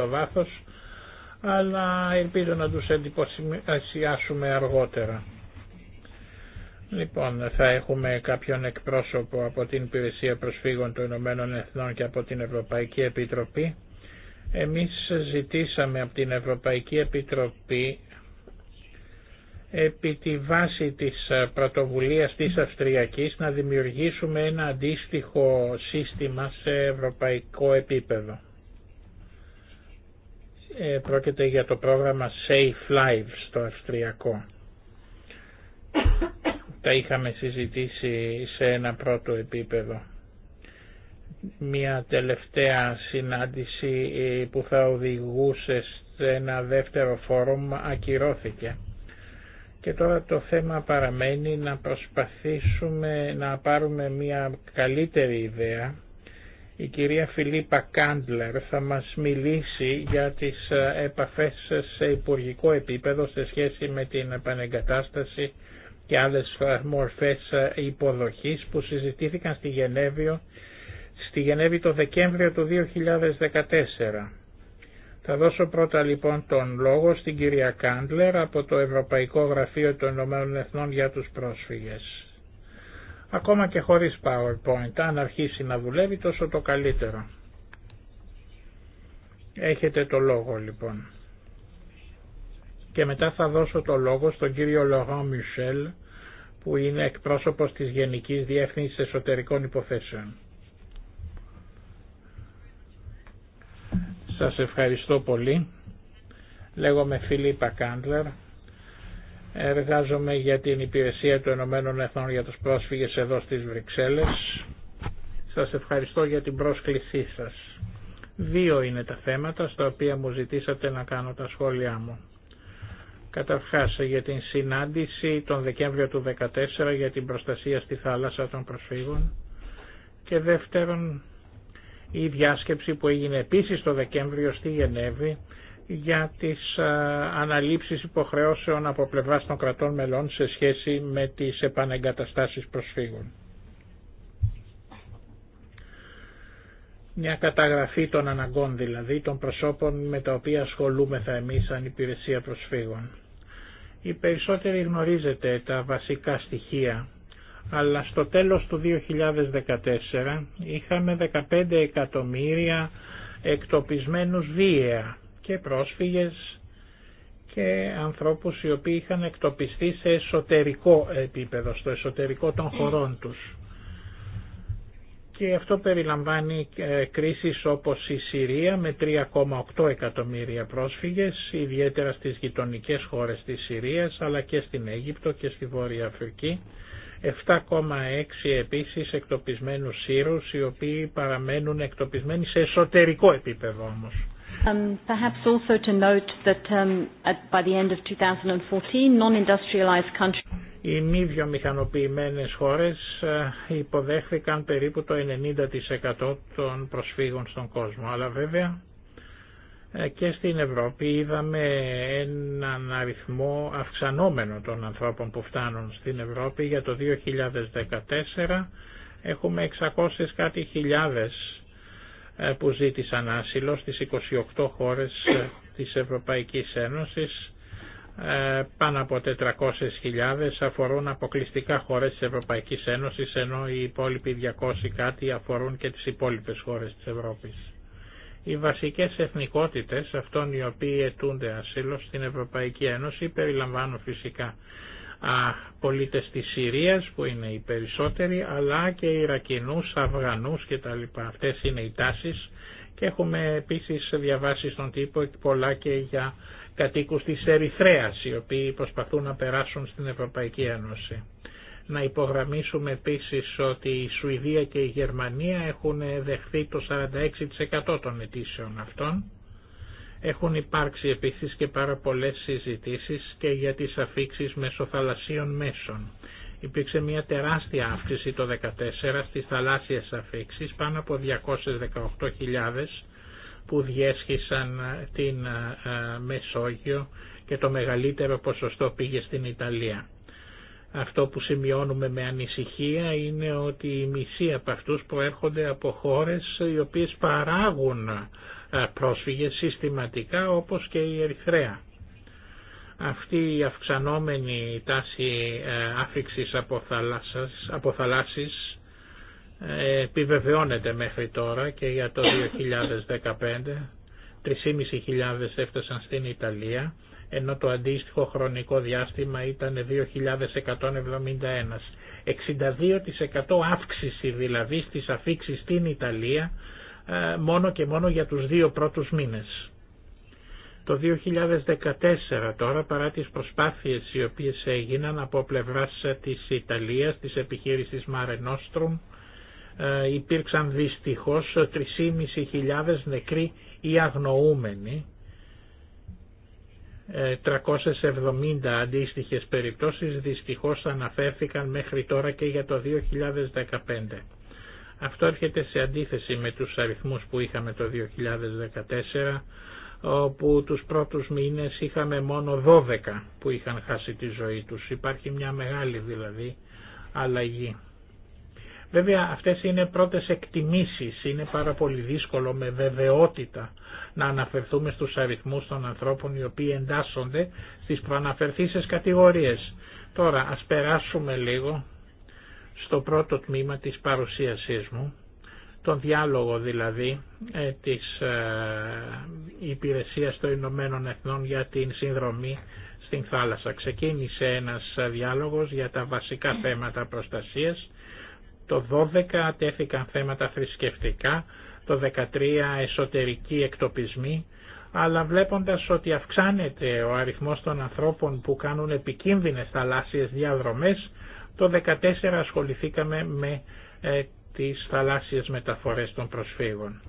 το βάθος, αλλά ελπίζω να τους εντυπωσιάσουμε αργότερα. Λοιπόν, θα έχουμε κάποιον εκπρόσωπο από την Υπηρεσία Προσφύγων των Ηνωμένων Εθνών και από την Ευρωπαϊκή Επιτροπή. Εμείς ζητήσαμε από την Ευρωπαϊκή Επιτροπή επί τη βάση της πρωτοβουλίας της Αυστριακής να δημιουργήσουμε ένα αντίστοιχο σύστημα σε ευρωπαϊκό επίπεδο. Ε, πρόκειται για το πρόγραμμα Safe Lives στο Αυστριακό. Τα είχαμε συζητήσει σε ένα πρώτο επίπεδο. Μια τελευταία συνάντηση ε, που θα οδηγούσε σε ένα δεύτερο φόρουμ ακυρώθηκε. Και τώρα το θέμα παραμένει να προσπαθήσουμε να πάρουμε μια καλύτερη ιδέα η κυρία Φιλίπα Κάντλερ θα μας μιλήσει για τις ε, επαφές σε υπουργικό επίπεδο σε σχέση με την επανεγκατάσταση και άλλες ε, μορφές ε, υποδοχής που συζητήθηκαν στη Γενέβη, στη το Δεκέμβριο του 2014. Θα δώσω πρώτα λοιπόν τον λόγο στην κυρία Κάντλερ από το Ευρωπαϊκό Γραφείο των Ηνωμένων Εθνών για τους Πρόσφυγες. Ακόμα και χωρίς PowerPoint, αν αρχίσει να δουλεύει τόσο το καλύτερο. Έχετε το λόγο λοιπόν. Και μετά θα δώσω το λόγο στον κύριο Λογάν Μισελ που είναι εκπρόσωπος της Γενικής Διεύθυνσης Εσωτερικών Υποθέσεων. Σας ευχαριστώ πολύ. Λέγομαι Φιλίπα Κάντλερ, Εργάζομαι για την υπηρεσία του Ηνωμένων Εθνών για τους πρόσφυγες εδώ στις Βρυξέλλες. Σας ευχαριστώ για την πρόσκλησή σας. Δύο είναι τα θέματα στα οποία μου ζητήσατε να κάνω τα σχόλιά μου. Καταρχάς για την συνάντηση τον Δεκέμβριο του 2014 για την προστασία στη θάλασσα των προσφύγων και δεύτερον η διάσκεψη που έγινε επίσης το Δεκέμβριο στη Γενέβη για τις ε, αναλήψεις υποχρεώσεων από πλευράς των κρατών μελών σε σχέση με τις επανεγκαταστάσεις προσφύγων. Μια καταγραφή των αναγκών δηλαδή, των προσώπων με τα οποία ασχολούμεθα εμείς σαν υπηρεσία προσφύγων. Οι περισσότεροι γνωρίζετε τα βασικά στοιχεία, αλλά στο τέλος του 2014 είχαμε 15 εκατομμύρια εκτοπισμένους βίαια και πρόσφυγες και ανθρώπους οι οποίοι είχαν εκτοπιστεί σε εσωτερικό επίπεδο, στο εσωτερικό των χωρών τους. Και αυτό περιλαμβάνει ε, κρίσεις όπως η Συρία με 3,8 εκατομμύρια πρόσφυγες, ιδιαίτερα στις γειτονικές χώρες της Συρίας, αλλά και στην Αίγυπτο και στη Βόρεια Αφρική. 7,6 επίσης εκτοπισμένους Σύρους, οι οποίοι παραμένουν εκτοπισμένοι σε εσωτερικό επίπεδο όμως. Um, perhaps also to note that um, at, by the end of 2014, non-industrialized countries οι μη βιομηχανοποιημένες χώρες ε, υποδέχθηκαν περίπου το 90% των προσφύγων στον κόσμο. Αλλά βέβαια ε, και στην Ευρώπη είδαμε έναν αριθμό αυξανόμενο των ανθρώπων που φτάνουν στην Ευρώπη. Για το 2014 έχουμε 600 κάτι χιλιάδες ε, που ζήτησαν άσυλο στις 28 χώρες ε, της Ευρωπαϊκής Ένωσης. Ε, πάνω από 400.000 αφορούν αποκλειστικά χώρες της Ευρωπαϊκής Ένωσης, ενώ οι υπόλοιποι 200 κάτι αφορούν και τις υπόλοιπες χώρες της Ευρώπης. Οι βασικές εθνικότητες αυτών οι οποίοι αιτούνται ασύλο στην Ευρωπαϊκή Ένωση περιλαμβάνουν φυσικά πολίτες της Συρίας που είναι οι περισσότεροι αλλά και Ιρακινούς, Αφγανούς κτλ. Αυτές είναι οι τάσεις και έχουμε επίσης διαβάσει στον τύπο πολλά και για κατοίκους της Ερυθρέας οι οποίοι προσπαθούν να περάσουν στην Ευρωπαϊκή Ένωση. Να υπογραμμίσουμε επίσης ότι η Σουηδία και η Γερμανία έχουν δεχθεί το 46% των αιτήσεων αυτών έχουν υπάρξει επίσης και πάρα πολλές συζητήσεις και για τις αφήξεις μεσοθαλασσίων μέσων. Υπήρξε μια τεράστια αύξηση το 2014 στις θαλάσσιες αφήξεις, πάνω από 218.000 που διέσχισαν ε, την ε, ε, Μεσόγειο και το μεγαλύτερο ποσοστό πήγε στην Ιταλία. Αυτό που σημειώνουμε με ανησυχία είναι ότι οι μισοί από αυτούς προέρχονται από χώρες οι οποίες παράγουν ε, πρόσφυγες συστηματικά όπως και η Ερυθρέα. Αυτή η αυξανόμενη τάση ε, άφηξης από, θαλάσσας, ε, επιβεβαιώνεται μέχρι τώρα και για το 2015 3.500 έφτασαν στην Ιταλία ενώ το αντίστοιχο χρονικό διάστημα ήταν 2.171. 62% αύξηση δηλαδή στις αφήξεις στην Ιταλία ε, μόνο και μόνο για τους δύο πρώτους μήνες. Το 2014 τώρα παρά τις προσπάθειες οι οποίες έγιναν από πλευράς της Ιταλίας, της επιχείρησης Mare Nostrum, ε, υπήρξαν δυστυχώς 3.500 νεκροί ή αγνοούμενοι, 370 ε, αντίστοιχες περιπτώσεις δυστυχώς αναφέρθηκαν μέχρι τώρα και για το 2015. Αυτό έρχεται σε αντίθεση με τους αριθμούς που είχαμε το 2014 όπου τους πρώτους μήνες είχαμε μόνο 12 που είχαν χάσει τη ζωή τους. Υπάρχει μια μεγάλη δηλαδή αλλαγή. Βέβαια αυτές είναι πρώτες εκτιμήσεις, είναι πάρα πολύ δύσκολο με βεβαιότητα να αναφερθούμε στους αριθμούς των ανθρώπων οι οποίοι εντάσσονται στις προαναφερθήσεις κατηγορίες. Τώρα ας περάσουμε λίγο στο πρώτο τμήμα της παρουσίασής μου, τον διάλογο δηλαδή ε, της ε, Υπηρεσίας των Ηνωμένων Εθνών για την Συνδρομή στην Θάλασσα. Ξεκίνησε ένας διάλογος για τα βασικά θέματα προστασίας. Το 12 τέθηκαν θέματα θρησκευτικά, το 13 εσωτερικοί εκτοπισμοί, αλλά βλέποντας ότι αυξάνεται ο αριθμός των ανθρώπων που κάνουν επικίνδυνες θαλάσσιες διαδρομές, το 2014 ασχοληθήκαμε με ε, τις θαλάσσιες μεταφορές των προσφύγων.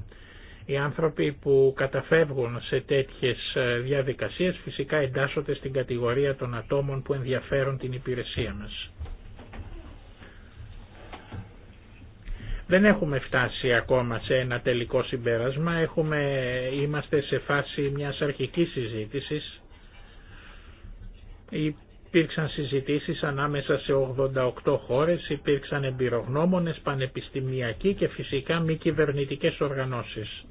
Οι άνθρωποι που καταφεύγουν σε τέτοιες ε, διαδικασίες φυσικά εντάσσονται στην κατηγορία των ατόμων που ενδιαφέρουν την υπηρεσία μας. Δεν έχουμε φτάσει ακόμα σε ένα τελικό συμπέρασμα, έχουμε, είμαστε σε φάση μιας αρχικής συζήτησης. Υπήρξαν συζητήσεις ανάμεσα σε 88 χώρες, υπήρξαν εμπειρογνώμονες, πανεπιστημιακοί και φυσικά μη κυβερνητικέ οργανώσεις.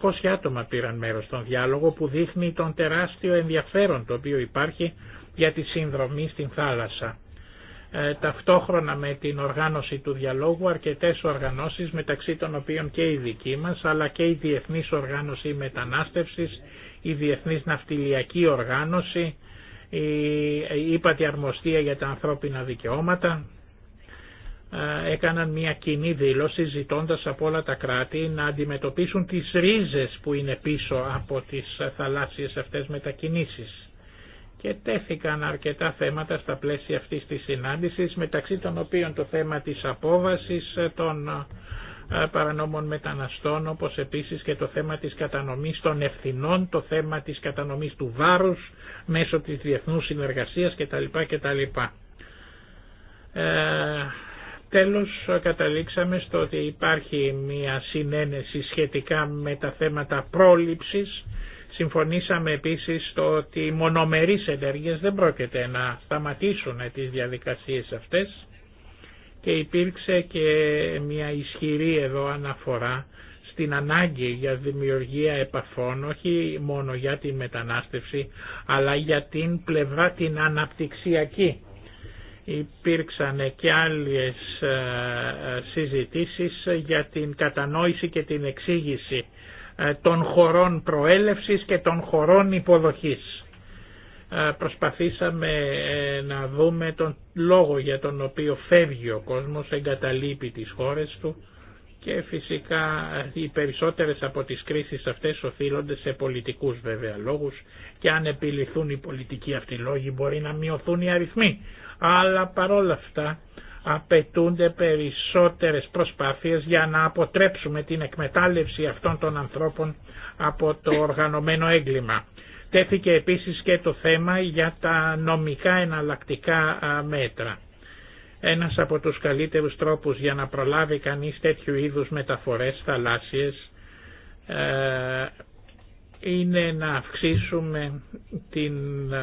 400 άτομα πήραν μέρος στον διάλογο που δείχνει τον τεράστιο ενδιαφέρον το οποίο υπάρχει για τη συνδρομή στην θάλασσα. Ε, ταυτόχρονα με την οργάνωση του διαλόγου αρκετές οργανώσεις μεταξύ των οποίων και η δική μας αλλά και η Διεθνής Οργάνωση Μετανάστευσης, η Διεθνής Ναυτιλιακή Οργάνωση, η ύπατη αρμοστία για τα ανθρώπινα δικαιώματα ε, έκαναν μια κοινή δήλωση ζητώντας από όλα τα κράτη να αντιμετωπίσουν τις ρίζες που είναι πίσω από τις θαλάσσιες αυτές μετακινήσεις. Και τέθηκαν αρκετά θέματα στα πλαίσια αυτής της συνάντησης μεταξύ των οποίων το θέμα της απόβασης ε, των παρανόμων μεταναστών, όπως επίσης και το θέμα της κατανομής των ευθυνών, το θέμα της κατανομής του βάρους μέσω της διεθνούς συνεργασίας κτλ. κτλ. Ε, τέλος καταλήξαμε στο ότι υπάρχει μια συνένεση σχετικά με τα θέματα πρόληψης. Συμφωνήσαμε επίσης στο ότι οι μονομερείς ενέργειες δεν πρόκειται να σταματήσουν τις διαδικασίες αυτές και υπήρξε και μια ισχυρή εδώ αναφορά στην ανάγκη για δημιουργία επαφών όχι μόνο για την μετανάστευση αλλά για την πλευρά την αναπτυξιακή. Υπήρξαν και άλλες ε, συζητήσεις για την κατανόηση και την εξήγηση ε, των χωρών προέλευσης και των χωρών υποδοχής. Ε, προσπαθήσαμε ε, να δούμε τον λόγο για τον οποίο φεύγει ο κόσμος, εγκαταλείπει τις χώρες του και φυσικά ε, οι περισσότερες από τις κρίσεις αυτές οφείλονται σε πολιτικούς βέβαια λόγους και αν επιληθούν οι πολιτικοί αυτοί λόγοι μπορεί να μειωθούν οι αριθμοί. Αλλά παρόλα αυτά απαιτούνται περισσότερες προσπάθειες για να αποτρέψουμε την εκμετάλλευση αυτών των ανθρώπων από το οργανωμένο έγκλημα. Τέθηκε επίσης και το θέμα για τα νομικά εναλλακτικά μέτρα. Ένας από τους καλύτερους τρόπους για να προλάβει κανείς τέτοιου είδους μεταφορές θαλάσσιες ε, είναι να αυξήσουμε την ε,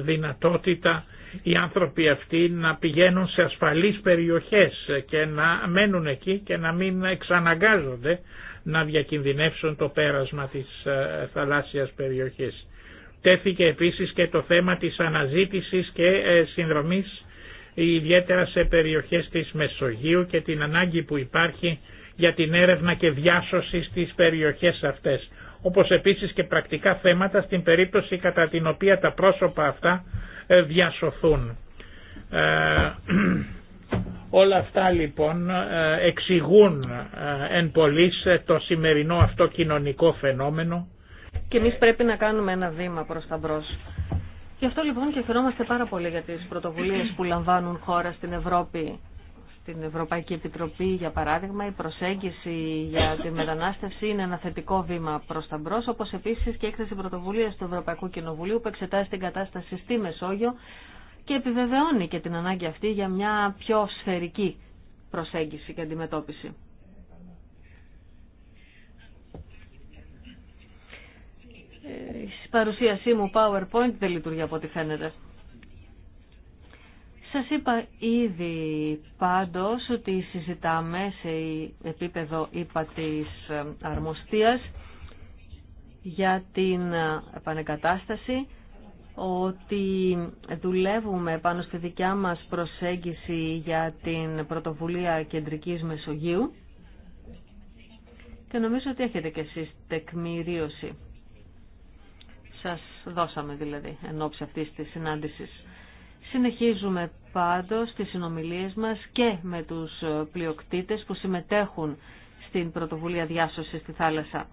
δυνατότητα οι άνθρωποι αυτοί να πηγαίνουν σε ασφαλείς περιοχές και να μένουν εκεί και να μην εξαναγκάζονται να διακινδυνεύσουν το πέρασμα της ε, θαλάσσιας περιοχής. Τέθηκε επίσης και το θέμα της αναζήτησης και ε, συνδρομής ιδιαίτερα σε περιοχές της Μεσογείου και την ανάγκη που υπάρχει για την έρευνα και διάσωση στις περιοχές αυτές. Όπως επίσης και πρακτικά θέματα στην περίπτωση κατά την οποία τα πρόσωπα αυτά ε, διασωθούν. Ε, όλα αυτά λοιπόν εξηγούν εν πολλής το σημερινό αυτό κοινωνικό φαινόμενο και εμεί πρέπει να κάνουμε ένα βήμα προ τα μπρο. Γι' αυτό λοιπόν και χαιρόμαστε πάρα πολύ για τι πρωτοβουλίε που λαμβάνουν χώρα στην Ευρώπη, στην Ευρωπαϊκή Επιτροπή για παράδειγμα. Η προσέγγιση για τη μετανάστευση είναι ένα θετικό βήμα προ τα μπρο, όπω επίση και η έκθεση πρωτοβουλία του Ευρωπαϊκού Κοινοβουλίου που εξετάζει την κατάσταση στη Μεσόγειο και επιβεβαιώνει και την ανάγκη αυτή για μια πιο σφαιρική προσέγγιση και αντιμετώπιση. η παρουσίασή μου PowerPoint δεν λειτουργεί από ό,τι φαίνεται. Σας είπα ήδη πάντως ότι συζητάμε σε επίπεδο είπα της ε, αρμοστίας για την ε, επανεκατάσταση ότι δουλεύουμε πάνω στη δικιά μας προσέγγιση για την πρωτοβουλία κεντρικής Μεσογείου και νομίζω ότι έχετε και εσείς τεκμηρίωση. Σας δώσαμε δηλαδή εν ώψη αυτής της συνάντησης. Συνεχίζουμε πάντως τις συνομιλίες μας και με τους πλειοκτήτες που συμμετέχουν στην πρωτοβουλία διάσωσης στη θάλασσα.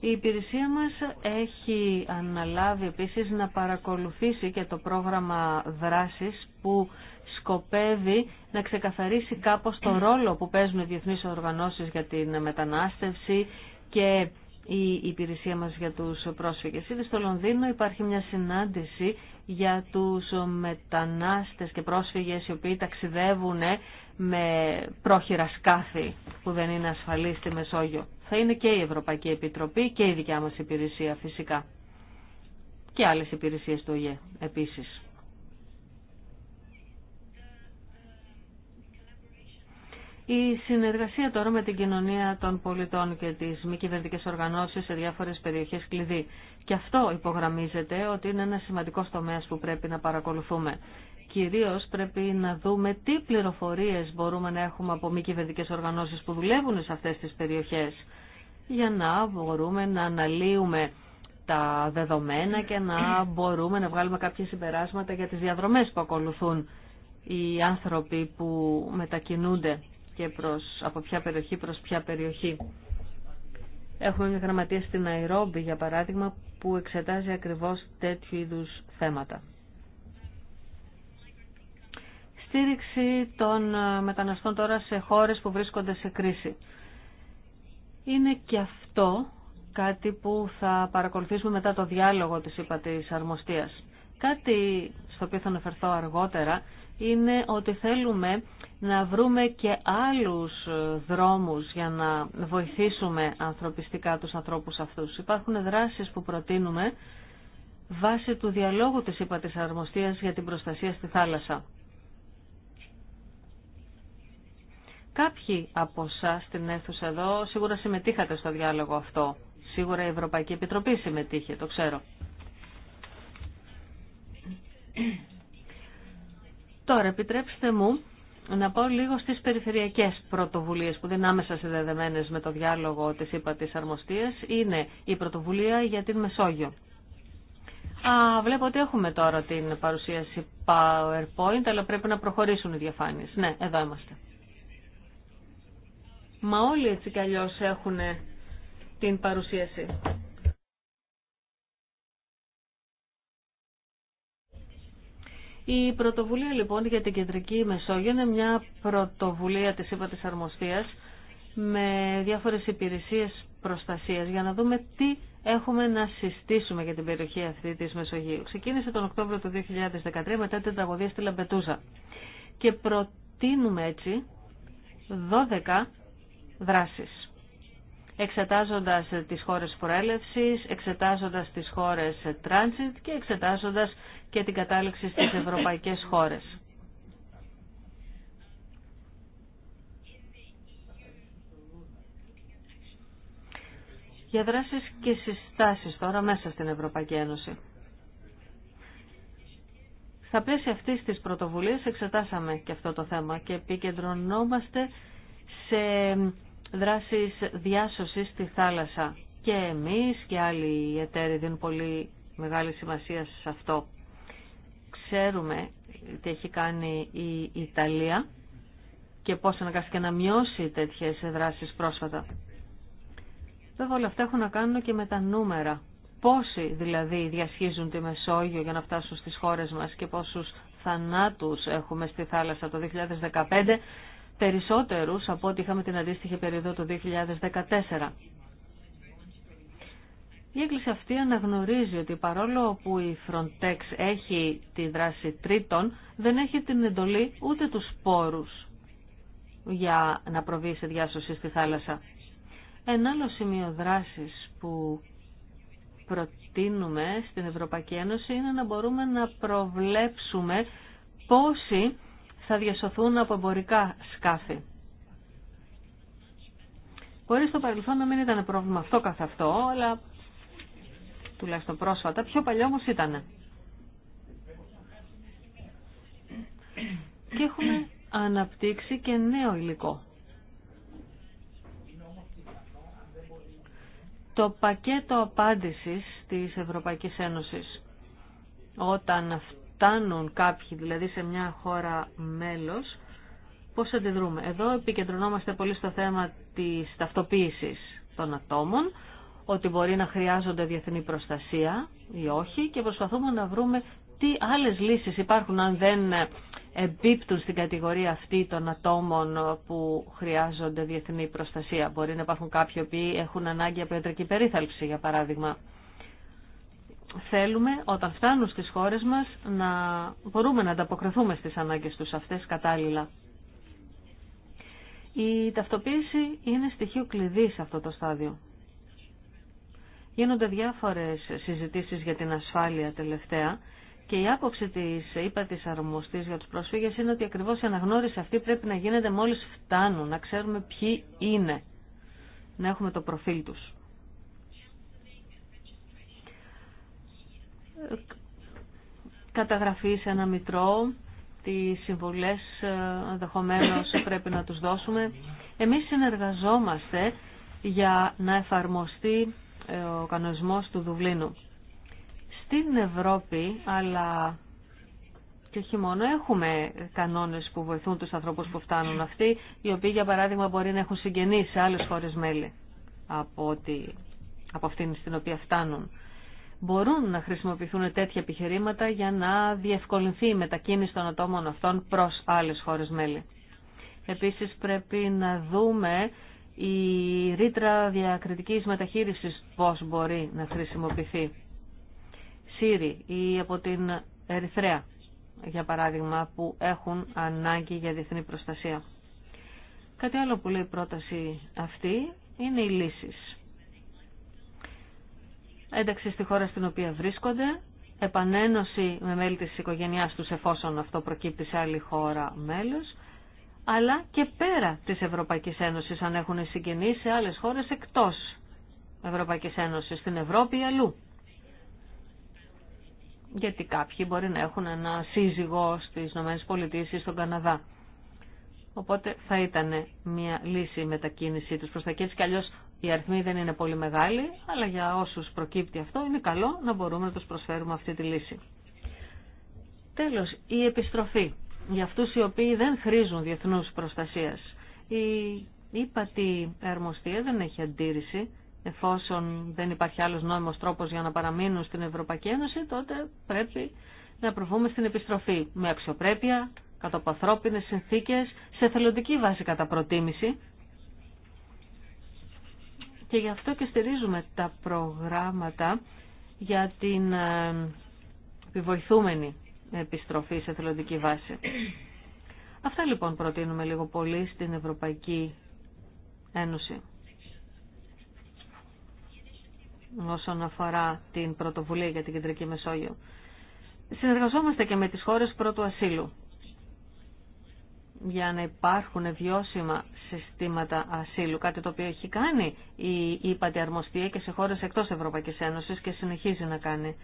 Η υπηρεσία μας έχει αναλάβει επίσης να παρακολουθήσει και το πρόγραμμα δράσης που σκοπεύει να ξεκαθαρίσει κάπως το ρόλο που παίζουν οι διεθνείς οργανώσεις για την μετανάστευση και η υπηρεσία μας για τους πρόσφυγες. Ήδη στο Λονδίνο υπάρχει μια συνάντηση για τους μετανάστες και πρόσφυγες οι οποίοι ταξιδεύουν ε, με πρόχειρα σκάφη που δεν είναι ασφαλή στη Μεσόγειο. Θα είναι και η Ευρωπαϊκή Επιτροπή και η δικιά μας υπηρεσία φυσικά. Και άλλες υπηρεσίες του ΟΙΕ επίσης. Η συνεργασία τώρα με την κοινωνία των πολιτών και τις μη κυβερνητικέ οργανώσεις σε διάφορες περιοχές κλειδί. Και αυτό υπογραμμίζεται ότι είναι ένα σημαντικό τομέα που πρέπει να παρακολουθούμε. Κυρίως πρέπει να δούμε τι πληροφορίες μπορούμε να έχουμε από μη κυβερνητικέ οργανώσεις που δουλεύουν σε αυτές τις περιοχές για να μπορούμε να αναλύουμε τα δεδομένα και να μπορούμε να βγάλουμε κάποια συμπεράσματα για τις διαδρομές που ακολουθούν οι άνθρωποι που μετακινούνται και από ποια περιοχή προς ποια περιοχή. Έχουμε μια γραμματεία στην Αϊρόμπη, για παράδειγμα, που εξετάζει ακριβώς τέτοιου είδους θέματα. Στήριξη των ε, μεταναστών τώρα σε χώρες που βρίσκονται σε κρίση. Είναι και αυτό κάτι που θα παρακολουθήσουμε μετά το διάλογο της υπατής αρμοστίας. Κάτι στο οποίο θα αναφερθώ αργότερα είναι ότι θέλουμε να βρούμε και άλλους δρόμους για να βοηθήσουμε ανθρωπιστικά τους ανθρώπους αυτούς. Υπάρχουν δράσεις που προτείνουμε βάσει του διαλόγου της ΥΠΑ Αρμοστίας για την προστασία στη θάλασσα. Κάποιοι από εσά στην αίθουσα εδώ σίγουρα συμμετείχατε στο διάλογο αυτό. Σίγουρα η Ευρωπαϊκή Επιτροπή συμμετείχε, το ξέρω. Τώρα επιτρέψτε μου να πάω λίγο στις περιφερειακές πρωτοβουλίες που δεν είναι άμεσα συνδεδεμένες με το διάλογο της ΥΠΑ της Αρμοστίας. Είναι η πρωτοβουλία για την Μεσόγειο. Α, βλέπω ότι έχουμε τώρα την παρουσίαση PowerPoint, αλλά πρέπει να προχωρήσουν οι διαφάνειες. Ναι, εδώ είμαστε. Μα όλοι έτσι κι αλλιώς έχουν την παρουσίαση. Η πρωτοβουλία λοιπόν για την Κεντρική Μεσόγειο είναι μια πρωτοβουλία της ΥΠΑ της Αρμοστίας με διάφορες υπηρεσίες προστασίας για να δούμε τι έχουμε να συστήσουμε για την περιοχή αυτή της Μεσογείου. Ξεκίνησε τον Οκτώβριο του 2013 μετά την τραγωδία στη Λαμπετούζα και προτείνουμε έτσι 12 δράσεις εξετάζοντας τις χώρες προέλευσης, εξετάζοντας τις χώρες transit και εξετάζοντας και την κατάληξη στις ευρωπαϊκές χώρες. Για δράσεις και συστάσεις τώρα μέσα στην Ευρωπαϊκή Ένωση. Στα πλαίσια αυτής της πρωτοβουλίας εξετάσαμε και αυτό το θέμα και επικεντρωνόμαστε σε δράσεις διάσωσης στη θάλασσα. Και εμείς και άλλοι εταίροι δίνουν πολύ μεγάλη σημασία σε αυτό. Ξέρουμε τι έχει κάνει η Ιταλία και πώς αναγκάστηκε να μειώσει τέτοιες δράσεις πρόσφατα. Βέβαια όλα αυτά έχουν να κάνουν και με τα νούμερα. Πόσοι δηλαδή διασχίζουν τη Μεσόγειο για να φτάσουν στις χώρες μας και πόσους θανάτους έχουμε στη θάλασσα το 2015 περισσότερους από ό,τι είχαμε την αντίστοιχη περίοδο το 2014. Η έκκληση αυτή αναγνωρίζει ότι παρόλο που η Frontex έχει τη δράση τρίτων, δεν έχει την εντολή ούτε τους πόρους για να προβεί σε διάσωση στη θάλασσα. Ένα άλλο σημείο δράσης που προτείνουμε στην Ευρωπαϊκή Ένωση είναι να μπορούμε να προβλέψουμε πόσοι θα διασωθούν από εμπορικά σκάφη. Μπορεί στο παρελθόν να μην ήταν πρόβλημα αυτό καθ' αυτό, αλλά τουλάχιστον πρόσφατα, πιο παλιό όμως ήταν. Και έχουμε αναπτύξει και νέο υλικό. Το πακέτο απάντησης της Ευρωπαϊκής Ένωσης όταν φτάνουν κάποιοι δηλαδή σε μια χώρα μέλος, πώς αντιδρούμε. Εδώ επικεντρωνόμαστε πολύ στο θέμα της ταυτοποίησης των ατόμων, ότι μπορεί να χρειάζονται διεθνή προστασία ή όχι και προσπαθούμε να βρούμε τι άλλες λύσεις υπάρχουν αν δεν εμπίπτουν στην κατηγορία αυτή των ατόμων που χρειάζονται διεθνή προστασία. Μπορεί να υπάρχουν κάποιοι που έχουν ανάγκη από ιατρική περίθαλψη, για παράδειγμα θέλουμε όταν φτάνουν στις χώρες μας να μπορούμε να ανταποκριθούμε στις ανάγκες τους αυτές κατάλληλα. Η ταυτοποίηση είναι στοιχείο κλειδί σε αυτό το στάδιο. Γίνονται διάφορες συζητήσεις για την ασφάλεια τελευταία και η άποψη της είπα της αρμοστής για τους πρόσφυγες είναι ότι ακριβώς η αναγνώριση αυτή πρέπει να γίνεται μόλις φτάνουν, να ξέρουμε ποιοι είναι, να έχουμε το προφίλ τους. Καταγραφή σε ένα μητρό, τι συμβουλές ε, ενδεχομένω πρέπει να τους δώσουμε. Εμείς συνεργαζόμαστε για να εφαρμοστεί ε, ο κανονισμός του Δουβλίνου. Στην Ευρώπη, αλλά και όχι μόνο, έχουμε κανόνες που βοηθούν τους ανθρώπους που φτάνουν αυτοί, οι οποίοι για παράδειγμα μπορεί να έχουν συγγενείς σε άλλες χώρες μέλη από, από αυτήν στην οποία φτάνουν μπορούν να χρησιμοποιηθούν τέτοια επιχειρήματα για να διευκολυνθεί η μετακίνηση των ατόμων αυτών προς άλλες χώρες μέλη. Επίσης πρέπει να δούμε η ρήτρα διακριτικής μεταχείρισης πώς μπορεί να χρησιμοποιηθεί. Σύριοι ή από την Ερυθρέα, για παράδειγμα, που ΣΥΡΙ η πρόταση αυτή είναι οι λύσεις ένταξη στη χώρα στην οποία βρίσκονται, επανένωση με μέλη της οικογένειάς τους εφόσον αυτό προκύπτει σε άλλη χώρα μέλος, αλλά και πέρα της Ευρωπαϊκής Ένωσης αν έχουν συγγενείς σε άλλες χώρες εκτός Ευρωπαϊκής Ένωσης, στην Ευρώπη ή αλλού. Γιατί κάποιοι μπορεί να έχουν ένα σύζυγο στις ΗΠΑ ή στον Καναδά. Οπότε θα ήταν μια λύση η μετακίνησή τους προς τα και αλλιώς οι αριθμοί δεν είναι πολύ μεγάλοι, αλλά για όσους προκύπτει αυτό είναι καλό να μπορούμε να τους προσφέρουμε αυτή τη λύση. Τέλος, η επιστροφή για αυτούς οι οποίοι δεν χρήζουν διεθνούς προστασίας. Η ύπατη αρμοστία δεν έχει αντίρρηση. Εφόσον δεν υπάρχει άλλος νόμιμος τρόπος για να παραμείνουν στην Ευρωπαϊκή Ένωση, τότε πρέπει να προβούμε στην επιστροφή με αξιοπρέπεια, κατά ανθρώπινες συνθήκες, σε θελοντική βάση κατά προτίμηση, και γι' αυτό και στηρίζουμε τα προγράμματα για την ε, επιβοηθούμενη επιστροφή σε θελοντική βάση. Αυτά λοιπόν προτείνουμε λίγο πολύ στην Ευρωπαϊκή Ένωση. Όσον αφορά την πρωτοβουλία για την Κεντρική Μεσόγειο. Συνεργαζόμαστε και με τις χώρες πρώτου ασύλου για να υπάρχουν βιώσιμα συστήματα ασύλου, κάτι το οποίο έχει κάνει η Πατιαρμοστία και σε χώρες εκτός Ευρωπαϊκής Ένωσης και συνεχίζει να κάνει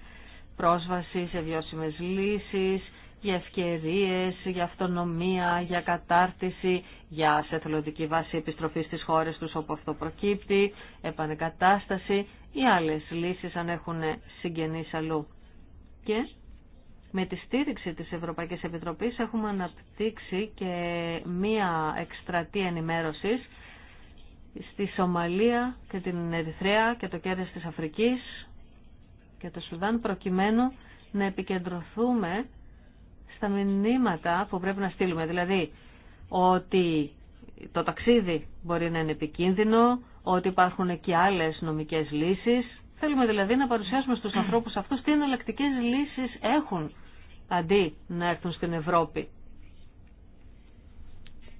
πρόσβαση σε βιώσιμες λύσεις, για ευκαιρίες, για αυτονομία, για κατάρτιση, για σε βάση επιστροφή στις χώρες τους όπου αυτό προκύπτει, επανεκατάσταση ή άλλες λύσεις αν έχουν συγγενείς αλλού. Και με τη στήριξη της Ευρωπαϊκής Επιτροπής έχουμε αναπτύξει και μία εκστρατεία ενημέρωσης στη Σομαλία και την Ερυθρέα και το κέντρο της Αφρικής και το Σουδάν προκειμένου να επικεντρωθούμε στα μηνύματα που πρέπει να στείλουμε. Δηλαδή ότι το ταξίδι μπορεί να είναι επικίνδυνο, ότι υπάρχουν και άλλες νομικές λύσεις. Θέλουμε δηλαδή να παρουσιάσουμε στους ανθρώπους αυτούς τι εναλλακτικέ λύσεις έχουν αντί να έρθουν στην Ευρώπη.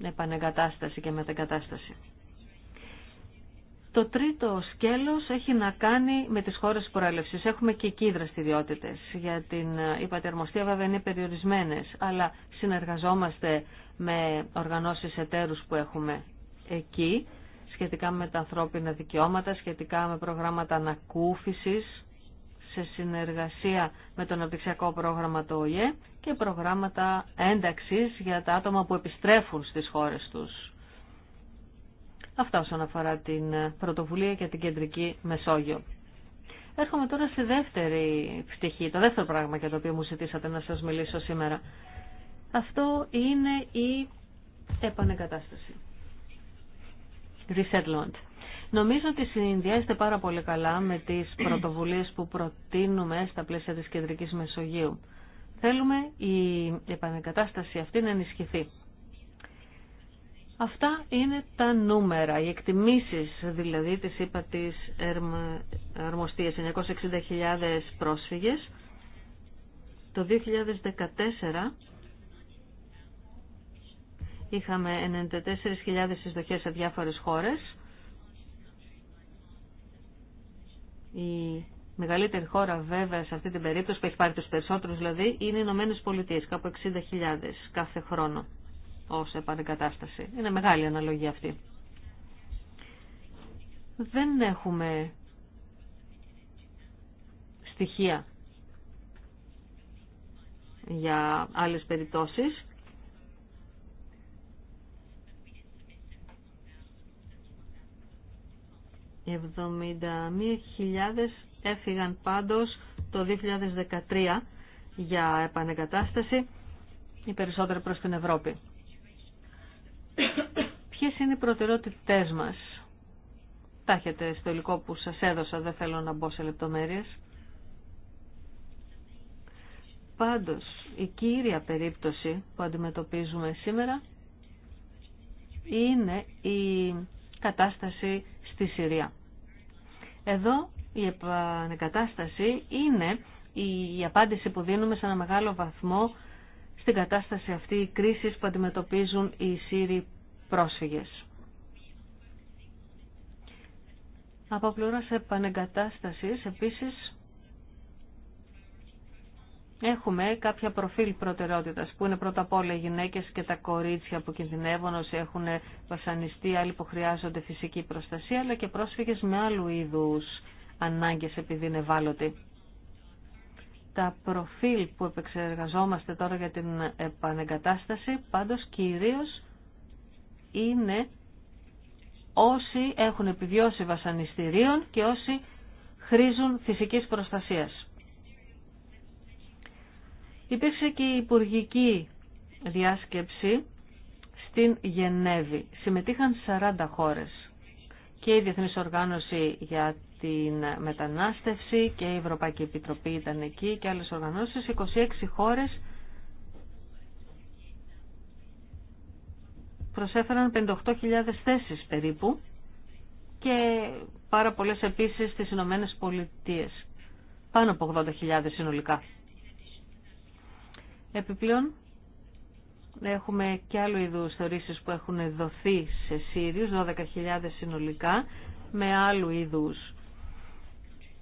Επανεγκατάσταση και μετεγκατάσταση. Το τρίτο σκέλος έχει να κάνει με τις χώρες προέλευσης. Έχουμε και εκεί δραστηριότητες για την υπατερμοστία ε, βέβαια είναι περιορισμένες, αλλά συνεργαζόμαστε με οργανώσεις εταίρους που έχουμε εκεί, σχετικά με τα ανθρώπινα δικαιώματα, σχετικά με προγράμματα ανακούφισης σε συνεργασία με το αναπτυξιακό πρόγραμμα το ΟΗΕ και προγράμματα ένταξης για τα άτομα που επιστρέφουν στις χώρες τους. Αυτά όσον αφορά την πρωτοβουλία και την κεντρική Μεσόγειο. Έρχομαι τώρα στη δεύτερη πτυχή, το δεύτερο πράγμα για το οποίο μου ζητήσατε να σας μιλήσω σήμερα. Αυτό είναι η επανεκατάσταση. Resettlement. Νομίζω ότι συνδυάζεται πάρα πολύ καλά με τις πρωτοβουλίες που προτείνουμε στα πλαίσια της Κεντρικής Μεσογείου. Θέλουμε η επανεκατάσταση αυτή να ενισχυθεί. Αυτά είναι τα νούμερα, οι εκτιμήσεις δηλαδή της είπα της αρμοστίας 960.000 πρόσφυγες. Το 2014 είχαμε 94.000 εισδοχές σε διάφορες χώρες Η μεγαλύτερη χώρα βέβαια σε αυτή την περίπτωση που έχει πάρει τους περισσότερους δηλαδή είναι οι Ηνωμένε Πολιτείε, κάπου 60.000 κάθε χρόνο ως επανεκατάσταση. Είναι μεγάλη αναλογία αυτή. Δεν έχουμε στοιχεία για άλλες περιπτώσεις 71.000 έφυγαν πάντως το 2013 για επανεγκατάσταση, οι περισσότεροι προς την Ευρώπη. Ποιες είναι οι προτεραιότητές μας. Τα έχετε στο υλικό που σας έδωσα, δεν θέλω να μπω σε λεπτομέρειες. Πάντως, η κύρια περίπτωση που αντιμετωπίζουμε σήμερα είναι η κατάσταση στη Συρία. Εδώ η επανεκατάσταση είναι η απάντηση που δίνουμε σε ένα μεγάλο βαθμό στην κατάσταση αυτή κρίσης που αντιμετωπίζουν οι Σύριοι πρόσφυγες. Από πλούρας επανεγκατάσταση, επίσης Έχουμε κάποια προφίλ προτεραιότητας που είναι πρώτα απ' όλα οι γυναίκες και τα κορίτσια που κινδυνεύουν όσοι έχουν βασανιστεί, άλλοι που χρειάζονται φυσική προστασία, αλλά και πρόσφυγε με άλλου είδους ανάγκες επειδή είναι ευάλωτοι. Τα προφίλ που επεξεργαζόμαστε τώρα για την επανεγκατάσταση πάντως κυρίως είναι όσοι έχουν επιβιώσει βασανιστήριων και όσοι χρήζουν φυσικής προστασίας. Υπήρξε και η υπουργική διάσκεψη στην Γενέβη. Συμμετείχαν 40 χώρες και η Διεθνής Οργάνωση για την Μετανάστευση και η Ευρωπαϊκή Επιτροπή ήταν εκεί και άλλες οργανώσεις, 26 χώρες προσέφεραν 58.000 θέσεις περίπου και πάρα πολλές επίσης στις Ηνωμένε Πολιτείες. Πάνω από 80.000 συνολικά. Επιπλέον, έχουμε και άλλου είδους θεωρήσεις που έχουν δοθεί σε Σύριους, 12.000 συνολικά, με άλλου είδους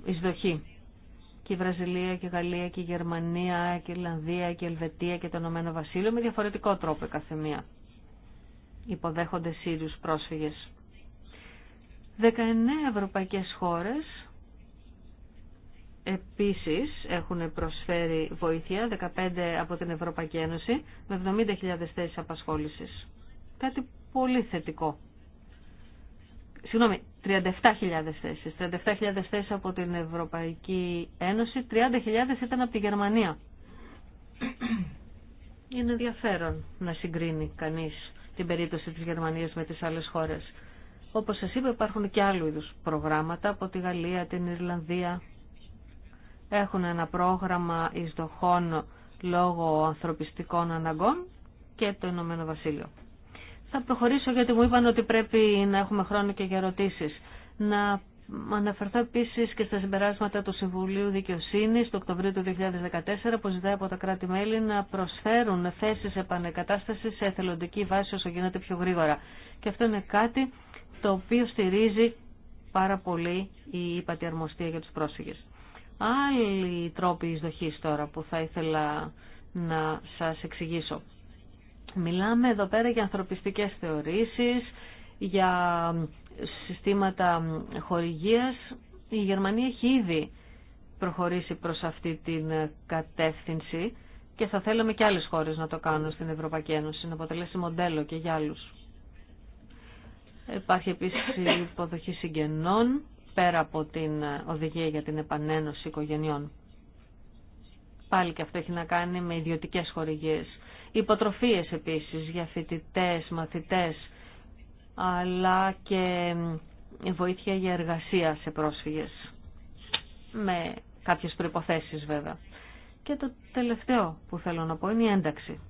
εισδοχή. Και η Βραζιλία και η Γαλλία και η Γερμανία και η Ιρλανδία και η Ελβετία και το Ηνωμένο Βασίλειο με διαφορετικό τρόπο καθεμία υποδέχονται Σύριους πρόσφυγες. 19 ευρωπαϊκές χώρες επίσης έχουν προσφέρει βοήθεια, 15 από την Ευρωπαϊκή Ένωση, με 70.000 θέσεις απασχόλησης. Κάτι πολύ θετικό. Συγγνώμη, 37.000 θέσεις. 37.000 θέσεις από την Ευρωπαϊκή Ένωση, 30.000 ήταν από τη Γερμανία. Είναι ενδιαφέρον να συγκρίνει κανείς την περίπτωση της Γερμανίας με τις άλλες χώρες. Όπως σας είπα υπάρχουν και άλλου είδους προγράμματα από τη Γαλλία, την Ιρλανδία, έχουν ένα πρόγραμμα εισδοχών λόγω ανθρωπιστικών αναγκών και το Ηνωμένο Βασίλειο. Θα προχωρήσω γιατί μου είπαν ότι πρέπει να έχουμε χρόνο και για ερωτήσει. Να αναφερθώ επίση και στα συμπεράσματα του Συμβουλίου Δικαιοσύνη το Οκτωβρίου του 2014 που ζητάει από τα κράτη-μέλη να προσφέρουν θέσει επανεκατάσταση σε εθελοντική βάση όσο γίνεται πιο γρήγορα. Και αυτό είναι κάτι το οποίο στηρίζει πάρα πολύ η υπατιαρμοστία για τους πρόσφυγες άλλοι τρόποι εισδοχής τώρα που θα ήθελα να σας εξηγήσω. Μιλάμε εδώ πέρα για ανθρωπιστικές θεωρήσεις, για συστήματα χορηγίας. Η Γερμανία έχει ήδη προχωρήσει προς αυτή την κατεύθυνση και θα θέλαμε και άλλες χώρες να το κάνουν στην Ευρωπαϊκή Ένωση, να αποτελέσει μοντέλο και για άλλους. Υπάρχει επίσης η υποδοχή συγγενών πέρα από την οδηγία για την επανένωση οικογενειών. Πάλι και αυτό έχει να κάνει με ιδιωτικές χορηγίες. Υποτροφίες επίσης για φοιτητές, μαθητές, αλλά και βοήθεια για εργασία σε πρόσφυγες. Με κάποιες προϋποθέσεις βέβαια. Και το τελευταίο που θέλω να πω είναι η ένταξη.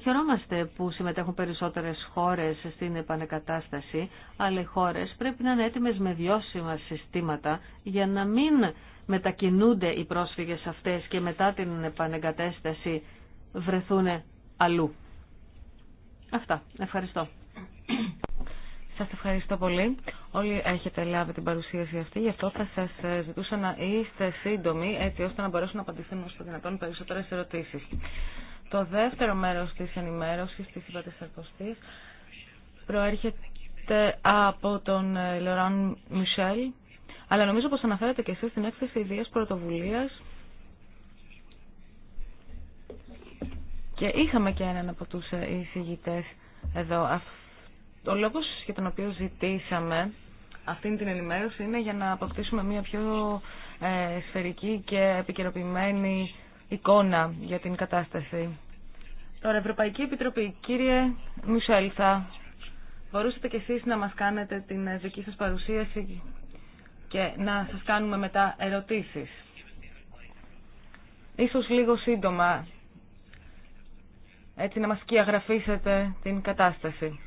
Χαιρόμαστε που συμμετέχουν περισσότερες χώρες στην επανεκατάσταση, αλλά οι χώρες πρέπει να είναι έτοιμες με βιώσιμα συστήματα για να μην μετακινούνται οι πρόσφυγες αυτές και μετά την επανεκατάσταση βρεθούν αλλού. Αυτά. Ευχαριστώ. Σας ευχαριστώ πολύ. Όλοι έχετε λάβει την παρουσίαση αυτή, γι' αυτό θα σας ε, ζητούσα να είστε σύντομοι, έτσι ώστε να μπορέσουν να απαντηθούν όσο δυνατόν περισσότερες ερωτήσεις. Το δεύτερο μέρος της ενημέρωσης της υπατεσσαρκοστής προέρχεται από τον ε, Λοράν Μισελ, αλλά νομίζω πως αναφέρατε και εσείς στην έκθεση ιδίας πρωτοβουλίας και είχαμε και έναν από τους ε, εισηγητές εδώ. Ο λόγος για τον οποίο ζητήσαμε αυτή την ενημέρωση είναι για να αποκτήσουμε μια πιο ε, σφαιρική και επικαιροποιημένη εικόνα για την κατάσταση. Τώρα, Ευρωπαϊκή Επιτροπή, κύριε Μισελ, θα μπορούσατε κι εσείς να μας κάνετε την δική σας παρουσίαση και να σας κάνουμε μετά ερωτήσεις. Ίσως λίγο σύντομα, έτσι να μας σκιαγραφίσετε την κατάσταση.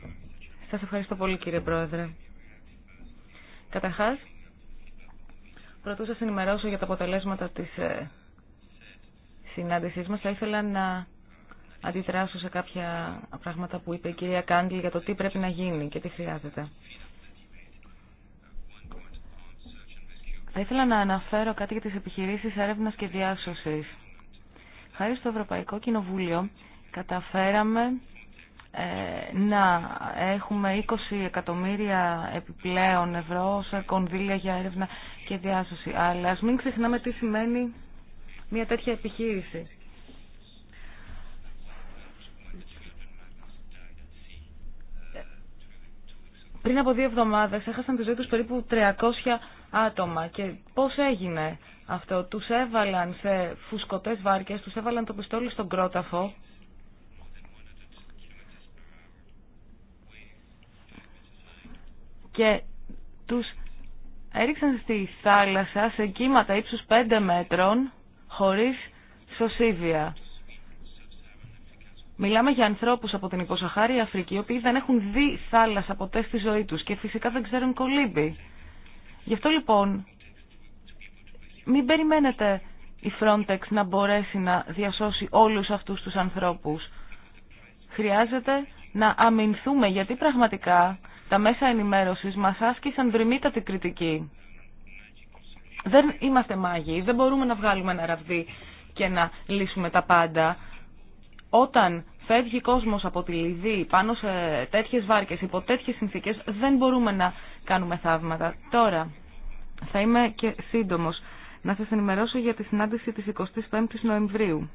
Σας ευχαριστώ πολύ κύριε Πρόεδρε. Καταρχά πρωτού σας ενημερώσω για τα αποτελέσματα της ε, συνάντησή μα θα ήθελα να αντιδράσω σε κάποια πράγματα που είπε η κυρία Κάντλη για το τι πρέπει να γίνει και τι χρειάζεται. Θα ήθελα να αναφέρω κάτι για τις επιχειρήσεις έρευνας και διάσωσης. Χάρη στο Ευρωπαϊκό Κοινοβούλιο καταφέραμε ε, να έχουμε 20 εκατομμύρια επιπλέον ευρώ σε κονδύλια για έρευνα και διάσωση. Αλλά ας μην ξεχνάμε τι σημαίνει μια τέτοια επιχείρηση. Πριν από δύο εβδομάδες έχασαν τη ζωή τους περίπου 300 άτομα και πώς έγινε αυτό. Τους έβαλαν σε φουσκωτές βάρκες, τους έβαλαν το πιστόλι στον κρόταφο και τους έριξαν στη θάλασσα σε κύματα ύψους 5 μέτρων χωρίς σωσίβια. Μιλάμε για ανθρώπους από την υποσαχάρη Αφρική, οι οποίοι δεν έχουν δει θάλασσα ποτέ στη ζωή τους και φυσικά δεν ξέρουν κολύμπη. Γι' αυτό λοιπόν μην περιμένετε η Frontex να μπορέσει να διασώσει όλους αυτούς τους ανθρώπους. Χρειάζεται να αμυνθούμε γιατί πραγματικά τα μέσα ενημέρωσης μας άσκησαν τη κριτική. Δεν είμαστε μάγοι, δεν μπορούμε να βγάλουμε ένα ραβδί και να λύσουμε τα πάντα. Όταν φεύγει κόσμος από τη Λιβύη πάνω σε τέτοιες βάρκες, υπό τέτοιες συνθήκες, δεν μπορούμε να κάνουμε θαύματα. Τώρα, θα είμαι και σύντομος. Να σας ενημερώσω για τη συνάντηση της 25ης Νοεμβρίου.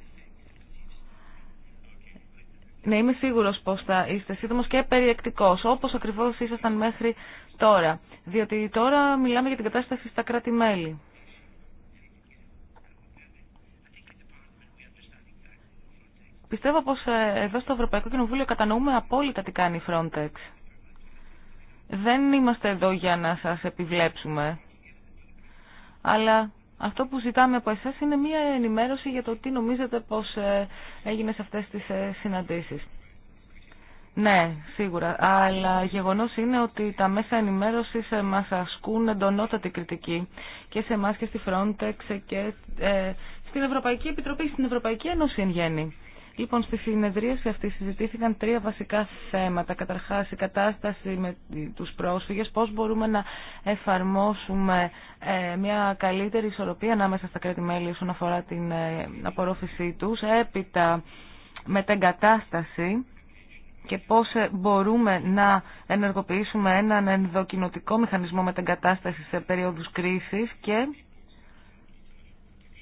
Ναι, είμαι σίγουρος πως θα είστε σύντομος και περιεκτικός, όπως ακριβώς ήσασταν μέχρι τώρα. Διότι τώρα μιλάμε για την κατάσταση στα κράτη-μέλη. Πιστεύω πως ε, εδώ στο Ευρωπαϊκό Κοινοβούλιο κατανοούμε απόλυτα τι κάνει η Frontex. Δεν είμαστε εδώ για να σας επιβλέψουμε. Αλλά αυτό που ζητάμε από εσάς είναι μία ενημέρωση για το τι νομίζετε πως ε, έγινε σε αυτές τις ε, συναντήσεις. Ναι, σίγουρα. Αλλά γεγονό είναι ότι τα μέσα ενημέρωση ε, μα ασκούν εντονότατη κριτική και σε εμά και στη Frontex και ε, στην Ευρωπαϊκή Επιτροπή, στην Ευρωπαϊκή Ένωση εν γέννη. Λοιπόν, στη συνεδρίαση αυτή συζητήθηκαν τρία βασικά θέματα. Καταρχά, η κατάσταση με του πρόσφυγε, πώ μπορούμε να εφαρμόσουμε ε, μια καλύτερη ισορροπία ανάμεσα στα κράτη-μέλη όσον αφορά την απορρόφησή του. Έπειτα, κατάσταση και πώς ε, μπορούμε να ενεργοποιήσουμε έναν ενδοκινοτικό μηχανισμό μεταγκατάστασης σε περίοδους κρίσης και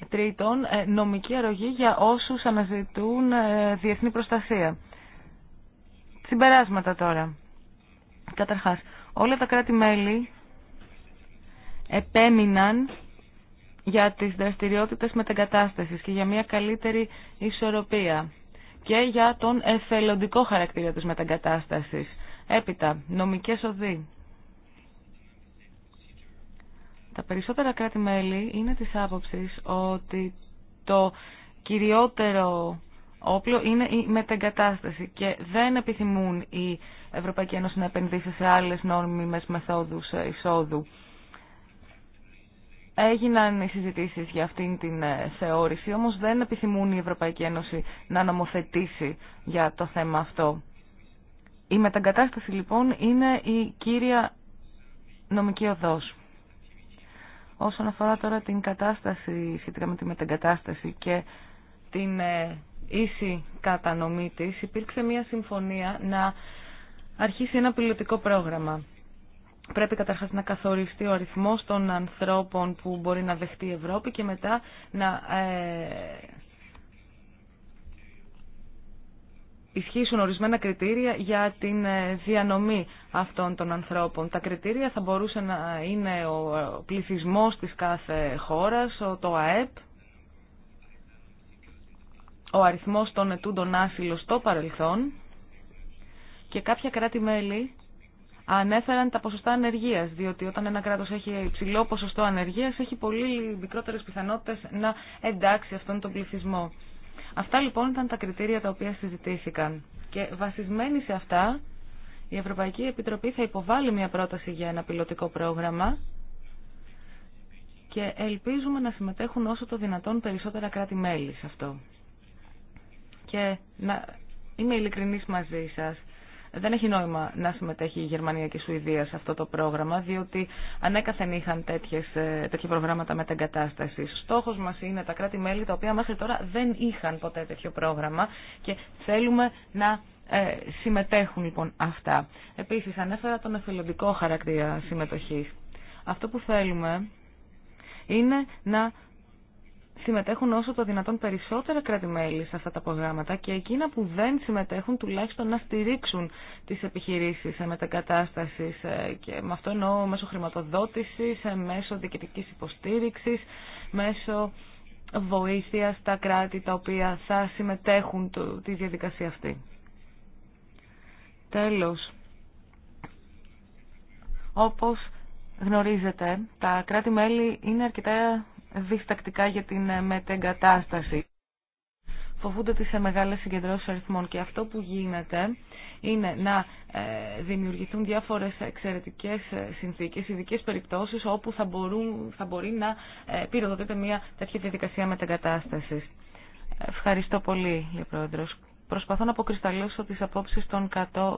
τρίτον ε, νομική αρρωγή για όσους αναζητούν ε, διεθνή προστασία. Συμπεράσματα τώρα. Καταρχάς, όλα τα κράτη-μέλη επέμειναν για τις δραστηριότητες μεταγκατάστασης και για μια καλύτερη ισορροπία και για τον εθελοντικό χαρακτήρα της μεταγκατάστασης. Έπειτα, νομικές οδοί. Τα περισσότερα κράτη-μέλη είναι της άποψης ότι το κυριότερο όπλο είναι η μεταγκατάσταση και δεν επιθυμούν η Ευρωπαϊκή Ένωση να επενδύσει σε άλλες νόμιμες μεθόδους εισόδου. Έγιναν οι συζητήσει για αυτήν την ε, θεώρηση, όμως δεν επιθυμούν η Ευρωπαϊκή Ένωση να νομοθετήσει για το θέμα αυτό. Η μεταγκατάσταση λοιπόν είναι η κύρια νομική οδός. Όσον αφορά τώρα την κατάσταση σχετικά με τη μεταγκατάσταση και την ε, ίση κατανομή της, υπήρξε μια συμφωνία να αρχίσει ένα πιλωτικό πρόγραμμα. Πρέπει καταρχάς να καθοριστεί ο αριθμός των ανθρώπων που μπορεί να δεχτεί η Ευρώπη και μετά να ε, ισχύσουν ορισμένα κριτήρια για την ε, διανομή αυτών των ανθρώπων. Τα κριτήρια θα μπορούσε να είναι ο ε, πληθυσμός της κάθε χώρας, το ΑΕΠ, ο αριθμός των ετούντων άσυλο στο παρελθόν και κάποια κράτη-μέλη ανέφεραν τα ποσοστά ανεργία. Διότι όταν ένα κράτο έχει υψηλό ποσοστό ανεργία, έχει πολύ μικρότερε πιθανότητε να εντάξει αυτόν τον πληθυσμό. Αυτά λοιπόν ήταν τα κριτήρια τα οποία συζητήθηκαν. Και βασισμένοι σε αυτά, η Ευρωπαϊκή Επιτροπή θα υποβάλει μια πρόταση για ένα πιλωτικό πρόγραμμα και ελπίζουμε να συμμετέχουν όσο το δυνατόν περισσότερα κράτη-μέλη σε αυτό. Και να είμαι ειλικρινής μαζί σας δεν έχει νόημα να συμμετέχει η Γερμανία και η Σουηδία σε αυτό το πρόγραμμα, διότι ανέκαθεν είχαν τέτοιες, ε, τέτοια προγράμματα μεταγκατάσταση. Στόχο μα είναι τα κράτη-μέλη τα οποία μέχρι τώρα δεν είχαν ποτέ τέτοιο πρόγραμμα και θέλουμε να ε, συμμετέχουν λοιπόν αυτά. Επίση, ανέφερα τον εθελοντικό χαρακτήρα συμμετοχή. Αυτό που θέλουμε είναι να συμμετέχουν όσο το δυνατόν περισσότερα κράτη-μέλη σε αυτά τα προγράμματα και εκείνα που δεν συμμετέχουν τουλάχιστον να στηρίξουν τις επιχειρήσεις μετακατάστασης ε, και με αυτό εννοώ μέσω χρηματοδότησης, ε, μέσω διοικητικής υποστήριξης, μέσω βοήθεια στα κράτη τα οποία θα συμμετέχουν τη διαδικασία αυτή. Τέλος, όπως γνωρίζετε, τα κράτη-μέλη είναι αρκετά διστακτικά για την ε, μετεγκατάσταση. Φοβούνται ότι σε μεγάλες συγκεντρώσεις αριθμών και αυτό που γίνεται είναι να ε, δημιουργηθούν διάφορες εξαιρετικές ε, συνθήκες, ειδικέ περιπτώσεις όπου θα, μπορούν, θα μπορεί να πυροδοτείται μια τέτοια διαδικασία μετεγκατάστασης. Ευχαριστώ πολύ, κύριε Προσπαθώ να αποκρισταλώσω τις απόψεις των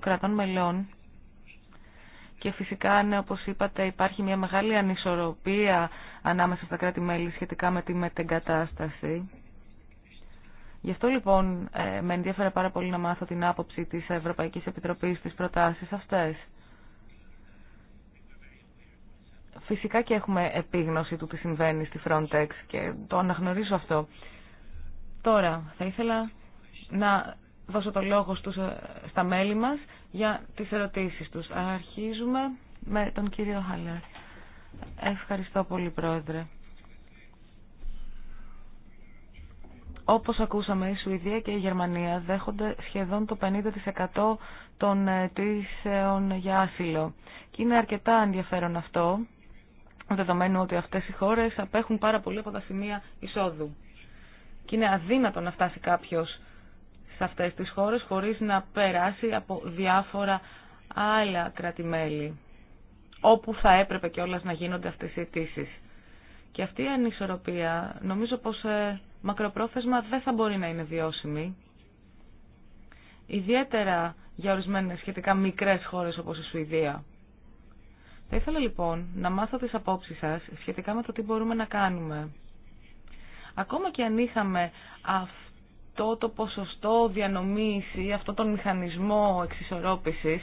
κρατών μελών και φυσικά, ναι, όπως είπατε, υπάρχει μια μεγάλη ανισορροπία ανάμεσα στα κράτη-μέλη σχετικά με τη μετεγκατάσταση. Γι' αυτό λοιπόν ε, με ενδιαφέρε πάρα πολύ να μάθω την άποψη της Ευρωπαϊκής Επιτροπής στις προτάσεις αυτές. Φυσικά και έχουμε επίγνωση του τι συμβαίνει στη Frontex και το αναγνωρίζω αυτό. Τώρα, θα ήθελα να δώσω το λόγο στους, ε, στα μέλη μας για τις ερωτήσεις τους. Αρχίζουμε με τον κύριο Χαλέρ. Ευχαριστώ πολύ πρόεδρε. Όπως ακούσαμε, η Σουηδία και η Γερμανία δέχονται σχεδόν το 50% των αιτήσεων για άσυλο. Και είναι αρκετά ενδιαφέρον αυτό, δεδομένου ότι αυτές οι χώρες απέχουν πάρα πολύ από τα σημεία εισόδου. Και είναι αδύνατο να φτάσει κάποιος σε αυτές τις χώρες χωρίς να περάσει από διάφορα άλλα κρατημέλη όπου θα έπρεπε κιόλα να γίνονται αυτές οι αιτήσει. Και αυτή η ανισορροπία νομίζω πως ε, μακροπρόθεσμα δεν θα μπορεί να είναι βιώσιμη. Ιδιαίτερα για ορισμένες σχετικά μικρές χώρες όπως η Σουηδία. Θα ήθελα λοιπόν να μάθω τις απόψεις σας σχετικά με το τι μπορούμε να κάνουμε. Ακόμα και αν είχαμε αυτό αυτό το ποσοστό διανομής ή αυτό τον μηχανισμό εξισορρόπησης,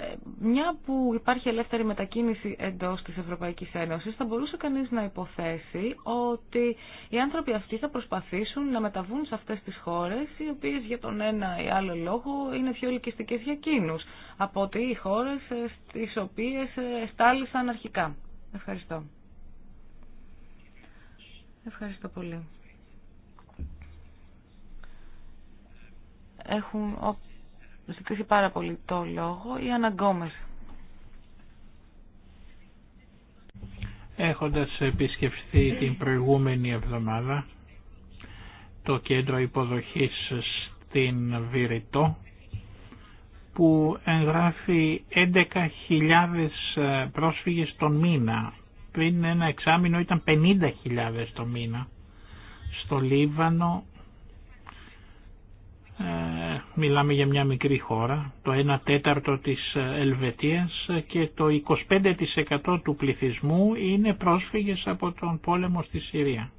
ε, μια που υπάρχει ελεύθερη μετακίνηση εντός της Ευρωπαϊκής Ένωσης, θα μπορούσε κανείς να υποθέσει ότι οι άνθρωποι αυτοί θα προσπαθήσουν να μεταβούν σε αυτές τις χώρες, οι οποίες για τον ένα ή άλλο λόγο είναι πιο ελκυστικές για εκείνους, από ότι οι χώρες ε, στις οποίες ε, στάλησαν αρχικά. Ευχαριστώ. Ευχαριστώ πολύ. έχουν ζητήσει πάρα πολύ το λόγο. Η Αναγκόμερ. Έχοντας επισκεφθεί την προηγούμενη εβδομάδα το κέντρο υποδοχής στην Βηρητό που εγγράφει 11.000 ε, πρόσφυγες τον μήνα. Πριν ένα εξάμεινο ήταν 50.000 το μήνα. Στο Λίβανο ε, μιλάμε για μια μικρή χώρα, το 1 τέταρτο της Ελβετίας και το 25% του πληθυσμού είναι πρόσφυγες από τον πόλεμο στη Συρία.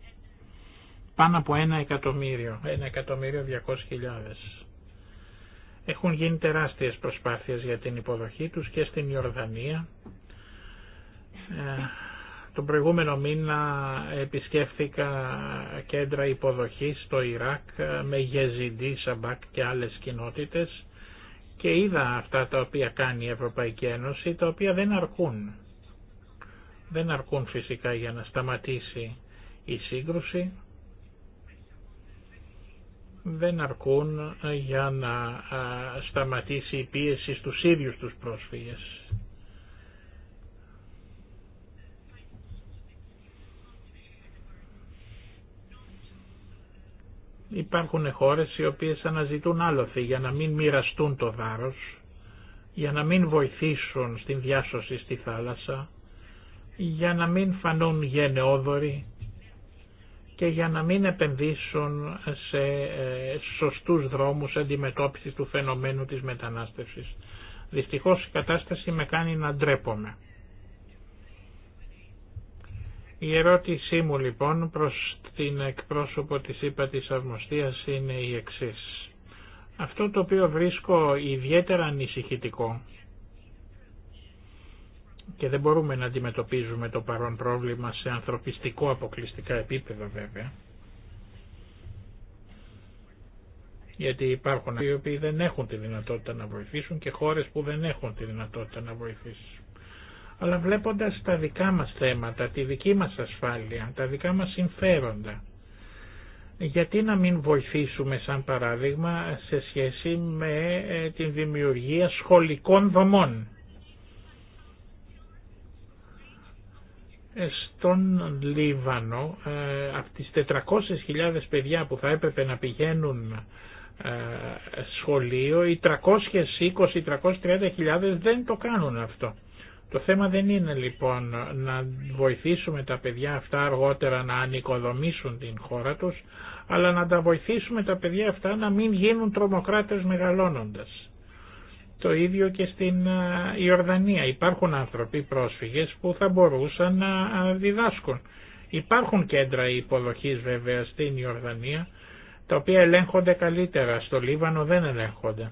Πάνω από ένα εκατομμύριο, ένα εκατομμύριο 200 χιλιάδες. Έχουν γίνει τεράστιες προσπάθειες για την υποδοχή τους και στην Ιορδανία ε, τον προηγούμενο μήνα επισκέφθηκα κέντρα υποδοχής στο Ιράκ ε, με Γεζιντή, Σαμπάκ και άλλες κοινότητες και είδα αυτά τα οποία κάνει η Ευρωπαϊκή Ένωση, τα οποία δεν αρκούν. Δεν αρκούν φυσικά για να σταματήσει η σύγκρουση, δεν αρκούν ε, για να ε, σταματήσει η πίεση στους ίδιους τους πρόσφυγες. Υπάρχουν χώρες οι οποίες αναζητούν άλοθη για να μην μοιραστούν το δάρος, για να μην βοηθήσουν στην διάσωση στη θάλασσα, για να μην φανούν γενναιόδοροι και για να μην επενδύσουν σε ε, σωστούς δρόμους αντιμετώπισης του φαινομένου της μετανάστευσης. Δυστυχώς η κατάσταση με κάνει να ντρέπομαι. Η ερώτησή μου λοιπόν προς την εκπρόσωπο της ΥΠΑ της Αυμοστίας είναι η εξής. Αυτό το οποίο βρίσκω ιδιαίτερα ανησυχητικό και δεν μπορούμε να αντιμετωπίζουμε το παρόν πρόβλημα σε ανθρωπιστικό αποκλειστικά επίπεδο βέβαια γιατί υπάρχουν οι οποίοι δεν έχουν τη δυνατότητα να βοηθήσουν και χώρες που δεν έχουν τη δυνατότητα να βοηθήσουν αλλά βλέποντας τα δικά μας θέματα, τη δική μας ασφάλεια, τα δικά μας συμφέροντα. Γιατί να μην βοηθήσουμε σαν παράδειγμα σε σχέση με ε, την δημιουργία σχολικών δομών. Ε, στον Λίβανο ε, από τις 400.000 παιδιά που θα έπρεπε να πηγαίνουν σχολείο οι 320-330.000 δεν το κάνουν αυτό. Το θέμα δεν είναι λοιπόν να βοηθήσουμε τα παιδιά αυτά αργότερα να ανοικοδομήσουν την χώρα τους, αλλά να τα βοηθήσουμε τα παιδιά αυτά να μην γίνουν τρομοκράτες μεγαλώνοντας. Το ίδιο και στην Ιορδανία. Υπάρχουν άνθρωποι πρόσφυγες που θα μπορούσαν να διδάσκουν. Υπάρχουν κέντρα υποδοχής βέβαια στην Ιορδανία, τα οποία ελέγχονται καλύτερα. Στο Λίβανο δεν ελέγχονται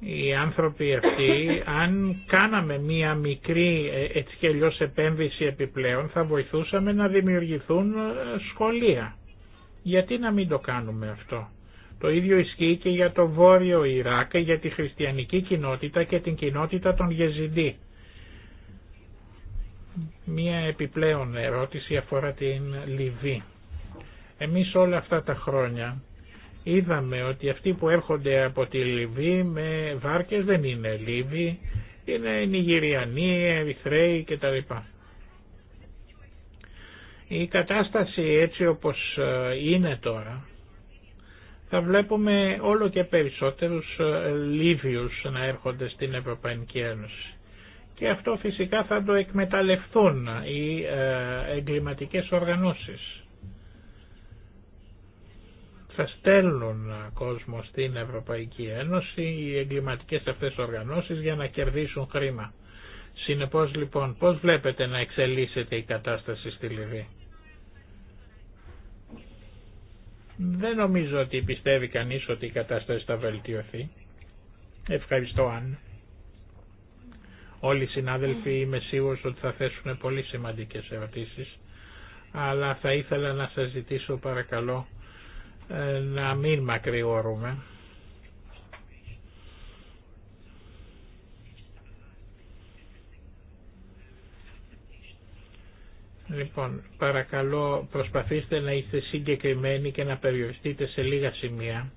οι άνθρωποι αυτοί αν κάναμε μία μικρή ε, έτσι και αλλιώς επένδυση επιπλέον θα βοηθούσαμε να δημιουργηθούν ε, σχολεία. Γιατί να μην το κάνουμε αυτό. Το ίδιο ισχύει και για το Βόρειο Ιράκ, για τη χριστιανική κοινότητα και την κοινότητα των Γεζιντή. Μία επιπλέον ερώτηση αφορά την Λιβύη. Εμείς όλα αυτά τα χρόνια είδαμε ότι αυτοί που έρχονται από τη Λιβύη με βάρκες δεν είναι Λίβοι, είναι Νιγηριανοί, Ερυθρέοι κτλ. Η κατάσταση έτσι όπως ε, είναι τώρα θα βλέπουμε όλο και περισσότερους ε, Λίβιους να έρχονται στην Ευρωπαϊκή Ένωση. Και αυτό φυσικά θα το εκμεταλλευτούν οι ε, εγκληματικές οργανώσεις θα στέλνουν κόσμο στην Ευρωπαϊκή Ένωση οι εγκληματικές αυτές οργανώσεις για να κερδίσουν χρήμα. Συνεπώς λοιπόν πώς βλέπετε να εξελίσσεται η κατάσταση στη Λιβύη. Δεν νομίζω ότι πιστεύει κανείς ότι η κατάσταση θα βελτιωθεί. Ευχαριστώ αν. Όλοι οι συνάδελφοι είμαι σίγουρος ότι θα θέσουν πολύ σημαντικές ερωτήσεις αλλά θα ήθελα να σας ζητήσω παρακαλώ να μην μακριόρουμε. Λοιπόν, παρακαλώ προσπαθήστε να είστε συγκεκριμένοι και να περιοριστείτε σε λίγα σημεία.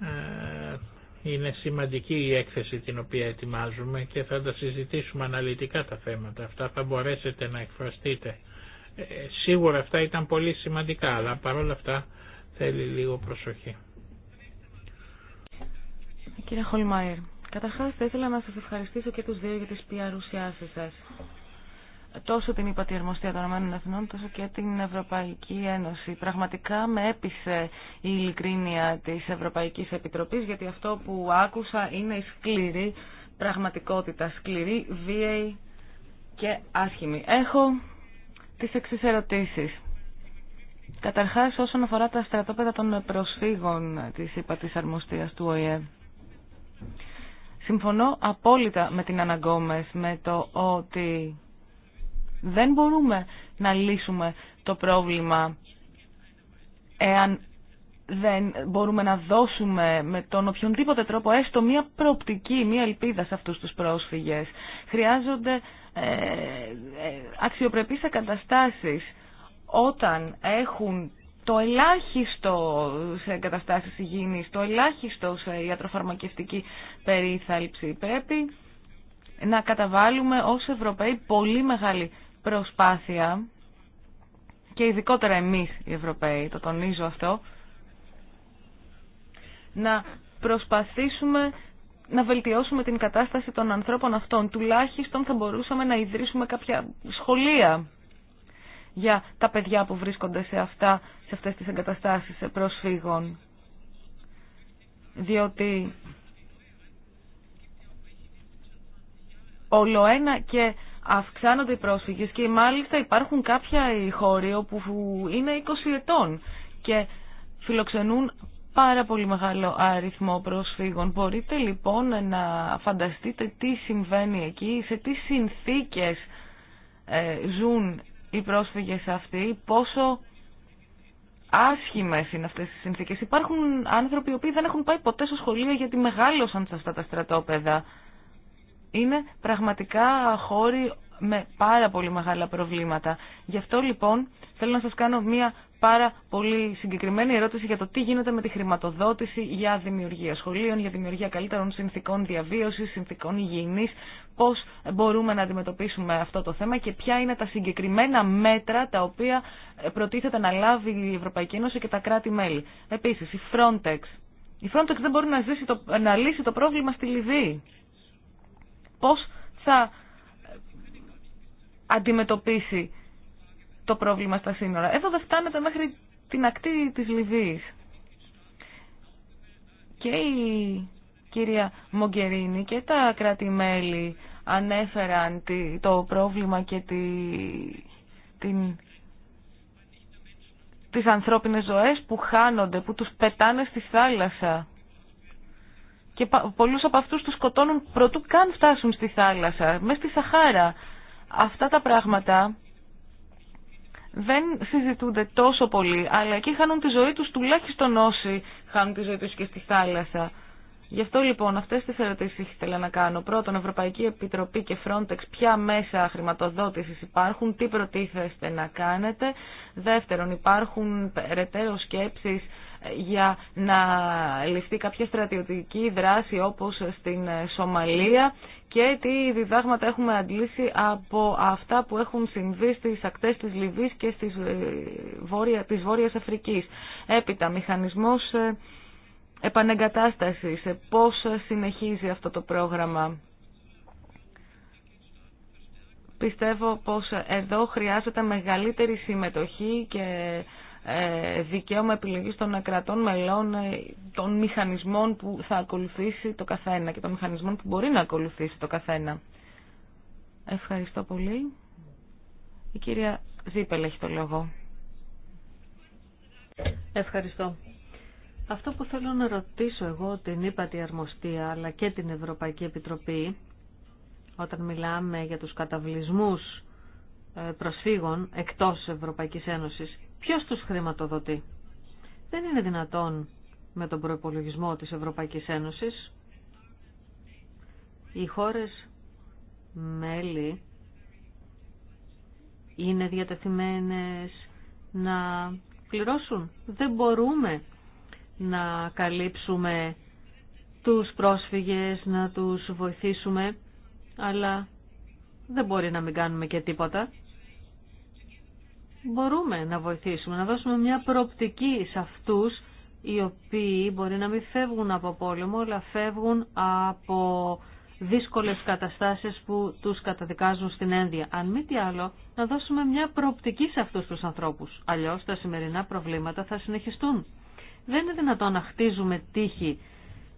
Ε, είναι σημαντική η έκθεση την οποία ετοιμάζουμε και θα τα συζητήσουμε αναλυτικά τα θέματα. Αυτά θα μπορέσετε να εκφραστείτε. Ε, σίγουρα αυτά ήταν πολύ σημαντικά, αλλά παρόλα αυτά θέλει λίγο προσοχή. Κύριε Χολμάιρ, καταρχάς θα ήθελα να σας ευχαριστήσω και τους δύο για τις πιαρουσιάσεις σας. Τόσο την είπα τη Ηνωμένων των Εθνών, τόσο και την Ευρωπαϊκή Ένωση. Πραγματικά με έπεισε η ειλικρίνεια της Ευρωπαϊκής Επιτροπής, γιατί αυτό που άκουσα είναι η σκληρή πραγματικότητα, σκληρή, βίαιη και άσχημη. Έχω τις εξής ερωτήσεις. Καταρχάς όσον αφορά τα στρατόπεδα των προσφύγων της ΥΠΑ Αρμοστίας του ΟΗΕ. Συμφωνώ απόλυτα με την Αναγκόμες με το ότι δεν μπορούμε να λύσουμε το πρόβλημα εάν δεν μπορούμε να δώσουμε με τον οποιονδήποτε τρόπο έστω μία προοπτική, μία ελπίδα σε αυτούς τους πρόσφυγες. Χρειάζονται ε, ε, αξιοπρεπείς όταν έχουν το ελάχιστο σε εγκαταστάσεις υγιεινής, το ελάχιστο σε ιατροφαρμακευτική περίθαλψη πρέπει να καταβάλουμε ως Ευρωπαίοι πολύ μεγάλη προσπάθεια και ειδικότερα εμείς οι Ευρωπαίοι, το τονίζω αυτό, να προσπαθήσουμε να βελτιώσουμε την κατάσταση των ανθρώπων αυτών. Τουλάχιστον θα μπορούσαμε να ιδρύσουμε κάποια σχολεία για τα παιδιά που βρίσκονται σε, αυτά, σε αυτές τις εγκαταστάσεις προσφύγων. Διότι όλο ένα και αυξάνονται οι πρόσφυγες και μάλιστα υπάρχουν κάποια οι χώροι όπου είναι 20 ετών και φιλοξενούν πάρα πολύ μεγάλο αριθμό προσφύγων. Μπορείτε λοιπόν να φανταστείτε τι συμβαίνει εκεί, σε τι συνθήκες ε, ζουν οι πρόσφυγες αυτοί, πόσο άσχημες είναι αυτές οι συνθήκες. Υπάρχουν άνθρωποι οι οποίοι δεν έχουν πάει ποτέ στο σχολείο γιατί μεγάλωσαν σε αυτά τα στρατόπεδα. Είναι πραγματικά χώροι με πάρα πολύ μεγάλα προβλήματα. Γι' αυτό λοιπόν θέλω να σας κάνω μία πάρα πολύ συγκεκριμένη ερώτηση για το τι γίνεται με τη χρηματοδότηση για δημιουργία σχολείων, για δημιουργία καλύτερων συνθήκων διαβίωσης, συνθήκων υγιεινής, πώς μπορούμε να αντιμετωπίσουμε αυτό το θέμα και ποια είναι τα συγκεκριμένα μέτρα τα οποία προτίθεται να λάβει η Ευρωπαϊκή Ένωση και τα κράτη-μέλη. Επίση, η Frontex. Η Frontex δεν μπορεί να, να λύσει το πρόβλημα στη Λιβύη. Πώ θα αντιμετωπίσει το πρόβλημα στα σύνορα. Εδώ δεν φτάνετε μέχρι την ακτή της Λιβύης. Και η κυρία Μογκερίνη και τα κράτη-μέλη ανέφεραν το πρόβλημα και τη, την, τις ανθρώπινες ζωές που χάνονται, που τους πετάνε στη θάλασσα. Και πολλούς από αυτούς τους σκοτώνουν προτού καν φτάσουν στη θάλασσα, μέσα στη Σαχάρα. Αυτά τα πράγματα δεν συζητούνται τόσο πολύ, αλλά εκεί χάνουν τη ζωή τους τουλάχιστον όσοι χάνουν τη ζωή τους και στη θάλασσα. Γι' αυτό λοιπόν αυτές τις ερωτήσεις ήθελα να κάνω. Πρώτον, Ευρωπαϊκή Επιτροπή και Frontex, ποια μέσα χρηματοδότησης υπάρχουν, τι προτίθεστε να κάνετε. Δεύτερον, υπάρχουν περαιτέρω σκέψεις για να ληφθεί κάποια στρατιωτική δράση όπως στην Σομαλία και τι διδάγματα έχουμε αντλήσει από αυτά που έχουν συμβεί στις ακτές της Λιβύης και στις, ε, βόρεια, της Βόρειας Αφρικής. Έπειτα, μηχανισμός ε, επανεγκατάστασης, ε, πώς συνεχίζει αυτό το πρόγραμμα. Πιστεύω πως εδώ χρειάζεται μεγαλύτερη συμμετοχή και ε, δικαίωμα επιλογής των κρατών μελών ε, των μηχανισμών που θα ακολουθήσει το καθένα και των μηχανισμών που μπορεί να ακολουθήσει το καθένα. Ευχαριστώ πολύ. Η κυρία Ζήπελ έχει το λόγο. Ευχαριστώ. Αυτό που θέλω να ρωτήσω εγώ την ύπατη αρμοστία αλλά και την Ευρωπαϊκή Επιτροπή όταν μιλάμε για τους καταβλισμούς ε, προσφύγων εκτός Ευρωπαϊκής Ένωσης Ποιος τους χρηματοδοτεί. Δεν είναι δυνατόν με τον προϋπολογισμό της Ευρωπαϊκής Ένωσης οι χώρες μέλη είναι διατεθειμένες να πληρώσουν. Δεν μπορούμε να καλύψουμε τους πρόσφυγες, να τους βοηθήσουμε, αλλά δεν μπορεί να μην κάνουμε και τίποτα μπορούμε να βοηθήσουμε, να δώσουμε μια προοπτική σε αυτούς οι οποίοι μπορεί να μην φεύγουν από πόλεμο, αλλά φεύγουν από δύσκολες καταστάσεις που τους καταδικάζουν στην ένδια. Αν μη τι άλλο, να δώσουμε μια προοπτική σε αυτούς τους ανθρώπους. Αλλιώς τα σημερινά προβλήματα θα συνεχιστούν. Δεν είναι δυνατόν να χτίζουμε τύχη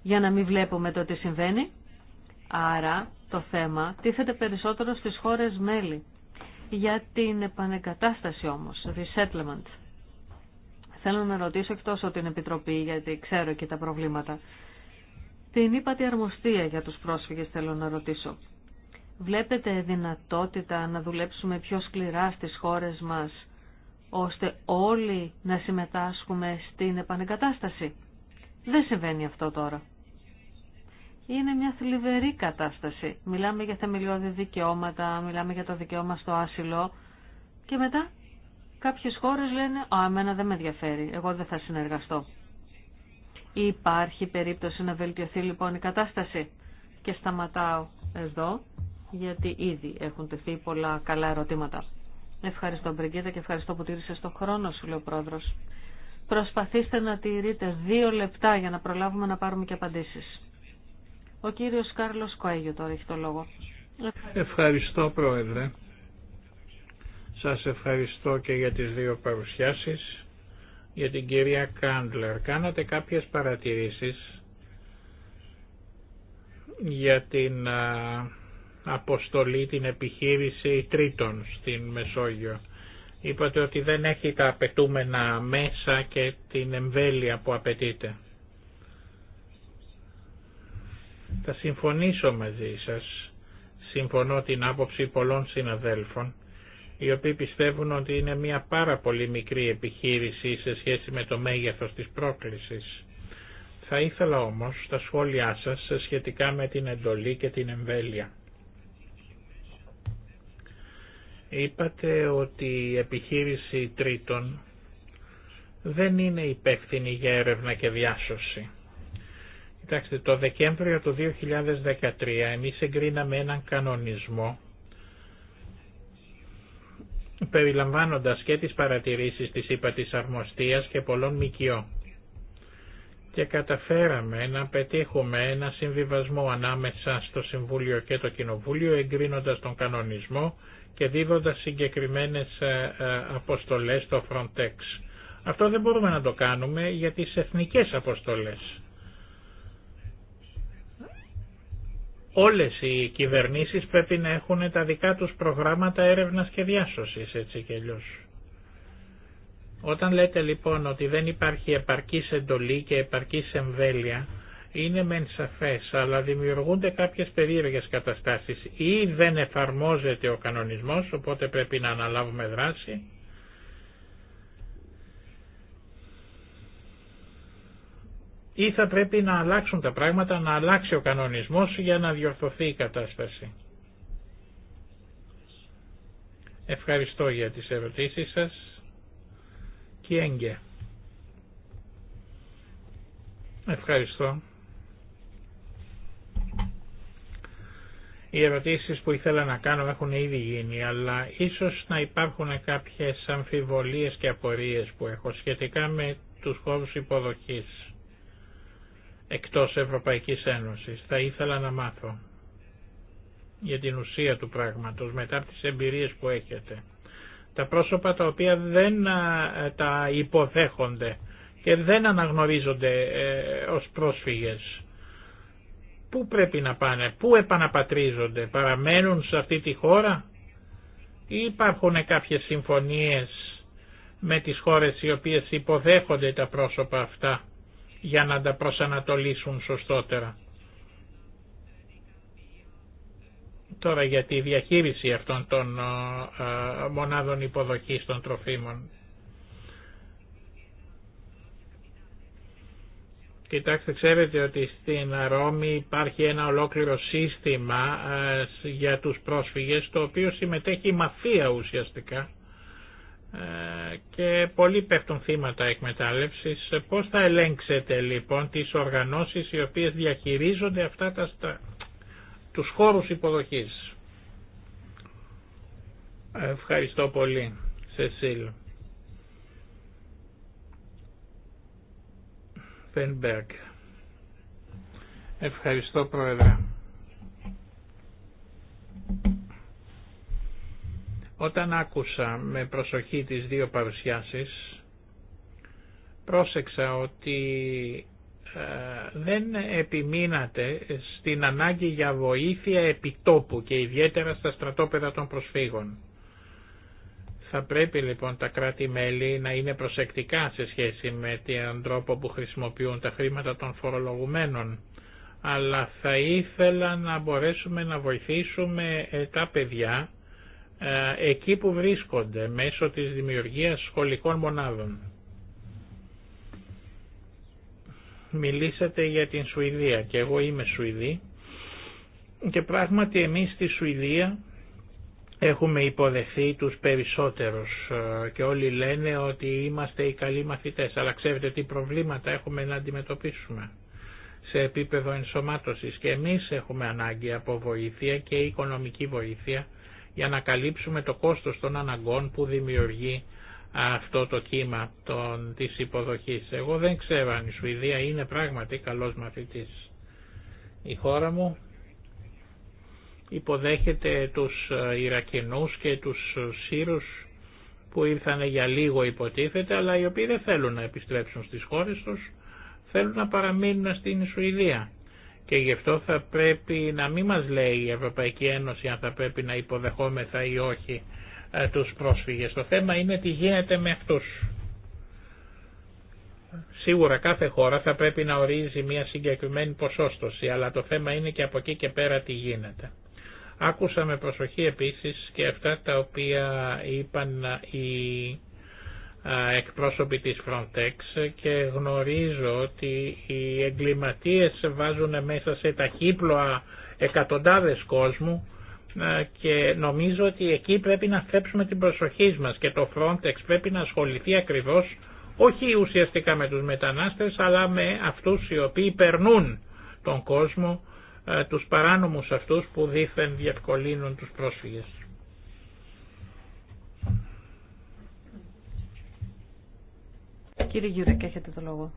για να μην βλέπουμε το τι συμβαίνει. Άρα το θέμα τίθεται περισσότερο στις χώρες μέλη για την επανεκατάσταση όμως, resettlement. Θέλω να ρωτήσω εκτός από την Επιτροπή, γιατί ξέρω και τα προβλήματα. Την είπατε αρμοστία για τους πρόσφυγες, θέλω να ρωτήσω. Βλέπετε δυνατότητα να δουλέψουμε πιο σκληρά στις χώρες μας, ώστε όλοι να συμμετάσχουμε στην επανεκατάσταση. Δεν συμβαίνει αυτό τώρα είναι μια θλιβερή κατάσταση. Μιλάμε για θεμελιώδη δικαιώματα, μιλάμε για το δικαίωμα στο άσυλο και μετά κάποιες χώρες λένε «Α, εμένα δεν με ενδιαφέρει, εγώ δεν θα συνεργαστώ». Υπάρχει περίπτωση να βελτιωθεί λοιπόν η κατάσταση και σταματάω εδώ γιατί ήδη έχουν τεθεί πολλά καλά ερωτήματα. Ευχαριστώ Μπριγκίτα, και ευχαριστώ που τήρησες τον χρόνο σου, λέει ο πρόεδρο. Προσπαθήστε να τηρείτε δύο λεπτά για να προλάβουμε να πάρουμε και απαντήσεις. Ο κύριος Κάρλος Κοέγιο τώρα έχει το λόγο. Ευχαριστώ Πρόεδρε. Σας ευχαριστώ και για τις δύο παρουσιάσεις. Για την κυρία Κάντλερ, κάνατε κάποιες παρατηρήσεις για την αποστολή, την επιχείρηση τρίτων στην Μεσόγειο. Είπατε ότι δεν έχει τα απαιτούμενα μέσα και την εμβέλεια που απαιτείται. Θα συμφωνήσω μαζί σας, συμφωνώ την άποψη πολλών συναδέλφων, οι οποίοι πιστεύουν ότι είναι μια πάρα πολύ μικρή επιχείρηση σε σχέση με το μέγεθος της πρόκλησης. Θα ήθελα όμως τα σχόλιά σας σχετικά με την εντολή και την εμβέλεια. Είπατε ότι η επιχείρηση τρίτων δεν είναι υπεύθυνη για έρευνα και διάσωση. Κοιτάξτε, το Δεκέμβριο του 2013 εμείς εγκρίναμε έναν κανονισμό περιλαμβάνοντας και τις παρατηρήσεις της ΥΠΑ της Αρμοστίας και πολλών ΜΚΙΟ. Και καταφέραμε να πετύχουμε ένα συμβιβασμό ανάμεσα στο Συμβούλιο και το Κοινοβούλιο εγκρίνοντας τον κανονισμό και δίδοντας συγκεκριμένες ε, ε, αποστολές στο Frontex. Αυτό δεν μπορούμε να το κάνουμε για τις εθνικές αποστολές. Όλες οι κυβερνήσεις πρέπει να έχουν τα δικά τους προγράμματα έρευνας και διάσωσης έτσι και αλλιώς. Όταν λέτε λοιπόν ότι δεν υπάρχει επαρκής εντολή και επαρκής εμβέλεια, είναι μεν σαφές, αλλά δημιουργούνται κάποιες περίεργες καταστάσεις. Ή δεν εφαρμόζεται ο κανονισμός, οπότε πρέπει να αναλάβουμε δράση, ή θα πρέπει να αλλάξουν τα πράγματα, να αλλάξει ο κανονισμός για να διορθωθεί η κατάσταση. Ευχαριστώ για τις ερωτήσεις σας. Κιέγγε. Ευχαριστώ. Οι ερωτήσεις που ήθελα να κάνω έχουν ήδη γίνει, αλλά ίσως να υπάρχουν κάποιες αμφιβολίες και απορίες που έχω σχετικά με τους χώρους υποδοχής εκτός Ευρωπαϊκής Ένωσης. Θα ήθελα να μάθω για την ουσία του πράγματος μετά από τις εμπειρίες που έχετε. Τα πρόσωπα τα οποία δεν τα υποδέχονται και δεν αναγνωρίζονται ε, ως πρόσφυγες. Πού πρέπει να πάνε, πού επαναπατρίζονται, παραμένουν σε αυτή τη χώρα ή υπάρχουν κάποιες συμφωνίες με τις χώρες οι οποίες υποδέχονται τα πρόσωπα αυτά για να τα προσανατολίσουν σωστότερα. Τώρα για τη διαχείριση αυτών των μονάδων υποδοχής των τροφίμων. Κοιτάξτε, ξέρετε ότι στην Ρώμη υπάρχει ένα ολόκληρο σύστημα για τους πρόσφυγες, το οποίο συμμετέχει η μαφία ουσιαστικά ε, και πολλοί πέφτουν θύματα εκμετάλλευσης. Πώς θα ελέγξετε λοιπόν τις οργανώσεις οι οποίες διαχειρίζονται αυτά τα, τους χώρους υποδοχής. Ευχαριστώ πολύ, Σεσίλ. Ευχαριστώ, Πρόεδρε. Όταν άκουσα με προσοχή τις δύο παρουσιάσεις, πρόσεξα ότι ε, δεν επιμείνατε στην ανάγκη για βοήθεια επιτόπου και ιδιαίτερα στα στρατόπεδα των προσφύγων. Θα πρέπει λοιπόν τα κράτη-μέλη να είναι προσεκτικά σε σχέση με τον τρόπο που χρησιμοποιούν τα χρήματα των φορολογουμένων. Αλλά θα ήθελα να μπορέσουμε να βοηθήσουμε ε, τα παιδιά ε, εκεί που βρίσκονται μέσω της δημιουργίας σχολικών μονάδων. Μιλήσατε για την Σουηδία και εγώ είμαι Σουηδή και πράγματι εμείς στη Σουηδία έχουμε υποδεχθεί τους περισσότερους ε, και όλοι λένε ότι είμαστε οι καλοί μαθητές αλλά ξέρετε τι προβλήματα έχουμε να αντιμετωπίσουμε σε επίπεδο ενσωμάτωσης και εμείς έχουμε ανάγκη από βοήθεια και οικονομική βοήθεια για να καλύψουμε το κόστος των αναγκών που δημιουργεί αυτό το κύμα των, της υποδοχής. Εγώ δεν ξέρω αν η Σουηδία είναι πράγματι καλός μαθητής. Η χώρα μου υποδέχεται τους Ιρακινούς και τους Σύρους που ήρθαν για λίγο υποτίθεται, αλλά οι οποίοι δεν θέλουν να επιστρέψουν στις χώρες τους, θέλουν να παραμείνουν στην Σουηδία. Και γι' αυτό θα πρέπει να μην μας λέει η Ευρωπαϊκή Ένωση αν θα πρέπει να υποδεχόμεθα ή όχι ε, τους πρόσφυγες. Το θέμα είναι τι γίνεται με αυτούς. Σίγουρα κάθε χώρα θα πρέπει να ορίζει μια συγκεκριμένη ποσόστοση, αλλά το θέμα είναι και από εκεί και πέρα τι γίνεται. Άκουσα με προσοχή επίσης και αυτά τα οποία είπαν οι εκπρόσωποι της Frontex και γνωρίζω ότι οι εγκληματίες βάζουν μέσα σε ταχύπλοα εκατοντάδες κόσμου και νομίζω ότι εκεί πρέπει να θέψουμε την προσοχή μας και το Frontex πρέπει να ασχοληθεί ακριβώς όχι ουσιαστικά με τους μετανάστες αλλά με αυτούς οι οποίοι περνούν τον κόσμο, τους παράνομους αυτούς που δήθεν διευκολύνουν τους πρόσφυγες. Κύριε Γιουρέκ, έχετε το λόγο.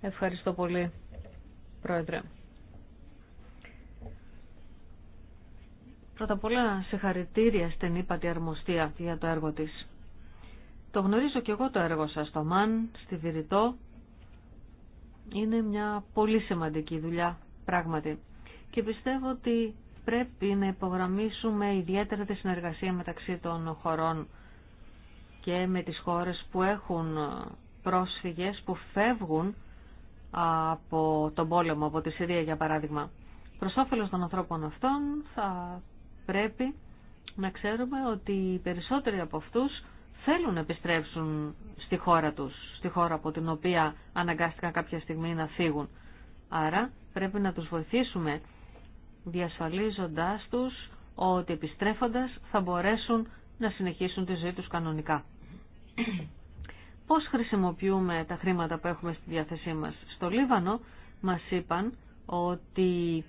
Ευχαριστώ πολύ, Πρόεδρε. Πρώτα απ' όλα, συγχαρητήρια στην ύπατη αρμοστία για το έργο της. Το γνωρίζω και εγώ το έργο σας στο ΜΑΝ, στη Βηρητό. Είναι μια πολύ σημαντική δουλειά, πράγματι. Και πιστεύω ότι πρέπει να υπογραμμίσουμε ιδιαίτερα τη συνεργασία μεταξύ των χωρών και με τις χώρες που έχουν πρόσφυγες που φεύγουν από τον πόλεμο, από τη Συρία για παράδειγμα. Προς όφελος των ανθρώπων αυτών θα πρέπει να ξέρουμε ότι οι περισσότεροι από αυτούς θέλουν να επιστρέψουν στη χώρα τους, στη χώρα από την οποία αναγκάστηκαν κάποια στιγμή να φύγουν. Άρα πρέπει να τους βοηθήσουμε διασφαλίζοντάς τους ότι επιστρέφοντας θα μπορέσουν να συνεχίσουν τη ζωή τους κανονικά. Πώς χρησιμοποιούμε τα χρήματα που έχουμε στη διάθεσή μας. Στο Λίβανο μας είπαν ότι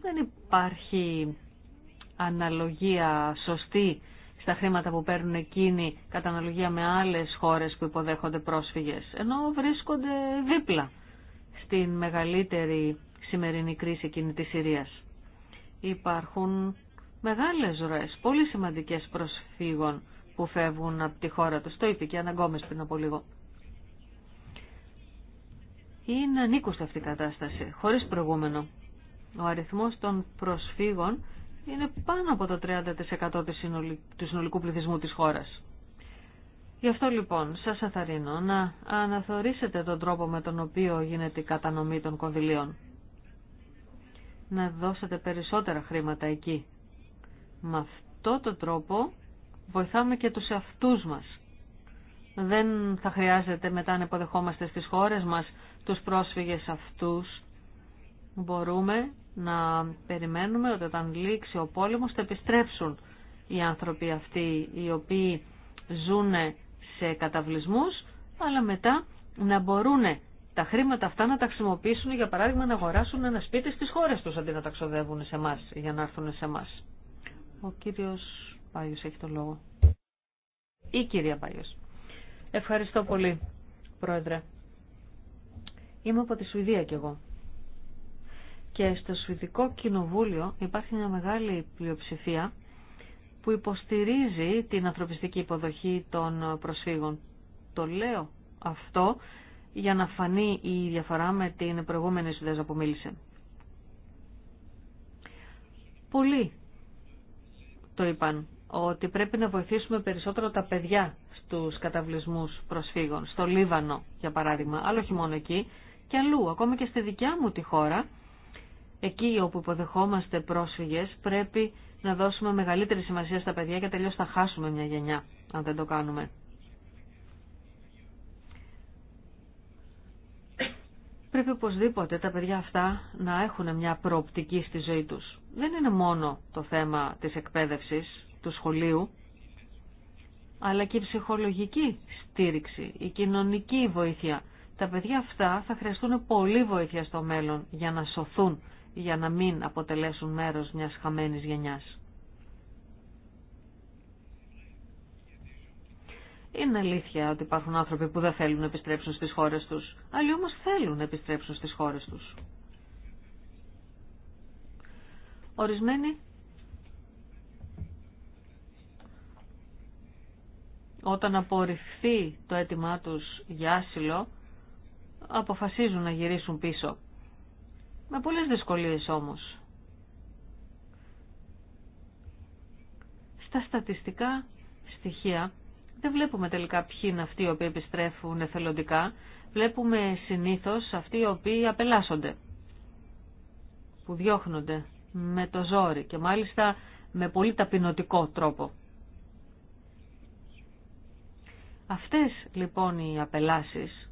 δεν υπάρχει αναλογία σωστή στα χρήματα που παίρνουν εκείνοι κατά αναλογία με άλλες χώρες που υποδέχονται πρόσφυγες, ενώ βρίσκονται δίπλα στην μεγαλύτερη σημερινή κρίση εκείνη της Συρίας. Υπάρχουν μεγάλες ροές, πολύ σημαντικές προσφύγων που φεύγουν από τη χώρα τους. Το είπε και αναγκόμες πριν από λίγο. Είναι ανήκουστα αυτή η κατάσταση, χωρίς προηγούμενο. Ο αριθμός των προσφύγων είναι πάνω από το 30% του συνολικού πληθυσμού της χώρας. Γι' αυτό λοιπόν σας αθαρρύνω να αναθεωρήσετε τον τρόπο με τον οποίο γίνεται η κατανομή των κονδυλίων. Να δώσετε περισσότερα χρήματα εκεί. Με αυτό τον τρόπο βοηθάμε και τους αυτούς μας. Δεν θα χρειάζεται μετά να υποδεχόμαστε στις χώρες μας τους πρόσφυγες αυτούς. Μπορούμε να περιμένουμε ότι όταν λήξει ο πόλεμος θα επιστρέψουν οι άνθρωποι αυτοί οι οποίοι ζουν σε καταβλισμούς, αλλά μετά να μπορούν τα χρήματα αυτά να τα χρησιμοποιήσουν για παράδειγμα να αγοράσουν ένα σπίτι στις χώρες τους αντί να τα ξοδεύουν σε εμά για να έρθουν σε εμά. Ο κύριος έχει λόγο. Ή κυρία Πάγιο. Ευχαριστώ πολύ, Πρόεδρε. Είμαι από τη Σουηδία κι εγώ. Και στο Σουηδικό Κοινοβούλιο υπάρχει μια μεγάλη πλειοψηφία που υποστηρίζει την ανθρωπιστική υποδοχή των προσφύγων. Το λέω αυτό για να φανεί η διαφορά με την προηγούμενη Σουδέζα που μίλησε. Πολλοί το είπαν ότι πρέπει να βοηθήσουμε περισσότερο τα παιδιά στους καταβλισμούς προσφύγων, στο Λίβανο για παράδειγμα, αλλά όχι μόνο εκεί και αλλού, ακόμα και στη δικιά μου τη χώρα, εκεί όπου υποδεχόμαστε πρόσφυγες πρέπει να δώσουμε μεγαλύτερη σημασία στα παιδιά και τελείως θα χάσουμε μια γενιά αν δεν το κάνουμε. Πρέπει οπωσδήποτε τα παιδιά αυτά να έχουν μια προοπτική στη ζωή τους. Δεν είναι μόνο το θέμα της εκπαίδευσης, του σχολείου, αλλά και η ψυχολογική στήριξη, η κοινωνική βοήθεια. Τα παιδιά αυτά θα χρειαστούν πολλή βοήθεια στο μέλλον για να σωθούν, για να μην αποτελέσουν μέρος μιας χαμένης γενιάς. Είναι αλήθεια ότι υπάρχουν άνθρωποι που δεν θέλουν να επιστρέψουν στις χώρες τους, άλλοι όμως θέλουν να επιστρέψουν στις χώρες τους. Ορισμένοι όταν απορριφθεί το αίτημά τους για άσυλο, αποφασίζουν να γυρίσουν πίσω. Με πολλές δυσκολίες όμως. Στα στατιστικά στοιχεία δεν βλέπουμε τελικά ποιοι είναι αυτοί οι οποίοι επιστρέφουν εθελοντικά. Βλέπουμε συνήθως αυτοί οι οποίοι απελάσσονται, που διώχνονται με το ζόρι και μάλιστα με πολύ ταπεινωτικό τρόπο. Αυτές λοιπόν οι απελάσεις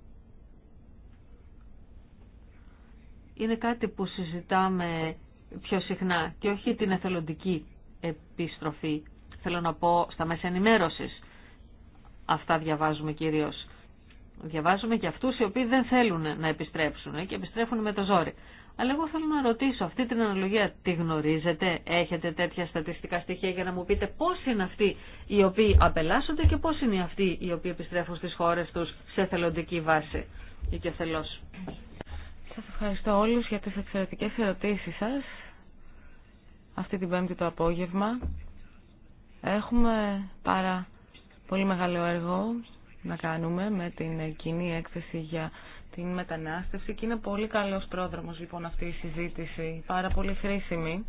είναι κάτι που συζητάμε πιο συχνά και όχι την εθελοντική επιστροφή, θέλω να πω στα μέσα ενημέρωσης. Αυτά διαβάζουμε κυρίως. Διαβάζουμε και αυτούς οι οποίοι δεν θέλουν να επιστρέψουν και επιστρέφουν με το ζόρι. Αλλά εγώ θέλω να ρωτήσω, αυτή την αναλογία τη γνωρίζετε, έχετε τέτοια στατιστικά στοιχεία για να μου πείτε πώς είναι αυτοί οι οποίοι απελάσσονται και πώς είναι αυτοί οι οποίοι επιστρέφουν στις χώρες τους σε θελοντική βάση ή και Σας ευχαριστώ όλους για τις εξαιρετικές ερωτήσεις σας. Αυτή την πέμπτη το απόγευμα έχουμε πάρα πολύ μεγάλο έργο να κάνουμε με την κοινή έκθεση για την μετανάστευση και είναι πολύ καλός πρόδρομος λοιπόν αυτή η συζήτηση, πάρα πολύ χρήσιμη.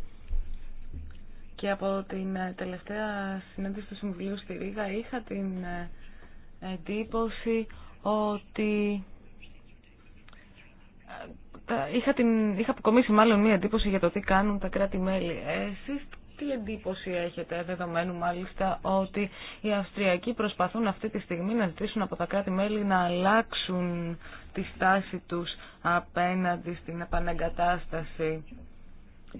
Και από την ε, τελευταία συνέντευξη του Συμβουλίου στη Ρίγα είχα την ε, εντύπωση ότι ε, είχα, την, είχα αποκομίσει μάλλον μία εντύπωση για το τι κάνουν τα κράτη-μέλη τι εντύπωση έχετε, δεδομένου μάλιστα ότι οι Αυστριακοί προσπαθούν αυτή τη στιγμή να ζητήσουν από τα κράτη-μέλη να αλλάξουν τη στάση τους απέναντι στην επανεγκατάσταση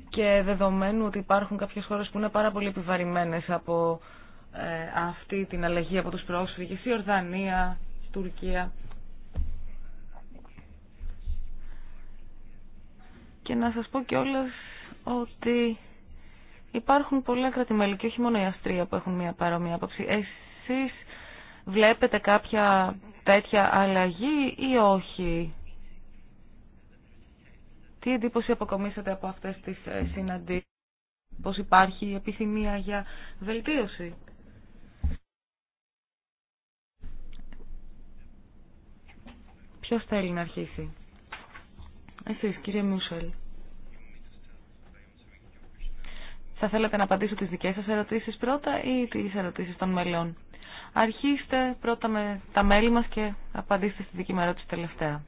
και δεδομένου ότι υπάρχουν κάποιες χώρες που είναι πάρα πολύ επιβαρημένες από ε, αυτή την αλλαγή από τους πρόσφυγες, η Ορδανία, η Τουρκία. Και να σας πω κιόλας ότι Υπάρχουν πολλά κρατημέλη και όχι μόνο η Αυστρία που έχουν μια παρόμοια άποψη. Εσείς βλέπετε κάποια τέτοια αλλαγή ή όχι. Τι εντύπωση αποκομίσατε από αυτές τις ε, συναντήσεις. Πώς υπάρχει επιθυμία για βελτίωση. Ποιος θέλει να αρχίσει. Εσείς κύριε Μούσελ. Θα θέλατε να απαντήσω τις δικές σας ερωτήσεις πρώτα ή τις ερωτήσεις των μελών. Αρχίστε πρώτα με τα μέλη μας και απαντήστε στη δική μου ερώτηση τελευταία.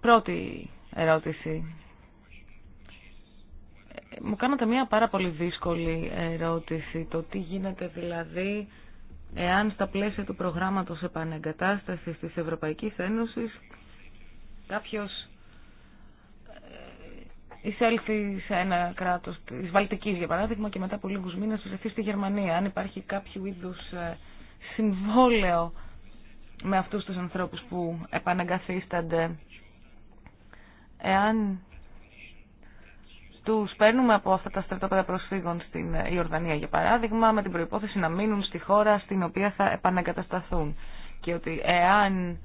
Πρώτη ερώτηση. Ε, μου κάνατε μία πάρα πολύ δύσκολη ερώτηση, το τι γίνεται δηλαδή εάν στα πλαίσια του προγράμματος επανεγκατάστασης της Ευρωπαϊκής Ένωσης κάποιος ε, εισέλθει σε ένα κράτος της Βαλτικής για παράδειγμα και μετά από λίγους μήνες βρεθεί στη Γερμανία αν υπάρχει κάποιο είδους ε, συμβόλαιο με αυτούς τους ανθρώπους που επανεγκαθίστανται εάν του παίρνουμε από αυτά τα στρατόπεδα προσφύγων στην Ιορδανία, ε, για παράδειγμα, με την προϋπόθεση να μείνουν στη χώρα στην οποία θα επαναγκατασταθούν. Και ότι εάν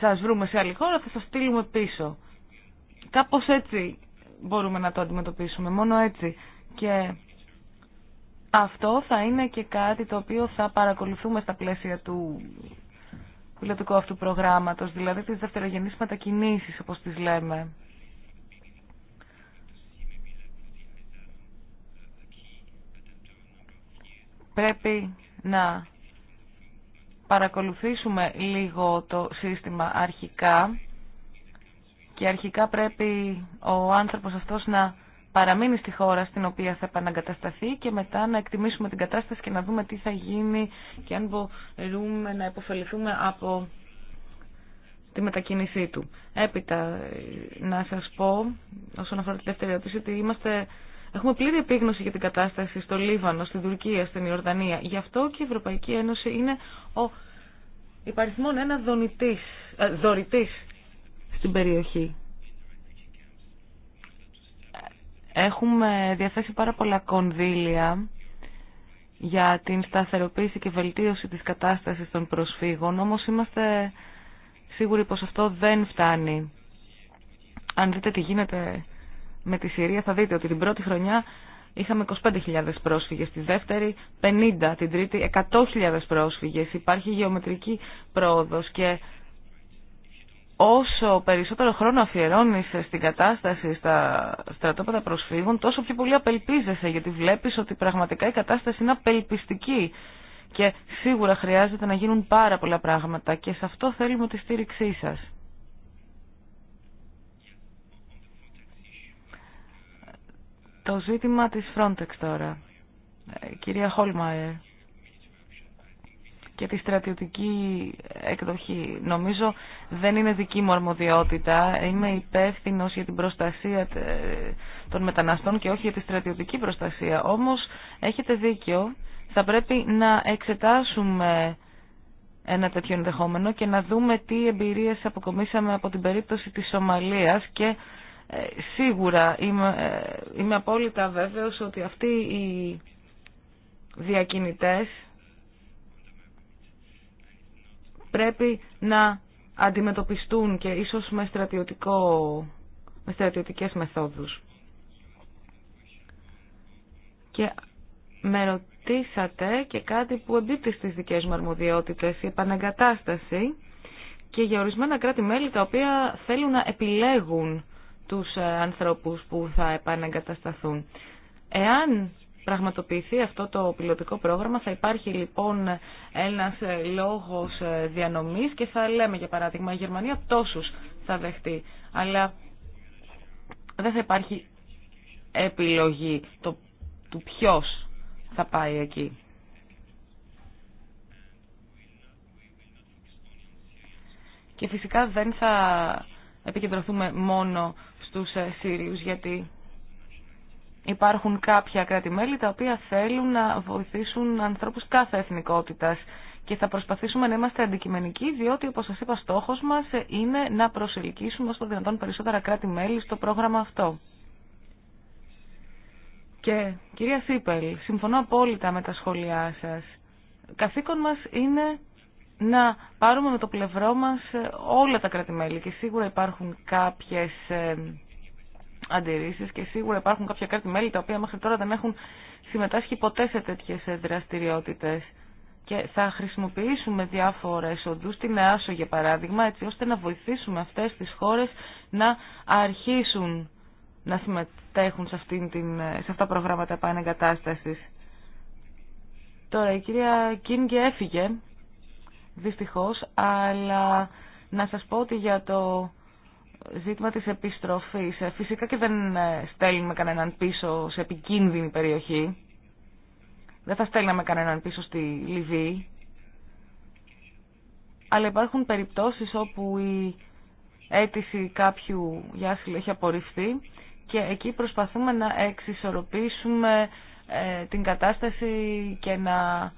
σας βρούμε σε άλλη χώρα θα σας στείλουμε πίσω. Κάπως έτσι μπορούμε να το αντιμετωπίσουμε, μόνο έτσι. Και αυτό θα είναι και κάτι το οποίο θα παρακολουθούμε στα πλαίσια του πιλωτικού αυτού προγράμματος, δηλαδή τις δευτερογενείς μετακινήσεις όπως τις λέμε. πρέπει να παρακολουθήσουμε λίγο το σύστημα αρχικά και αρχικά πρέπει ο άνθρωπος αυτός να παραμείνει στη χώρα στην οποία θα επαναγκατασταθεί και μετά να εκτιμήσουμε την κατάσταση και να δούμε τι θα γίνει και αν μπορούμε να υποφεληθούμε από τη μετακίνησή του. Έπειτα ε, να σας πω, όσον αφορά τη δεύτερη ερώτηση, ότι είμαστε Έχουμε πλήρη επίγνωση για την κατάσταση στο Λίβανο, στην Τουρκία, στην Ιορδανία. Γι' αυτό και η Ευρωπαϊκή Ένωση είναι ο υπαριθμόν ένα δονητής, ε, δωρητής στην περιοχή. Έχουμε διαθέσει πάρα πολλά κονδύλια για την σταθεροποίηση και βελτίωση της κατάστασης των προσφύγων, όμως είμαστε σίγουροι πως αυτό δεν φτάνει. Αν δείτε τι γίνεται με τη Συρία θα δείτε ότι την πρώτη χρονιά είχαμε 25.000 πρόσφυγες, τη δεύτερη 50, την τρίτη 100.000 πρόσφυγες. Υπάρχει γεωμετρική πρόοδος και όσο περισσότερο χρόνο αφιερώνεις στην κατάσταση στα στρατόπεδα προσφύγων, τόσο πιο πολύ απελπίζεσαι, γιατί βλέπεις ότι πραγματικά η κατάσταση είναι απελπιστική και σίγουρα χρειάζεται να γίνουν πάρα πολλά πράγματα και σε αυτό θέλουμε τη στήριξή σας. Το ζήτημα της Frontex τώρα. Ε, κυρία Χόλμαερ και τη στρατιωτική εκδοχή. Νομίζω δεν είναι δική μου αρμοδιότητα. Είμαι υπεύθυνο για την προστασία ε, των μεταναστών και όχι για τη στρατιωτική προστασία. Όμως έχετε δίκιο. Θα πρέπει να εξετάσουμε ένα τέτοιο ενδεχόμενο και να δούμε τι εμπειρίες αποκομίσαμε από την περίπτωση της Σομαλίας και ε, σίγουρα ε, είμαι, απόλυτα βέβαιος ότι αυτοί οι διακινητές πρέπει να αντιμετωπιστούν και ίσως με, στρατιωτικό, με στρατιωτικές μεθόδους. Και με ρωτήσατε και κάτι που εμπίπτει στις δικές μου αρμοδιότητες, η επαναγκατάσταση και για ορισμένα κράτη-μέλη τα οποία θέλουν να επιλέγουν τους ε, ανθρώπους που θα επαναγκατασταθούν. Εάν πραγματοποιηθεί αυτό το πιλωτικό πρόγραμμα θα υπάρχει λοιπόν ένας ε, λόγος ε, διανομής και θα λέμε για παράδειγμα η Γερμανία τόσους θα δεχτεί αλλά δεν θα υπάρχει επιλογή το, του ποιος θα πάει εκεί. Και φυσικά δεν θα επικεντρωθούμε μόνο στους ε, Σύριους, γιατί υπάρχουν κάποια κράτη-μέλη τα οποία θέλουν να βοηθήσουν ανθρώπους κάθε εθνικότητας και θα προσπαθήσουμε να είμαστε αντικειμενικοί, διότι όπως σας είπα στόχος μας ε, είναι να προσελκύσουμε όσο δυνατόν περισσότερα κράτη-μέλη στο πρόγραμμα αυτό. Και κυρία Σίπελ, συμφωνώ απόλυτα με τα σχόλιά σας. Καθήκον μας είναι να πάρουμε με το πλευρό μας ε, όλα τα κρατημέλη και σίγουρα υπάρχουν κάποιες ε, αντιρρήσεις και σίγουρα υπάρχουν κάποια κρατημέλη τα οποία μέχρι τώρα δεν έχουν συμμετάσχει ποτέ σε τέτοιες ε, δραστηριότητες και θα χρησιμοποιήσουμε διάφορες οντού την ΕΑΣΟ για παράδειγμα, έτσι ώστε να βοηθήσουμε αυτές τις χώρες να αρχίσουν να συμμετέχουν σε, την, σε αυτά τα προγράμματα επανεγκατάστασης. Τώρα η κυρία Κίνγκε έφυγε, δυστυχώς, αλλά να σας πω ότι για το ζήτημα της επιστροφής, ε, φυσικά και δεν ε, στέλνουμε κανέναν πίσω σε επικίνδυνη περιοχή, δεν θα στέλναμε κανέναν πίσω στη Λιβύη, αλλά υπάρχουν περιπτώσεις όπου η αίτηση κάποιου για άσυλο έχει απορριφθεί και εκεί προσπαθούμε να εξισορροπήσουμε ε, την κατάσταση και να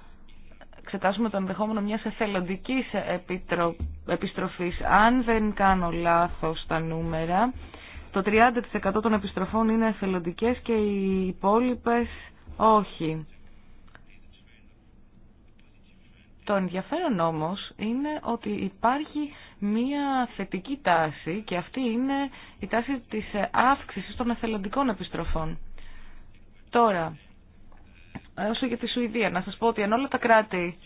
εξετάσουμε το ενδεχόμενο μιας εθελοντική επιστροφής. Αν δεν κάνω λάθος τα νούμερα, το 30% των επιστροφών είναι εθελοντικέ και οι υπόλοιπες όχι. Το ενδιαφέρον όμως είναι ότι υπάρχει μία θετική τάση και αυτή είναι η τάση της αύξησης των εθελοντικών επιστροφών. Τώρα, όσο για τη Σουηδία. Να σας πω ότι αν όλα τα κράτη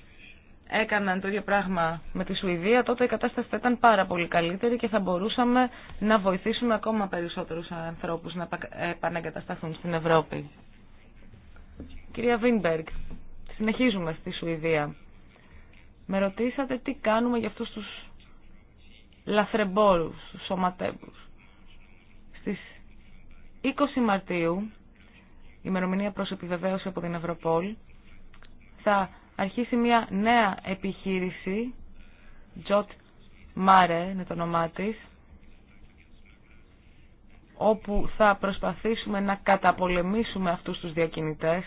έκαναν το ίδιο πράγμα με τη Σουηδία, τότε η κατάσταση θα ήταν πάρα πολύ καλύτερη και θα μπορούσαμε να βοηθήσουμε ακόμα περισσότερους ανθρώπους να επαναγκατασταθούν στην Ευρώπη. Κυρία Βίνμπεργκ, συνεχίζουμε στη Σουηδία. Με ρωτήσατε τι κάνουμε για αυτούς τους λαθρεμπόρους, τους σωματέμπους. Στις 20 Μαρτίου ημερομηνία προς επιβεβαίωση από την Ευρωπόλ, θα αρχίσει μια νέα επιχείρηση, Jot Mare είναι το όνομά της, όπου θα προσπαθήσουμε να καταπολεμήσουμε αυτούς τους διακινητές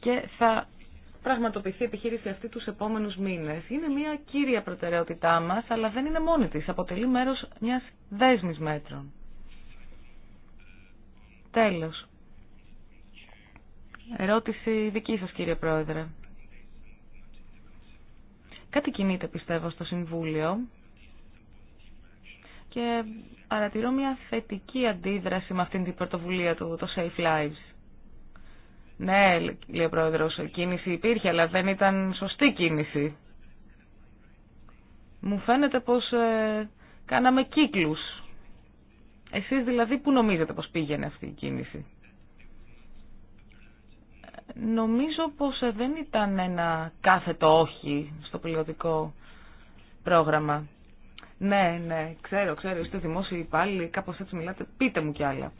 και θα πραγματοποιηθεί η επιχείρηση αυτή τους επόμενους μήνες. Είναι μια κύρια προτεραιότητά μας, αλλά δεν είναι μόνη της. Αποτελεί μέρος μιας δέσμης μέτρων. Τέλος. Ερώτηση δική σας κύριε Πρόεδρε. Κάτι κινείται πιστεύω στο Συμβούλιο και παρατηρώ μια θετική αντίδραση με αυτήν την πρωτοβουλία του, το Safe Lives. Ναι, λέει ο Πρόεδρος, κίνηση υπήρχε, αλλά δεν ήταν σωστή κίνηση. Μου φαίνεται πως ε, κάναμε κύκλους εσείς δηλαδή που νομίζετε πως πήγαινε αυτή η κίνηση. Νομίζω πως ε, δεν ήταν ένα κάθετο όχι στο πιλωτικό πρόγραμμα. Ναι, ναι, ξέρω, ξέρω, είστε δημόσιοι υπάλληλοι, κάπως έτσι μιλάτε, πείτε μου κι άλλα.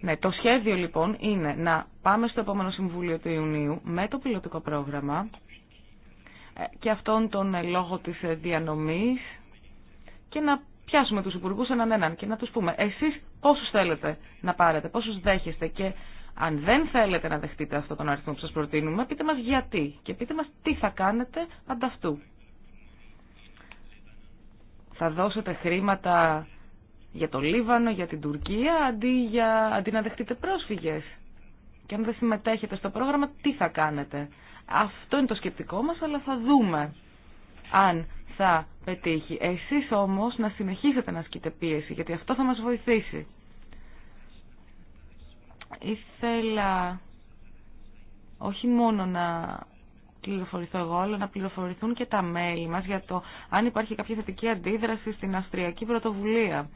Ναι, το σχέδιο λοιπόν είναι να πάμε στο επόμενο Συμβούλιο του Ιουνίου με το πιλωτικό πρόγραμμα ε, και αυτόν τον ε, λόγο της διανομής και να πιάσουμε τους υπουργού έναν έναν και να τους πούμε εσείς πόσους θέλετε να πάρετε, πόσους δέχεστε και αν δεν θέλετε να δεχτείτε αυτόν τον αριθμό που σας προτείνουμε, πείτε μας γιατί και πείτε μας τι θα κάνετε ανταυτού. Θα δώσετε χρήματα για το Λίβανο, για την Τουρκία, αντί, για, αντί να δεχτείτε πρόσφυγες. Και αν δεν συμμετέχετε στο πρόγραμμα, τι θα κάνετε. Αυτό είναι το σκεπτικό μας, αλλά θα δούμε αν θα πετύχει. Εσείς όμως να συνεχίσετε να ασκείτε πίεση, γιατί αυτό θα μας βοηθήσει. Ήθελα όχι μόνο να πληροφορηθώ εγώ, αλλά να πληροφορηθούν και τα μέλη μας για το αν υπάρχει κάποια θετική αντίδραση στην Αυστριακή Πρωτοβουλία.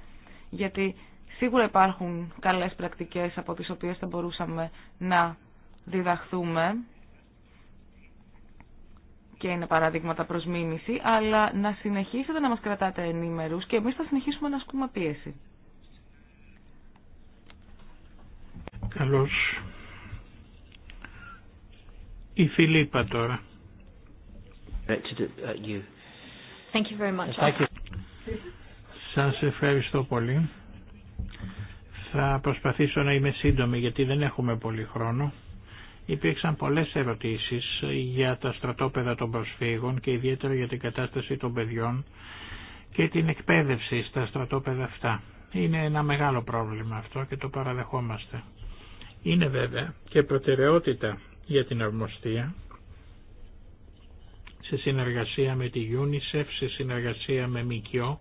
Γιατί σίγουρα υπάρχουν καλές πρακτικές από τις οποίες θα μπορούσαμε να διδαχθούμε και είναι παραδείγματα προς μίμηση, αλλά να συνεχίσετε να μας κρατάτε ενήμερους και εμείς θα συνεχίσουμε να ασκούμε πίεση. Καλώς. Η Φιλίπα τώρα. Thank Σας ευχαριστώ πολύ. Θα προσπαθήσω να είμαι σύντομη γιατί δεν έχουμε πολύ χρόνο. Υπήρξαν πολλές ερωτήσεις για τα στρατόπεδα των προσφύγων και ιδιαίτερα για την κατάσταση των παιδιών και την εκπαίδευση στα στρατόπεδα αυτά. Είναι ένα μεγάλο πρόβλημα αυτό και το παραδεχόμαστε. Είναι βέβαια και προτεραιότητα για την αρμοστία σε συνεργασία με τη UNICEF, σε συνεργασία με ΜΚΙΟ,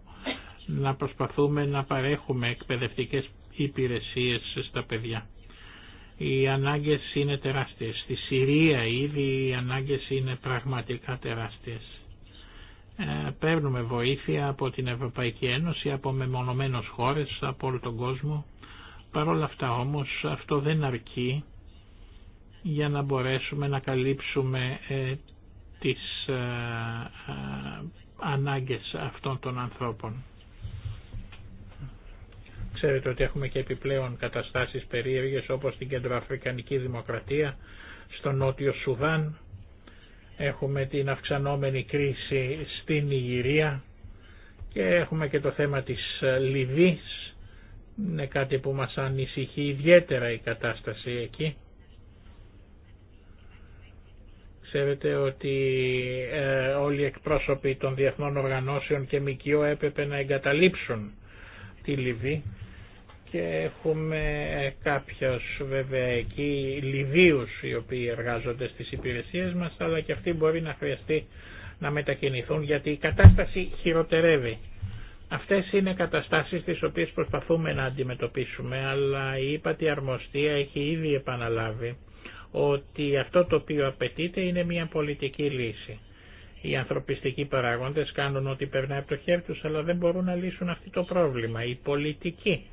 να προσπαθούμε να παρέχουμε εκπαιδευτικές υπηρεσίες στα παιδιά οι ανάγκες είναι τεράστιες. Στη Συρία ήδη οι ανάγκες είναι πραγματικά τεράστιες. Ε, παίρνουμε βοήθεια από την Ευρωπαϊκή Ένωση, από μεμονωμένους χώρες, από όλο τον κόσμο. Παρ' όλα αυτά όμως αυτό δεν αρκεί για να μπορέσουμε να καλύψουμε ε, τις ε, ε, ανάγκες αυτών των ανθρώπων. Ξέρετε ότι έχουμε και επιπλέον καταστάσεις περίεργες όπως στην Κεντροαφρικανική Δημοκρατία, στο Νότιο Σουδάν, έχουμε την αυξανόμενη κρίση στην Ιγυρία και έχουμε και το θέμα της Λιβύης. Είναι κάτι που μας ανησυχεί ιδιαίτερα η κατάσταση εκεί. Ξέρετε ότι ε, όλοι οι εκπρόσωποι των διεθνών οργανώσεων και ΜΚΟ έπρεπε να εγκαταλείψουν τη Λιβύη και έχουμε κάποιους βέβαια εκεί Λιβύους οι οποίοι εργάζονται στις υπηρεσίες μας αλλά και αυτοί μπορεί να χρειαστεί να μετακινηθούν γιατί η κατάσταση χειροτερεύει. Αυτές είναι καταστάσεις τις οποίες προσπαθούμε να αντιμετωπίσουμε αλλά η ύπατη αρμοστία έχει ήδη επαναλάβει ότι αυτό το οποίο απαιτείται είναι μια πολιτική λύση. Οι ανθρωπιστικοί παράγοντες κάνουν ό,τι περνάει από το χέρι τους αλλά δεν μπορούν να λύσουν αυτό το πρόβλημα. Η πολιτική.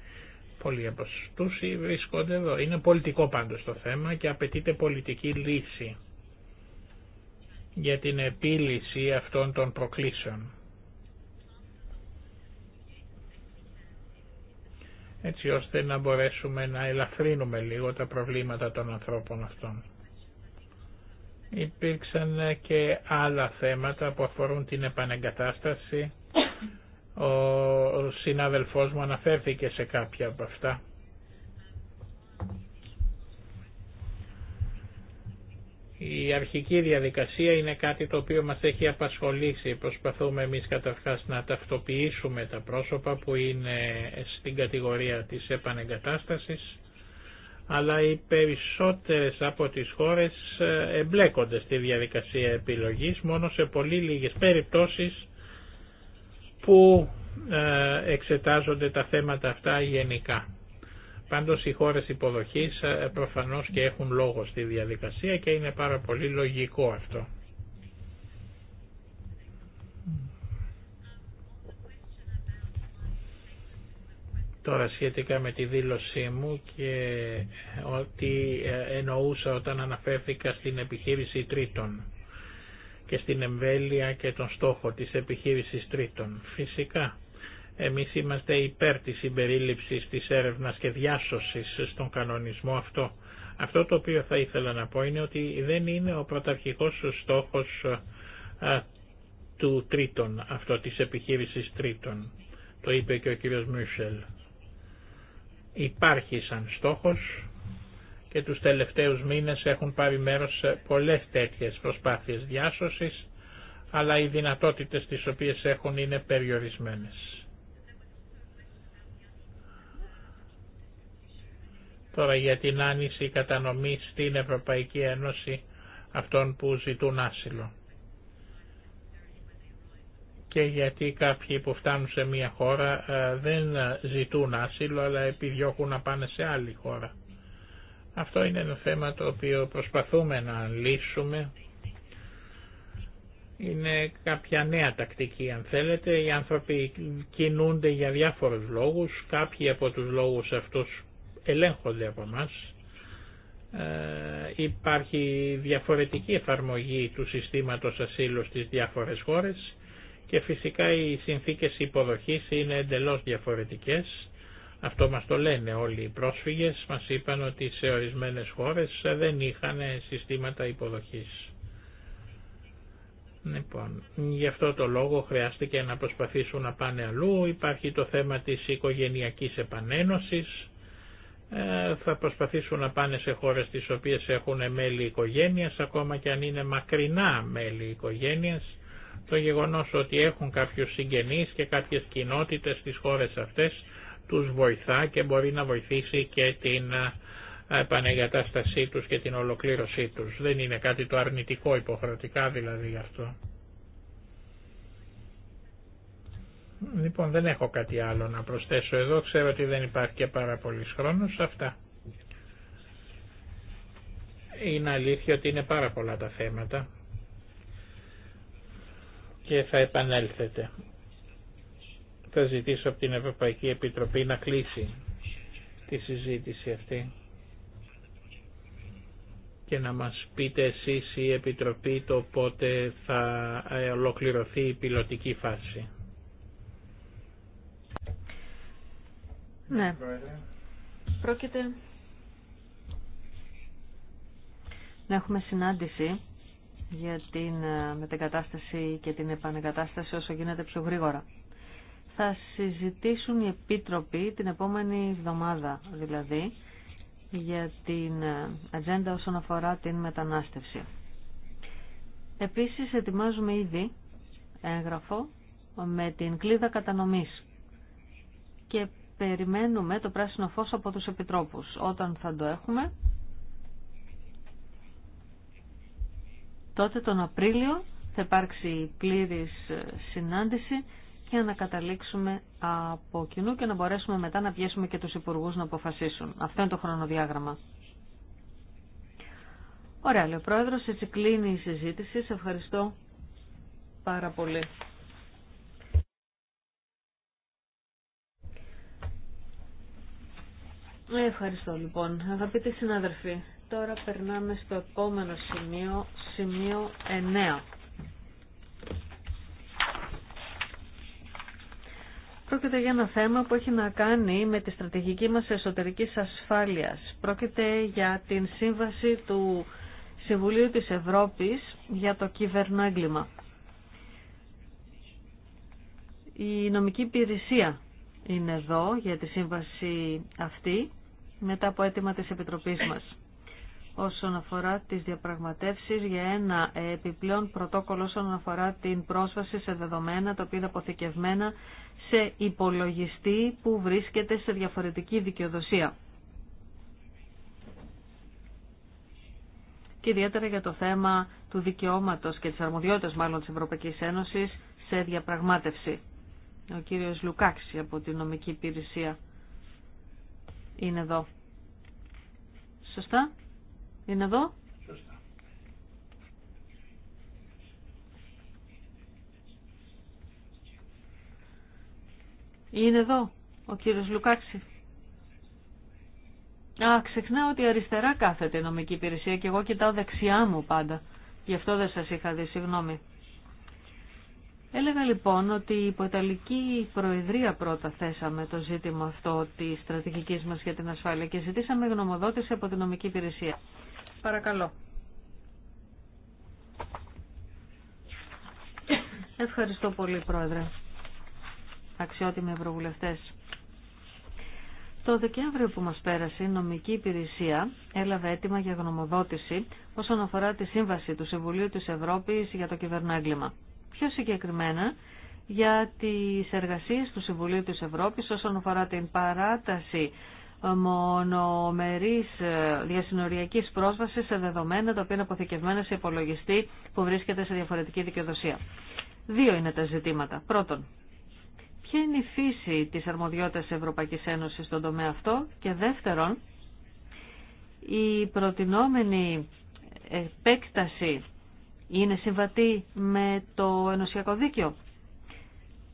Πολλοί από αυτού βρίσκονται εδώ. Είναι πολιτικό πάντω το θέμα και απαιτείται πολιτική λύση για την επίλυση αυτών των προκλήσεων. έτσι ώστε να μπορέσουμε να ελαφρύνουμε λίγο τα προβλήματα των ανθρώπων αυτών. Υπήρξαν και άλλα θέματα που αφορούν την επανεγκατάσταση ο συνάδελφός μου αναφέρθηκε σε κάποια από αυτά. Η αρχική διαδικασία είναι κάτι το οποίο μας έχει απασχολήσει. Προσπαθούμε εμείς καταρχάς να ταυτοποιήσουμε τα πρόσωπα που είναι στην κατηγορία της επανεγκατάστασης, αλλά οι περισσότερες από τις χώρες ε, εμπλέκονται στη διαδικασία επιλογής, μόνο σε πολύ λίγες περιπτώσεις που ε, εξετάζονται τα θέματα αυτά γενικά. Πάντως οι χώρες υποδοχής ε, προφανώς και έχουν λόγο στη διαδικασία και είναι πάρα πολύ λογικό αυτό. Τώρα σχετικά με τη δήλωσή μου και ε, ότι εννοούσα όταν αναφέρθηκα στην επιχείρηση τρίτων και στην εμβέλεια και τον στόχο της επιχείρησης τρίτων. Φυσικά, εμείς είμαστε υπέρ της συμπερίληψης της έρευνας και διάσωσης στον κανονισμό αυτό. Αυτό το οποίο θα ήθελα να πω είναι ότι δεν είναι ο πρωταρχικός στόχος του τρίτων, αυτό της επιχείρησης τρίτων. Το είπε και ο κύριος Μιουσέλ. Υπάρχει σαν στόχος και τους τελευταίους μήνες έχουν πάρει μέρος σε πολλές τέτοιες προσπάθειες διάσωσης, αλλά οι δυνατότητες τις οποίες έχουν είναι περιορισμένες. Τώρα για την άνηση κατανομή στην Ευρωπαϊκή Ένωση αυτών που ζητούν άσυλο. Και γιατί κάποιοι που φτάνουν σε μία χώρα ε, δεν ε, ζητούν άσυλο αλλά επιδιώκουν να πάνε σε άλλη χώρα. Αυτό είναι ένα θέμα το οποίο προσπαθούμε να λύσουμε. Είναι κάποια νέα τακτική αν θέλετε. Οι άνθρωποι κινούνται για διάφορους λόγους. Κάποιοι από τους λόγους αυτούς ελέγχονται από μας. Ε, υπάρχει διαφορετική εφαρμογή του συστήματος ασύλου στις διάφορες χώρες και φυσικά οι συνθήκες υποδοχής είναι εντελώς διαφορετικές αυτό μας το λένε όλοι οι πρόσφυγες, μας είπαν ότι σε ορισμένες χώρες δεν είχαν συστήματα υποδοχής. Λοιπόν, γι' αυτό το λόγο χρειάστηκε να προσπαθήσουν να πάνε αλλού. Υπάρχει το θέμα της οικογενειακής επανένωσης. Ε, θα προσπαθήσουν να πάνε σε χώρες τις οποίες έχουν μέλη οικογένειας, ακόμα και αν είναι μακρινά μέλη οικογένειας. Το γεγονός ότι έχουν κάποιους συγγενείς και κάποιες κοινότητες στις χώρες αυτές τους βοηθά και μπορεί να βοηθήσει και την ε, επανεγκατάστασή τους και την ολοκλήρωσή τους. Δεν είναι κάτι το αρνητικό υποχρεωτικά δηλαδή γι' αυτό. Λοιπόν δεν έχω κάτι άλλο να προσθέσω εδώ, ξέρω ότι δεν υπάρχει και πάρα πολύ χρόνος, αυτά. Είναι αλήθεια ότι είναι πάρα πολλά τα θέματα και θα επανέλθετε θα ζητήσω από την Ευρωπαϊκή Επιτροπή να κλείσει τη συζήτηση αυτή και να μας πείτε εσείς η Επιτροπή το πότε θα ε, ολοκληρωθεί η πιλωτική φάση. Ναι. Πρόκειται να έχουμε συνάντηση για την ε, μετεγκατάσταση και την επανεγκατάσταση όσο γίνεται πιο γρήγορα θα συζητήσουν οι επίτροποι την επόμενη εβδομάδα δηλαδή για την ε, ατζέντα όσον αφορά την μετανάστευση. Επίσης ετοιμάζουμε ήδη έγγραφο με την κλίδα κατανομής και περιμένουμε το πράσινο φως από τους επιτρόπους. Όταν θα το έχουμε, τότε τον Απρίλιο θα υπάρξει πλήρης ε, συνάντηση για να καταλήξουμε από κοινού και να μπορέσουμε μετά να πιέσουμε και τους υπουργούς να αποφασίσουν. Αυτό είναι το χρονοδιάγραμμα. Ωραία, λέει ο Πρόεδρος, έτσι κλείνει η συζήτηση. Σε ευχαριστώ πάρα πολύ. Ευχαριστώ λοιπόν. Αγαπητοί συνάδελφοι, τώρα περνάμε στο επόμενο σημείο, σημείο 9. Πρόκειται για ένα θέμα που έχει να κάνει με τη στρατηγική μας εσωτερικής ασφάλειας. Πρόκειται για την σύμβαση του Συμβουλίου της Ευρώπης για το κυβερνοέγκλημα. Η νομική υπηρεσία είναι εδώ για τη σύμβαση αυτή μετά από αίτημα της Επιτροπής μας όσον αφορά τις διαπραγματεύσεις για ένα επιπλέον πρωτόκολλο όσον αφορά την πρόσβαση σε δεδομένα τα οποία είναι αποθηκευμένα σε υπολογιστή που βρίσκεται σε διαφορετική δικαιοδοσία. Και ιδιαίτερα για το θέμα του δικαιώματος και της αρμοδιότητας μάλλον της Ευρωπαϊκής Ένωσης σε διαπραγμάτευση. Ο κύριος Λουκάξη από την νομική υπηρεσία είναι εδώ. Σωστά. Είναι εδώ. Είναι εδώ ο κύριος Λουκάξη. Α, ξεχνάω ότι αριστερά κάθεται η νομική υπηρεσία και εγώ κοιτάω δεξιά μου πάντα. Γι' αυτό δεν σας είχα δει, συγγνώμη. Έλεγα λοιπόν ότι η Ιταλική Προεδρία πρώτα θέσαμε το ζήτημα αυτό της στρατηγικής μας για την ασφάλεια και ζητήσαμε γνωμοδότηση από την νομική υπηρεσία. Παρακαλώ. Ευχαριστώ πολύ, Πρόεδρε. Αξιότιμοι Ευρωβουλευτές. Το Δεκέμβριο που μας πέρασε, η νομική υπηρεσία έλαβε έτοιμα για γνωμοδότηση όσον αφορά τη σύμβαση του Συμβουλίου της Ευρώπης για το κυβερνάγκλημα. Πιο συγκεκριμένα, για τις εργασίες του Συμβουλίου της Ευρώπης όσον αφορά την παράταση μονομερής ε, διασυνοριακής πρόσβασης σε δεδομένα τα οποία είναι αποθηκευμένα σε υπολογιστή που βρίσκεται σε διαφορετική δικαιοδοσία. Δύο είναι τα ζητήματα. Πρώτον, ποια είναι η φύση της αρμοδιότητας Ευρωπαϊκής Ένωσης στον τομέα αυτό και δεύτερον, η προτινόμενη επέκταση είναι συμβατή με το ενωσιακό δίκαιο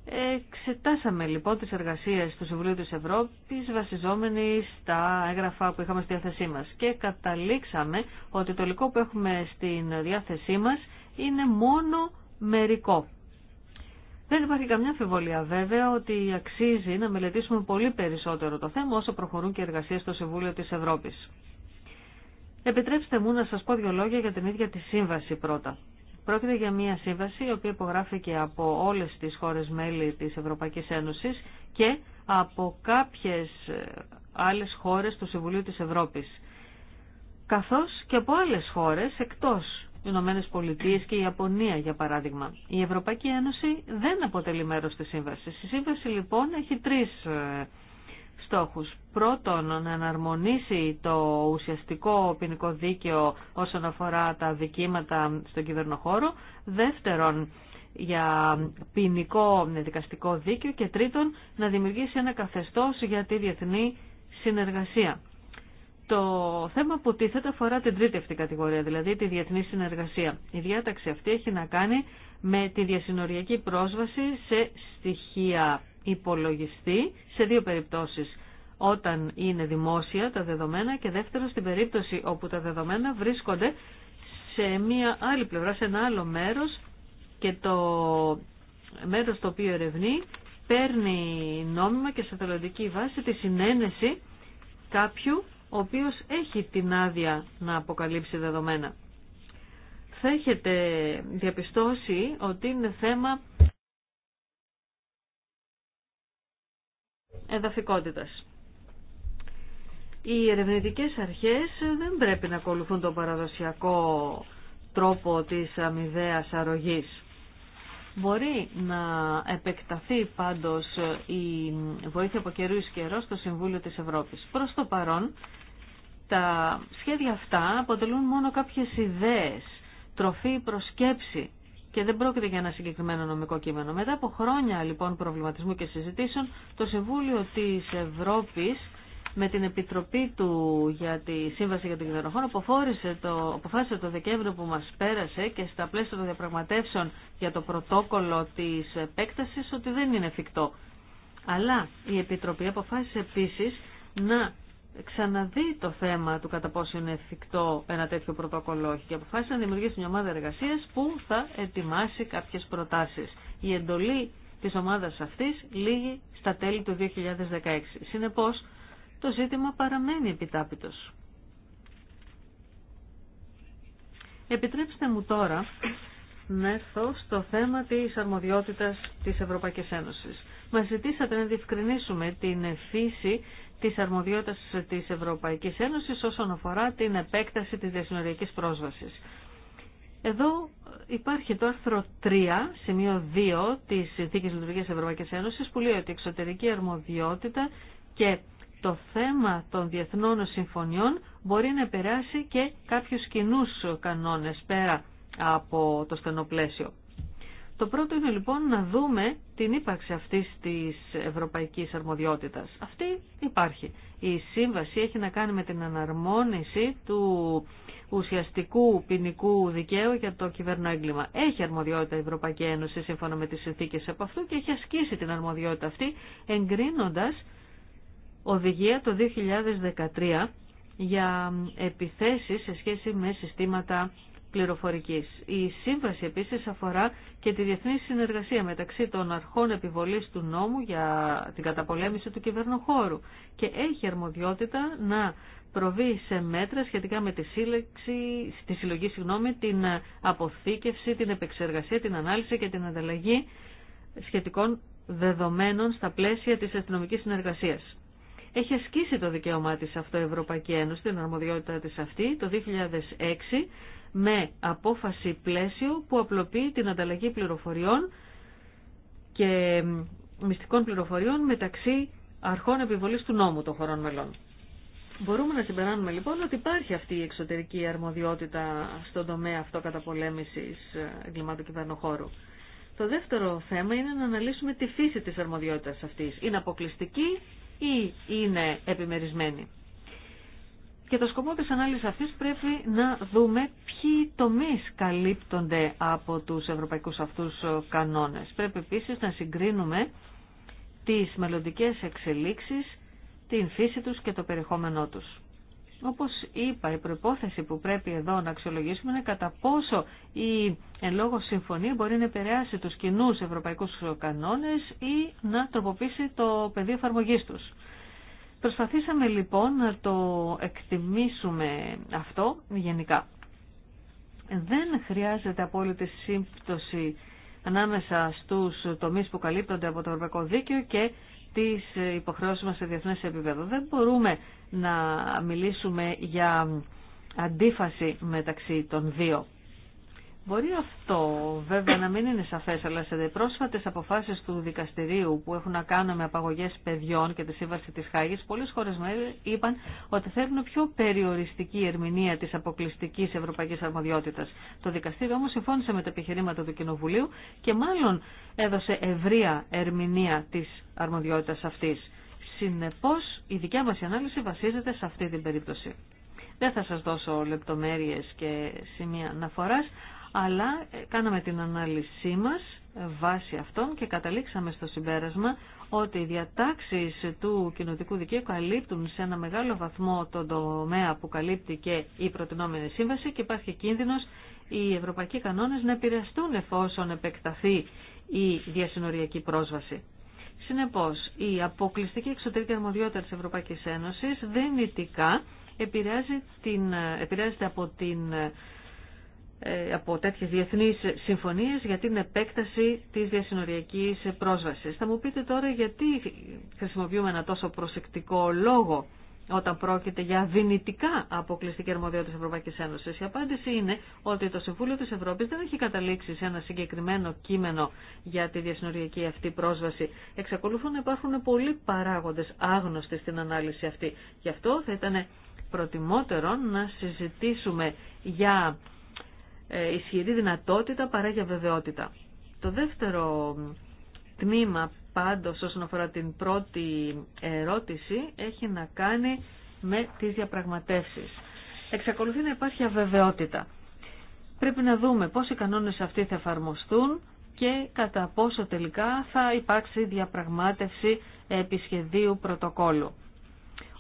Εξετάσαμε λοιπόν τις εργασίες του Συμβουλίου της Ευρώπης βασιζόμενοι στα έγγραφα που είχαμε στη διάθεσή μας και καταλήξαμε ότι το υλικό που έχουμε στη διάθεσή μας είναι μόνο μερικό. Δεν υπάρχει καμιά αμφιβολία βέβαια ότι αξίζει να μελετήσουμε πολύ περισσότερο το θέμα όσο προχωρούν και οι εργασίες στο Συμβούλιο της Ευρώπης. Επιτρέψτε μου να σας πω δύο λόγια για την ίδια τη σύμβαση πρώτα. Πρόκειται για μια σύμβαση η οποία υπογράφηκε από όλες τις χώρες μέλη της Ευρωπαϊκής Ένωσης και από κάποιες ε, άλλες χώρες του Συμβουλίου της Ευρώπης. Καθώς και από άλλες χώρες εκτός Ηνωμένε Πολιτείε και η Ιαπωνία, για παράδειγμα. Η Ευρωπαϊκή Ένωση δεν αποτελεί μέρο τη σύμβαση. Η σύμβαση λοιπόν έχει τρει ε, στόχους. Πρώτον, να αναρμονίσει το ουσιαστικό ποινικό δίκαιο όσον αφορά τα δικήματα στον κυβερνοχώρο. Δεύτερον, για ποινικό ναι, δικαστικό δίκαιο και τρίτον να δημιουργήσει ένα καθεστώς για τη διεθνή συνεργασία. Το θέμα που τίθεται αφορά την τρίτη αυτή κατηγορία, δηλαδή τη διεθνή συνεργασία. Η διάταξη αυτή έχει να κάνει με τη διασυνοριακή πρόσβαση σε στοιχεία υπολογιστή σε δύο περιπτώσεις. Όταν είναι δημόσια τα δεδομένα και δεύτερον στην περίπτωση όπου τα δεδομένα βρίσκονται σε μία άλλη πλευρά, σε ένα άλλο μέρος και το μέρος το οποίο ερευνεί παίρνει νόμιμα και σε θελοντική βάση τη συνένεση κάποιου ο οποίος έχει την άδεια να αποκαλύψει δεδομένα. Θα έχετε διαπιστώσει ότι είναι θέμα εδαφικότητας. Οι ερευνητικές αρχές δεν πρέπει να ακολουθούν τον παραδοσιακό τρόπο της αμοιβαία αρρωγής. Μπορεί να επεκταθεί πάντως η βοήθεια από καιρού καιρό στο Συμβούλιο της Ευρώπης. Προς το παρόν, τα σχέδια αυτά αποτελούν μόνο κάποιες ιδέες, τροφή προσκέψη και δεν πρόκειται για ένα συγκεκριμένο νομικό κείμενο. Μετά από χρόνια λοιπόν προβληματισμού και συζητήσεων, το Συμβούλιο της Ευρώπης με την Επιτροπή του για τη Σύμβαση για τον Κυβερνοχώρο αποφάσισε το, αποφάσισε το Δεκέμβριο που μας πέρασε και στα πλαίσια των διαπραγματεύσεων για το πρωτόκολλο της επέκτασης ότι δεν είναι εφικτό. Αλλά η Επιτροπή αποφάσισε επίσης να ξαναδεί το θέμα του κατά πόσο είναι εφικτό ένα τέτοιο πρωτόκολλο και αποφάσισε να δημιουργήσει μια ομάδα εργασία που θα ετοιμάσει κάποιες προτάσεις. Η εντολή τη ομάδα αυτή λύγει στα τέλη του 2016. Συνεπώς, το ζήτημα παραμένει επιτάπητο. Επιτρέψτε μου τώρα να έρθω στο θέμα της αρμοδιότητας της Ευρωπαϊκής Ένωσης. Μας ζητήσατε να διευκρινίσουμε την φύση της αρμοδιότητας της Ευρωπαϊκής Ένωσης όσον αφορά την επέκταση της διασυνοριακής πρόσβασης. Εδώ υπάρχει το άρθρο 3, σημείο 2 της Συνθήκης Λειτουργίας Ευρωπαϊκής Ένωσης που λέει ότι η εξωτερική αρμοδιότητα και το θέμα των διεθνών συμφωνιών μπορεί να επηρεάσει και κάποιους κοινούς κανόνες πέρα από το στενό το πρώτο είναι λοιπόν να δούμε την ύπαρξη αυτής της ευρωπαϊκής αρμοδιότητας. Αυτή υπάρχει. Η σύμβαση έχει να κάνει με την αναρμόνιση του ουσιαστικού ποινικού δικαίου για το εγκλήμα. Έχει αρμοδιότητα η Ευρωπαϊκή Ένωση σύμφωνα με τις συνθήκες από αυτού και έχει ασκήσει την αρμοδιότητα αυτή εγκρίνοντας οδηγία το 2013 για επιθέσεις σε σχέση με συστήματα η σύμβαση επίσης αφορά και τη διεθνή συνεργασία μεταξύ των αρχών επιβολής του νόμου για την καταπολέμηση του κυβερνοχώρου και έχει αρμοδιότητα να προβεί σε μέτρα σχετικά με τη, τη συλλογή, συγγνώμη, την αποθήκευση, την επεξεργασία, την ανάλυση και την ανταλλαγή σχετικών δεδομένων στα πλαίσια της αστυνομικής συνεργασίας. Έχει ασκήσει το δικαίωμά της αυτό η Ευρωπαϊκή Ένωση, την αρμοδιότητα της αυτή, το 2006 με απόφαση πλαίσιο που απλοποιεί την ανταλλαγή πληροφοριών και μυστικών πληροφοριών μεταξύ αρχών επιβολής του νόμου των χωρών μελών. Μπορούμε να συμπεράνουμε λοιπόν ότι υπάρχει αυτή η εξωτερική αρμοδιότητα στον τομέα αυτό καταπολέμησης ε, εγκλημάτων χώρου. Το δεύτερο θέμα είναι να αναλύσουμε τη φύση της αρμοδιότητας αυτής. Είναι αποκλειστική ή είναι επιμερισμένη. Και το σκοπό της ανάλυσης αυτής πρέπει να δούμε ποιοι τομείς καλύπτονται από τους ευρωπαϊκούς αυτούς κανόνες. Πρέπει επίσης να συγκρίνουμε τις μελλοντικέ εξελίξεις, την φύση τους και το περιεχόμενό τους. Όπως είπα, η προπόθεση που πρέπει εδώ να αξιολογήσουμε είναι κατά πόσο η εν λόγω συμφωνία μπορεί να επηρεάσει τους κοινούς ευρωπαϊκούς κανόνες ή να τροποποιήσει το πεδίο εφαρμογή τους. Προσπαθήσαμε λοιπόν να το εκτιμήσουμε αυτό γενικά. Δεν χρειάζεται απόλυτη σύμπτωση ανάμεσα στους τομείς που καλύπτονται από το Ευρωπαϊκό Δίκαιο και τις υποχρεώσεις μας σε διεθνές επίπεδο. Δεν μπορούμε να μιλήσουμε για αντίφαση μεταξύ των δύο. Μπορεί αυτό βέβαια να μην είναι σαφές, αλλά σε πρόσφατες αποφάσεις του δικαστηρίου που έχουν να κάνουν με απαγωγές παιδιών και τη σύμβαση της Χάγης, πολλές χώρες είπαν ότι θέλουν πιο περιοριστική ερμηνεία της αποκλειστικής ευρωπαϊκής αρμοδιότητας. Το δικαστήριο όμως συμφώνησε με τα επιχειρήματα του Κοινοβουλίου και μάλλον έδωσε ευρεία ερμηνεία της αρμοδιότητας αυτής. Συνεπώς η δικιά μας ανάλυση βασίζεται σε αυτή την περίπτωση. Δεν θα σας δώσω λεπτομέρειες και σημεία αναφοράς, αλλά ε, κάναμε την ανάλυση μας ε, βάσει αυτών και καταλήξαμε στο συμπέρασμα ότι οι διατάξεις του κοινοτικού δικαίου καλύπτουν σε ένα μεγάλο βαθμό τον τομέα που καλύπτει και η προτινόμενη σύμβαση και υπάρχει κίνδυνος οι ευρωπαϊκοί κανόνες να επηρεαστούν εφόσον επεκταθεί η διασυνοριακή πρόσβαση. Συνεπώς, η αποκλειστική εξωτερική αρμοδιότητα της Ευρωπαϊκής Ένωσης δυνητικά ε, επηρεάζεται από την ε, από τέτοιες διεθνείς συμφωνίες για την επέκταση της διασυνοριακής πρόσβασης. Θα μου πείτε τώρα γιατί χρησιμοποιούμε ένα τόσο προσεκτικό λόγο όταν πρόκειται για δυνητικά αποκλειστική αρμοδιότητα της Ευρωπαϊκής Ένωσης. Η απάντηση είναι ότι το Συμβούλιο της Ευρώπης δεν έχει καταλήξει σε ένα συγκεκριμένο κείμενο για τη διασυνοριακή αυτή πρόσβαση. Εξακολουθούν να υπάρχουν πολλοί παράγοντες άγνωστοι στην ανάλυση αυτή. Γι' αυτό θα ήταν προτιμότερο να συζητήσουμε για ε, ισχυρή δυνατότητα παρά για βεβαιότητα. Το δεύτερο τμήμα πάντως όσον αφορά την πρώτη ερώτηση έχει να κάνει με τις διαπραγματεύσεις. Εξακολουθεί να υπάρχει αβεβαιότητα. Πρέπει να δούμε πώς οι κανόνες αυτοί θα εφαρμοστούν και κατά πόσο τελικά θα υπάρξει διαπραγμάτευση επισχεδίου πρωτοκόλλου.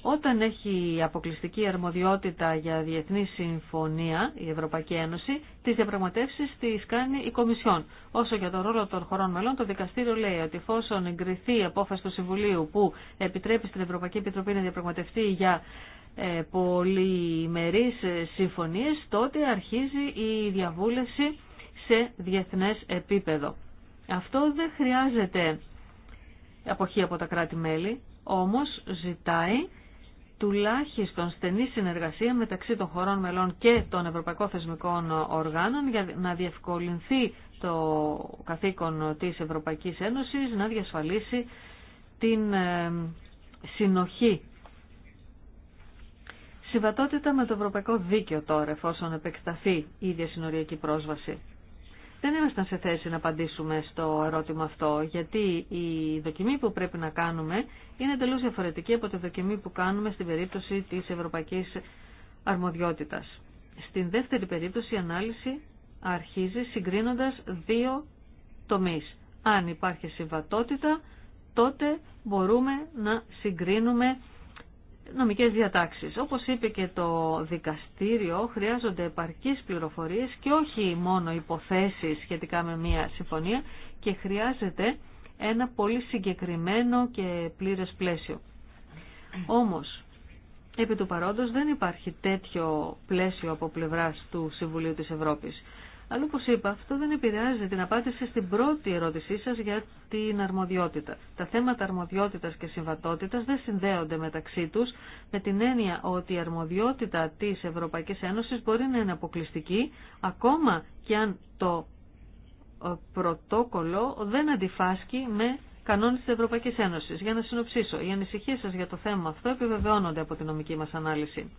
Όταν έχει αποκλειστική αρμοδιότητα για διεθνή συμφωνία η Ευρωπαϊκή Ένωση, τι διαπραγματεύσει τι κάνει η Κομισιόν. Όσο για τον ρόλο των χωρών μελών, το δικαστήριο λέει ότι εφόσον εγκριθεί η απόφαση του Συμβουλίου που επιτρέπει στην Ευρωπαϊκή Επιτροπή να διαπραγματευτεί για ε, πολυμερείς ε, συμφωνίες, τότε αρχίζει η διαβούλευση σε διεθνέ επίπεδο. Αυτό δεν χρειάζεται αποχή από τα κράτη-μέλη, όμως ζητάει τουλάχιστον στενή συνεργασία μεταξύ των χωρών μελών και των ευρωπαϊκών θεσμικών οργάνων για να διευκολυνθεί το καθήκον της Ευρωπαϊκής Ένωσης να διασφαλίσει την ε, συνοχή. Συμβατότητα με το Ευρωπαϊκό Δίκαιο τώρα εφόσον επεκταθεί η διασυνοριακή πρόσβαση. Δεν ήμασταν σε θέση να απαντήσουμε στο ερώτημα αυτό, γιατί η δοκιμή που πρέπει να κάνουμε είναι εντελώ διαφορετική από τη δοκιμή που κάνουμε στην περίπτωση τη Ευρωπαϊκή αρμοδιότητα. Στην δεύτερη περίπτωση η ανάλυση αρχίζει συγκρίνοντας δύο τομείς. Αν υπάρχει συμβατότητα, τότε μπορούμε να συγκρίνουμε νομικές διατάξεις. Όπως είπε και το δικαστήριο, χρειάζονται επαρκείς πληροφορίες και όχι μόνο υποθέσεις σχετικά με μια συμφωνία και χρειάζεται ένα πολύ συγκεκριμένο και πλήρες πλαίσιο. Όμως, επί του παρόντος δεν υπάρχει τέτοιο πλαίσιο από πλευράς του Συμβουλίου της Ευρώπης. Αλλά όπω είπα, αυτό δεν επηρεάζει την απάντηση στην πρώτη ερώτησή σας για την αρμοδιότητα. Τα θέματα αρμοδιότητας και συμβατότητας δεν συνδέονται μεταξύ τους με την έννοια ότι η αρμοδιότητα της Ευρωπαϊκής Ένωσης μπορεί να είναι αποκλειστική ακόμα και αν το ε, πρωτόκολλο δεν αντιφάσκει με κανόνες τη Ευρωπαϊκή Ένωση. Για να συνοψίσω, οι ανησυχίε σα για το θέμα αυτό επιβεβαιώνονται από την νομική μας ανάλυση.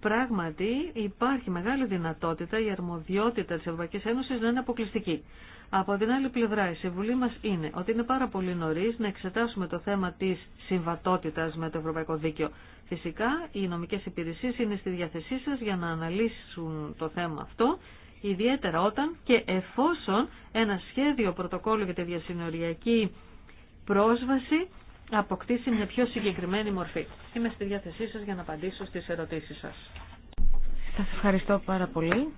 Πράγματι υπάρχει μεγάλη δυνατότητα η αρμοδιότητα της Ευρωπαϊκής Ένωσης να είναι αποκλειστική. Από την άλλη πλευρά η συμβουλή μας είναι ότι είναι πάρα πολύ νωρίς να εξετάσουμε το θέμα της συμβατότητας με το Ευρωπαϊκό Δίκαιο. Φυσικά οι νομικές υπηρεσίες είναι στη διάθεσή σας για να αναλύσουν το θέμα αυτό ιδιαίτερα όταν και εφόσον ένα σχέδιο πρωτοκόλλου για τη διασυνοριακή πρόσβαση αποκτήσει μια πιο συγκεκριμένη μορφή. Είμαι στη διάθεσή σας για να απαντήσω στις ερωτήσεις σας. Σας ευχαριστώ πάρα πολύ.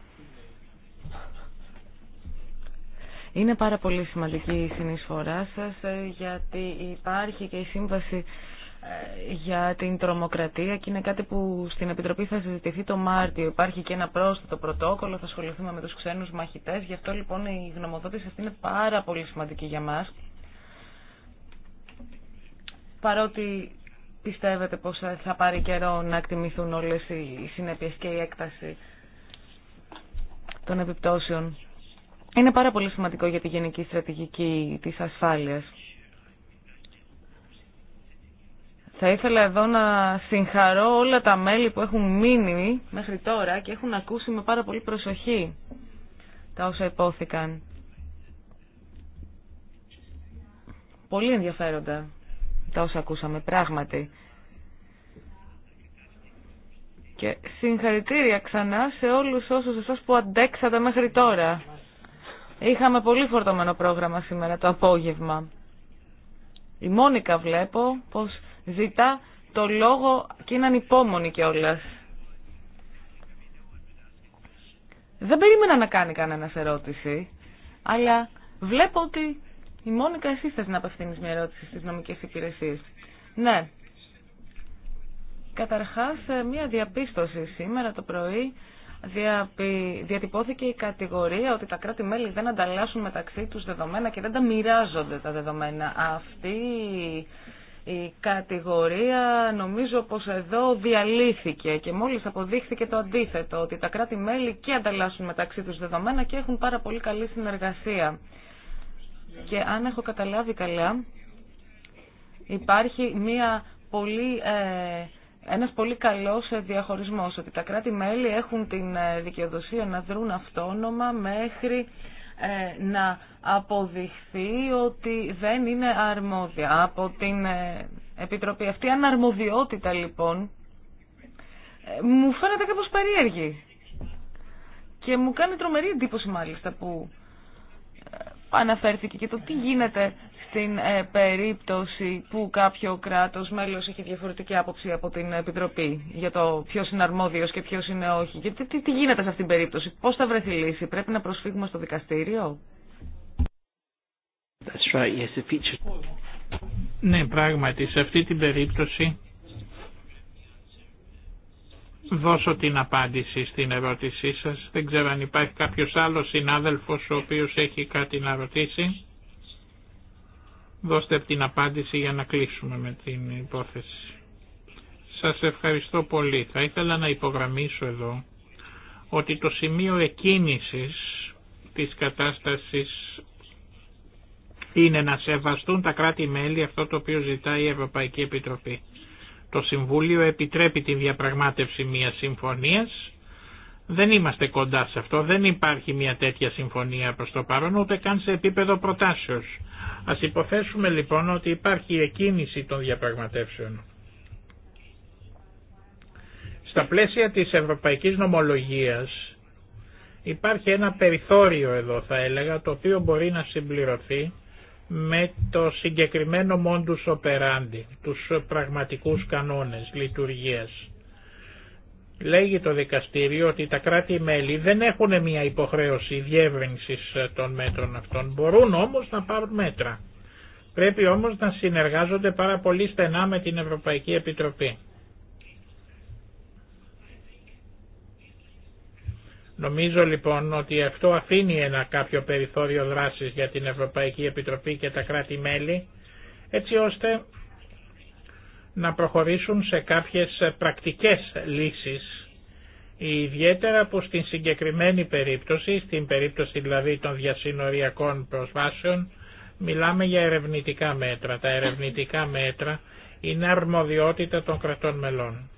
Είναι πάρα πολύ σημαντική η συνεισφορά σας ε, γιατί υπάρχει και η σύμβαση ε, για την τρομοκρατία και είναι κάτι που στην Επιτροπή θα συζητηθεί το Μάρτιο. Υπάρχει και ένα πρόσθετο πρωτόκολλο, θα ασχοληθούμε με τους ξένους μαχητές, γι' αυτό λοιπόν η γνωμοδότηση αυτή είναι πάρα πολύ σημαντική για μας παρότι πιστεύετε πως θα πάρει καιρό να εκτιμηθούν όλες οι συνέπειες και η έκταση των επιπτώσεων. Είναι πάρα πολύ σημαντικό για τη γενική στρατηγική της ασφάλειας. Θα ήθελα εδώ να συγχαρώ όλα τα μέλη που έχουν μείνει μέχρι τώρα και έχουν ακούσει με πάρα πολύ προσοχή τα όσα υπόθηκαν. Πολύ ενδιαφέροντα τα όσα ακούσαμε πράγματι. Και συγχαρητήρια ξανά σε όλους όσους εσάς που αντέξατε μέχρι τώρα. Είχαμε πολύ φορτωμένο πρόγραμμα σήμερα το απόγευμα. Η Μόνικα βλέπω πως ζητά το λόγο και είναι ανυπόμονη κιόλα. Δεν περίμενα να κάνει κανένα ερώτηση, αλλά βλέπω ότι η Μόνικα, εσύ θες να απευθύνει μια ερώτηση στις νομικές υπηρεσίες. Ναι. Καταρχάς, ε, μια διαπίστωση σήμερα το πρωί διατυπώθηκε η κατηγορία ότι τα κράτη-μέλη δεν ανταλλάσσουν μεταξύ τους δεδομένα και δεν τα μοιράζονται τα δεδομένα. Αυτή η κατηγορία νομίζω πως εδώ διαλύθηκε και μόλις αποδείχθηκε το αντίθετο, ότι τα κράτη-μέλη και ανταλλάσσουν μεταξύ τους δεδομένα και έχουν πάρα πολύ καλή συνεργασία και αν έχω καταλάβει καλά, υπάρχει μια πολύ, ε, ένας πολύ καλός διαχωρισμός, ότι τα κράτη-μέλη έχουν την ε, δικαιοδοσία να δρουν αυτόνομα μέχρι ε, να αποδειχθεί ότι δεν είναι αρμόδια. Από την ε, Επιτροπή αυτή, η αναρμοδιότητα, λοιπόν, μου φαίνεται κάπως περίεργη. Και μου κάνει τρομερή εντύπωση μάλιστα που αναφέρθηκε και το τι γίνεται στην ε, περίπτωση που κάποιο κράτος μέλος έχει διαφορετική άποψη από την Επιτροπή για το ποιος είναι αρμόδιος και ποιος είναι όχι. Και τι, τι, γίνεται σε αυτήν την περίπτωση, πώς θα βρεθεί λύση, πρέπει να προσφύγουμε στο δικαστήριο. Ναι, πράγματι, σε αυτή την περίπτωση δώσω την απάντηση στην ερώτησή σας. Δεν ξέρω αν υπάρχει κάποιος άλλος συνάδελφος ο οποίος έχει κάτι να ρωτήσει. Δώστε την απάντηση για να κλείσουμε με την υπόθεση. Σας ευχαριστώ πολύ. Θα ήθελα να υπογραμμίσω εδώ ότι το σημείο εκκίνησης της κατάστασης είναι να σεβαστούν τα κράτη-μέλη αυτό το οποίο ζητάει η Ευρωπαϊκή Επιτροπή το Συμβούλιο επιτρέπει τη διαπραγμάτευση μιας συμφωνίας. Δεν είμαστε κοντά σε αυτό, δεν υπάρχει μια τέτοια συμφωνία προς το παρόν, ούτε καν σε επίπεδο προτάσεως. Ας υποθέσουμε λοιπόν ότι υπάρχει εκκίνηση των διαπραγματεύσεων. Στα πλαίσια της ευρωπαϊκής νομολογίας υπάρχει ένα περιθώριο εδώ θα έλεγα το οποίο μπορεί να συμπληρωθεί με το συγκεκριμένο μόντους operandi, τους πραγματικούς κανόνες λειτουργίας. Λέγει το δικαστήριο ότι τα κράτη-μέλη δεν έχουν μια υποχρέωση διεύρυνσης των μέτρων αυτών, μπορούν όμως να πάρουν μέτρα. Πρέπει όμως να συνεργάζονται πάρα πολύ στενά με την Ευρωπαϊκή Επιτροπή. Νομίζω λοιπόν ότι αυτό αφήνει ένα κάποιο περιθώριο δράσης για την Ευρωπαϊκή Επιτροπή και τα κράτη-μέλη έτσι ώστε να προχωρήσουν σε κάποιες πρακτικές λύσεις ιδιαίτερα που στην συγκεκριμένη περίπτωση, στην περίπτωση δηλαδή των διασυνοριακών προσβάσεων μιλάμε για ερευνητικά μέτρα. Τα ερευνητικά μέτρα είναι αρμοδιότητα των κρατών μελών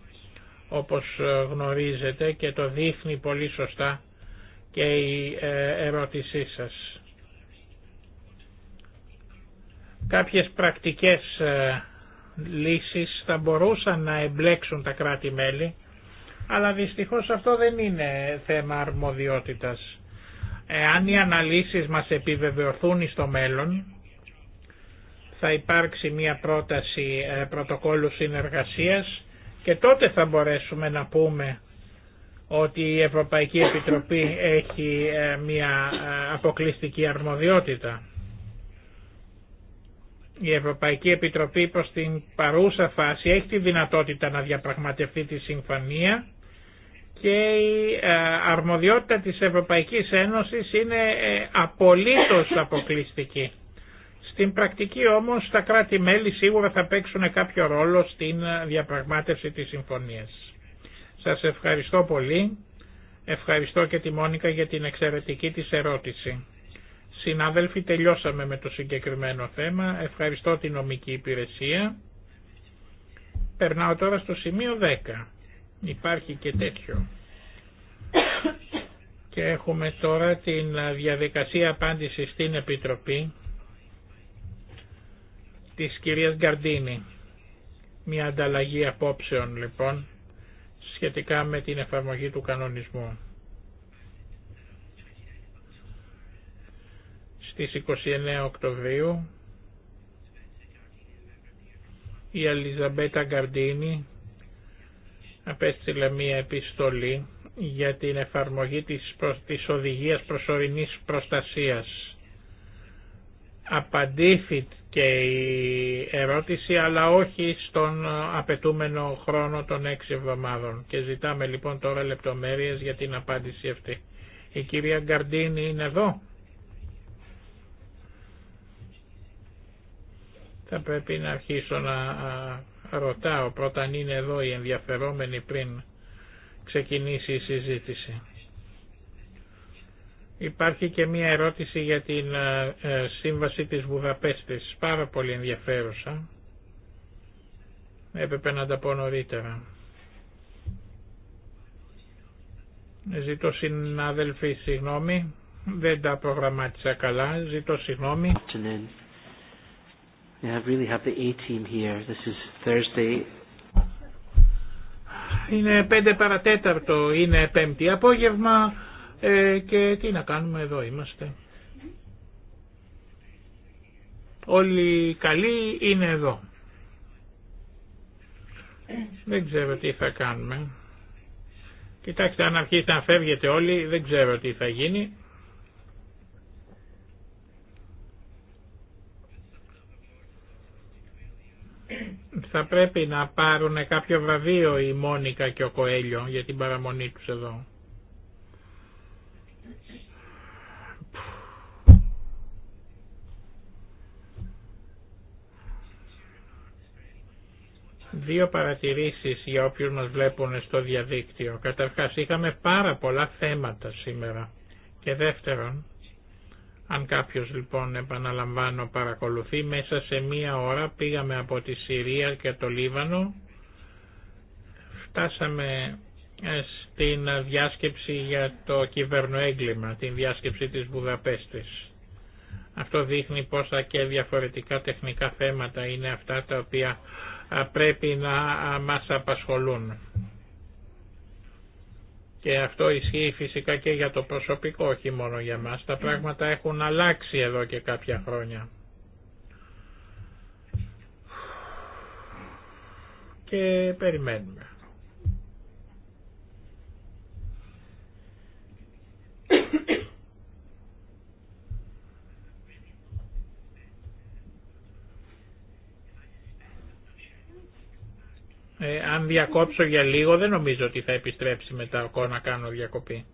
όπως ε, γνωρίζετε και το δείχνει πολύ σωστά και η ε, ερώτησή σας. Κάποιες πρακτικές ε, λύσεις θα μπορούσαν να εμπλέξουν τα κράτη-μέλη, αλλά δυστυχώς αυτό δεν είναι θέμα αρμοδιότητας. Εάν οι αναλύσεις μας επιβεβαιωθούν στο μέλλον, θα υπάρξει μια πρόταση πρωτοκόλου συνεργασίας και τότε θα μπορέσουμε να πούμε ότι η Ευρωπαϊκή Επιτροπή έχει ε, μια ε, αποκλειστική αρμοδιότητα. Η Ευρωπαϊκή Επιτροπή προς την παρούσα φάση έχει τη δυνατότητα να διαπραγματευτεί τη συμφωνία και η ε, αρμοδιότητα της Ευρωπαϊκής Ένωσης είναι απολύτως αποκλειστική. Στην πρακτική όμως τα κράτη-μέλη σίγουρα θα παίξουν κάποιο ρόλο στην διαπραγμάτευση της συμφωνίας. Σας ευχαριστώ πολύ. Ευχαριστώ και τη Μόνικα για την εξαιρετική της ερώτηση. Συνάδελφοι, τελειώσαμε με το συγκεκριμένο θέμα. Ευχαριστώ την νομική υπηρεσία. Περνάω τώρα στο σημείο 10. Υπάρχει και τέτοιο. Και έχουμε τώρα την διαδικασία απάντησης στην Επιτροπή της κυρίας Γκαρντίνη. Μια ανταλλαγή απόψεων λοιπόν σχετικά με την εφαρμογή του κανονισμού. Στις 29 Οκτωβρίου η Αλιζαμπέτα Γκαρντίνη απέστειλε μία επιστολή για την εφαρμογή της, προ... της οδηγίας προσωρινής προστασίας. Απαντήθη και η ερώτηση αλλά όχι στον απαιτούμενο χρόνο των έξι εβδομάδων και ζητάμε λοιπόν τώρα λεπτομέρειες για την απάντηση αυτή. Η κυρία Γκαρντίνη είναι εδώ. Θα πρέπει να αρχίσω να ρωτάω πρώτα αν είναι εδώ οι ενδιαφερόμενοι πριν ξεκινήσει η συζήτηση. Υπάρχει και μία ερώτηση για την ε, ε, σύμβαση της Βουδαπέστης, πάρα πολύ ενδιαφέρουσα. Έπρεπε να τα πω νωρίτερα. Ζητώ συναδελφοί συγγνώμη, δεν τα προγραμμάτισα καλά, ζητώ συγγνώμη. Είναι πέντε παρατέταρτο, είναι πέμπτη απόγευμα. Ε, και τι να κάνουμε εδώ είμαστε. Όλοι καλοί είναι εδώ. Δεν ξέρω τι θα κάνουμε. Κοιτάξτε, αν αρχίσετε να φεύγετε όλοι, δεν ξέρω τι θα γίνει. Θα πρέπει να πάρουν κάποιο βραβείο η Μόνικα και ο Κοέλιο για την παραμονή τους εδώ. Δύο παρατηρήσεις για όποιους μας βλέπουν στο διαδίκτυο. Καταρχάς είχαμε πάρα πολλά θέματα σήμερα. Και δεύτερον, αν κάποιος λοιπόν επαναλαμβάνω παρακολουθεί, μέσα σε μία ώρα πήγαμε από τη Συρία και το Λίβανο, φτάσαμε ε, στην διάσκεψη για το κυβερνοέγκλημα, την διάσκεψη της Βουδαπέστης. Αυτό δείχνει πόσα και διαφορετικά τεχνικά θέματα είναι αυτά τα οποία πρέπει να μας απασχολούν. Και αυτό ισχύει φυσικά και για το προσωπικό, όχι μόνο για μας. Τα πράγματα έχουν αλλάξει εδώ και κάποια χρόνια. Και περιμένουμε. Ε, αν διακόψω για λίγο δεν νομίζω ότι θα επιστρέψει μετά ακόμα να κάνω διακοπή.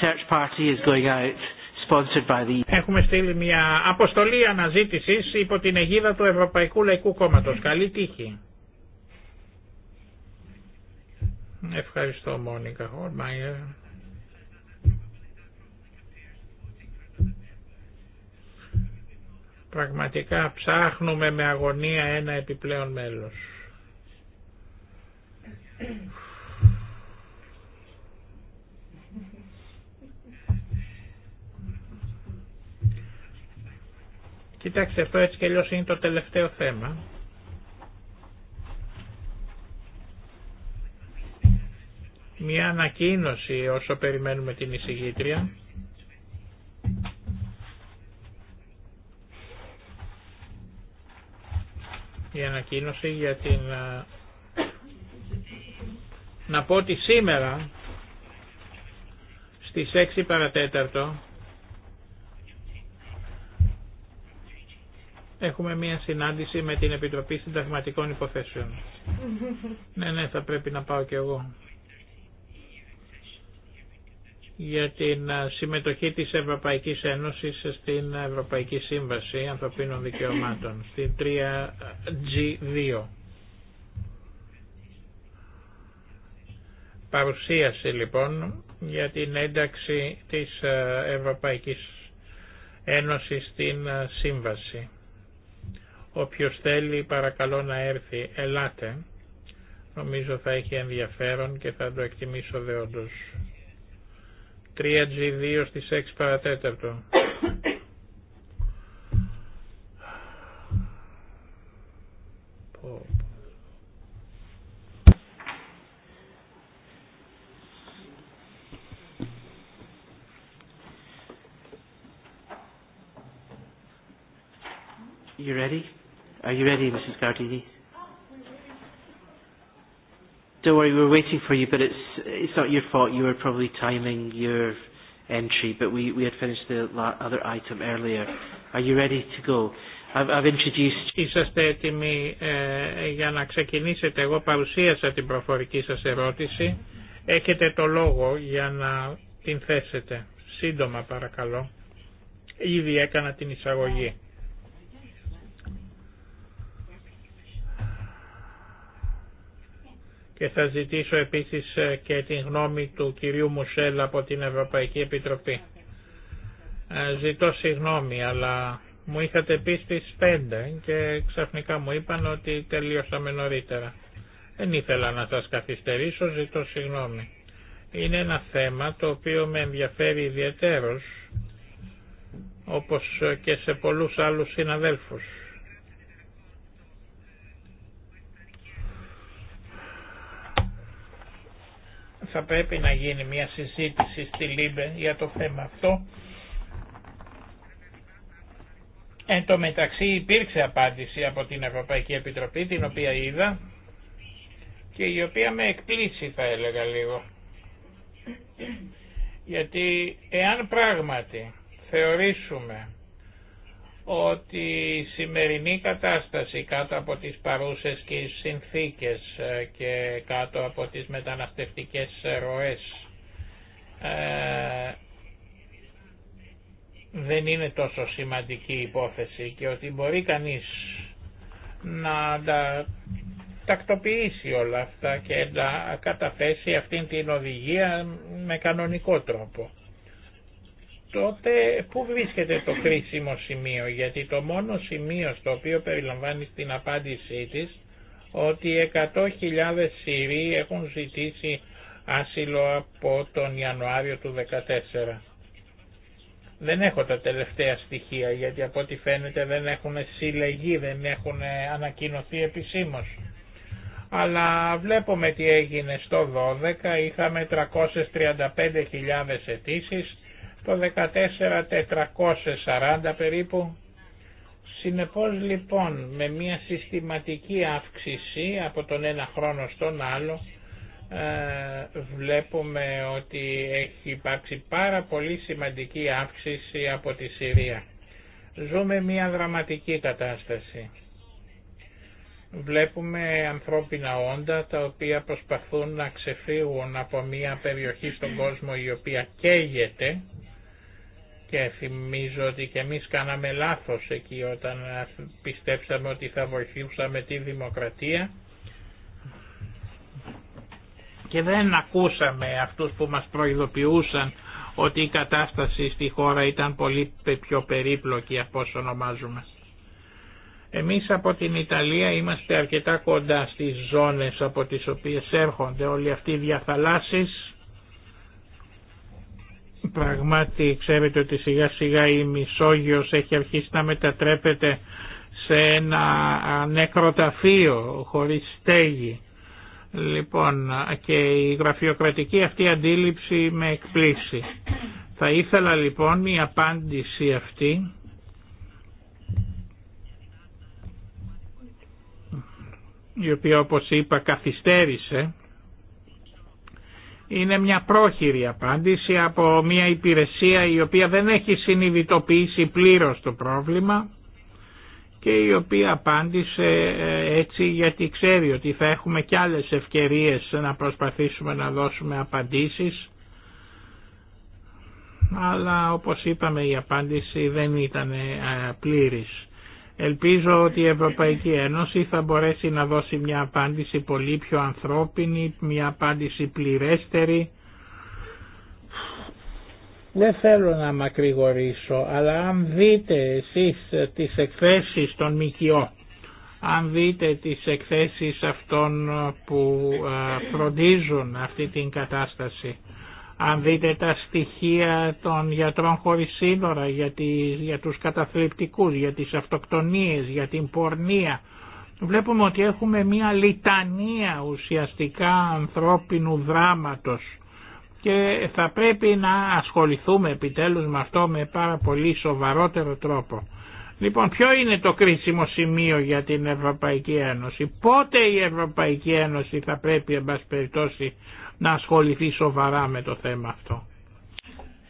search party is going out, Έχουμε στείλει μια αποστολή αναζήτησης υπό την αιγίδα του Ευρωπαϊκού Λαϊκού Κόμματος. Καλή τύχη. Ευχαριστώ Μόνικα Χορμάγερ. Πραγματικά ψάχνουμε με αγωνία ένα επιπλέον μέλος. Κοιτάξτε, αυτό έτσι και είναι το τελευταίο θέμα. Μια ανακοίνωση όσο περιμένουμε την εισηγήτρια. η ανακοίνωση για την... Να πω ότι σήμερα στις 6 παρατέταρτο έχουμε μία συνάντηση με την Επιτροπή Συνταγματικών Υποθέσεων. ναι, ναι, θα πρέπει να πάω κι εγώ για την ε, συμμετοχή της Ευρωπαϊκής Ένωσης στην Ευρωπαϊκή Σύμβαση Ανθρωπίνων Δικαιωμάτων, στην 3G2. Παρουσίαση λοιπόν για την ένταξη της ε, Ευρωπαϊκής Ένωσης στην ε, Σύμβαση. Όποιος θέλει παρακαλώ να έρθει, ελάτε. Νομίζω θα έχει ενδιαφέρον και θα το εκτιμήσω δεόντως. 3G2 στις 6 παρατέταρτο. You ready? Are you ready, Mrs. Gardini? Don't worry, we're waiting for you, but it's it's not your fault. You were probably timing your entry, but we we had finished the other item earlier. Are you ready to go? I've, I've introduced. Είσαστε έτοιμοι ε, για να ξεκινήσετε. Εγώ παρουσίασα την προφορική σας ερώτηση. Έχετε το λόγο για να την θέσετε. Σύντομα παρακαλώ. Ήδη έκανα την εισαγωγή. και θα ζητήσω επίσης ε, και την γνώμη του κυρίου Μουσέλ από την Ευρωπαϊκή Επιτροπή. Ε, ζητώ συγγνώμη, αλλά μου είχατε πει στις 5 και ξαφνικά μου είπαν ότι τελείωσαμε νωρίτερα. Δεν ήθελα να σας καθυστερήσω, ζητώ συγγνώμη. Είναι ένα θέμα το οποίο με ενδιαφέρει ιδιαίτερος, όπως και σε πολλούς άλλους συναδέλφους. θα πρέπει να γίνει μια συζήτηση στη Λίμπε για το θέμα αυτό. Εν τω μεταξύ υπήρξε απάντηση από την Ευρωπαϊκή Επιτροπή, την οποία είδα και η οποία με εκπλήσει θα έλεγα λίγο. Γιατί εάν πράγματι θεωρήσουμε ότι η σημερινή κατάσταση κάτω από τις παρούσες και συνθήκες ε, και κάτω από τις μεταναστευτικές ροές ε, δεν είναι τόσο σημαντική υπόθεση και ότι μπορεί κανείς να τα τακτοποιήσει όλα αυτά και να καταθέσει αυτήν την οδηγία με κανονικό τρόπο τότε πού βρίσκεται το χρήσιμο σημείο, γιατί το μόνο σημείο στο οποίο περιλαμβάνει την απάντησή της ότι 100.000 Συρίοι έχουν ζητήσει άσυλο από τον Ιανουάριο του 2014. Δεν έχω τα τελευταία στοιχεία γιατί από ό,τι φαίνεται δεν έχουν συλλεγεί, δεν έχουν ανακοινωθεί επισήμως. Αλλά βλέπουμε τι έγινε στο 12, είχαμε 335.000 αιτήσει το 14.440 περίπου. Συνεπώς λοιπόν με μια συστηματική αύξηση από τον ένα χρόνο στον άλλο ε, βλέπουμε ότι έχει υπάρξει πάρα πολύ σημαντική αύξηση από τη Συρία. Ζούμε μια δραματική κατάσταση. Βλέπουμε ανθρώπινα όντα τα οποία προσπαθούν να ξεφύγουν από μια περιοχή στον κόσμο η οποία καίγεται και θυμίζω ότι και εμείς κάναμε λάθος εκεί όταν ε, πιστέψαμε ότι θα βοηθούσαμε τη δημοκρατία και δεν ακούσαμε αυτούς που μας προειδοποιούσαν ότι η κατάσταση στη χώρα ήταν πολύ πιο περίπλοκη από όσο ονομάζουμε. Εμείς από την Ιταλία είμαστε αρκετά κοντά στις ζώνες από τις οποίες έρχονται όλοι αυτοί οι διαθαλάσσεις Πραγματι ξέρετε ότι σιγά σιγά η Μισόγειος έχει αρχίσει να μετατρέπεται σε ένα νεκροταφείο χωρίς στέγη. Λοιπόν, και η γραφειοκρατική αυτή αντίληψη με εκπλήσει. Θα ήθελα λοιπόν η απάντηση αυτή η οποία όπως είπα καθυστέρησε είναι μια πρόχειρη απάντηση από μια υπηρεσία η οποία δεν έχει συνειδητοποιήσει πλήρως το πρόβλημα και η οποία απάντησε ε, έτσι γιατί ξέρει ότι θα έχουμε κι άλλες ευκαιρίες να προσπαθήσουμε να δώσουμε απαντήσεις αλλά όπως είπαμε η απάντηση δεν ήταν ε, πλήρης. Ελπίζω ότι η Ευρωπαϊκή Ένωση θα μπορέσει να δώσει μια απάντηση πολύ πιο ανθρώπινη, μια απάντηση πληρέστερη. Δεν θέλω να μακρηγορήσω, αλλά αν δείτε εσείς τις εκθέσεις των ΜΚΟ, αν δείτε τις εκθέσεις αυτών που φροντίζουν αυτή την κατάσταση, αν δείτε τα στοιχεία των γιατρών χωρίς σύνορα για, τις, για τους καταθλιπτικούς, για τις αυτοκτονίες, για την πορνεία, βλέπουμε ότι έχουμε μια λιτανία ουσιαστικά ανθρώπινου δράματος και θα πρέπει να ασχοληθούμε επιτέλους με αυτό με πάρα πολύ σοβαρότερο τρόπο. Λοιπόν, ποιο είναι το κρίσιμο σημείο για την Ευρωπαϊκή Ένωση. Πότε η Ευρωπαϊκή Ένωση θα πρέπει, εν περιπτώσει, να ασχοληθεί σοβαρά με το θέμα αυτό.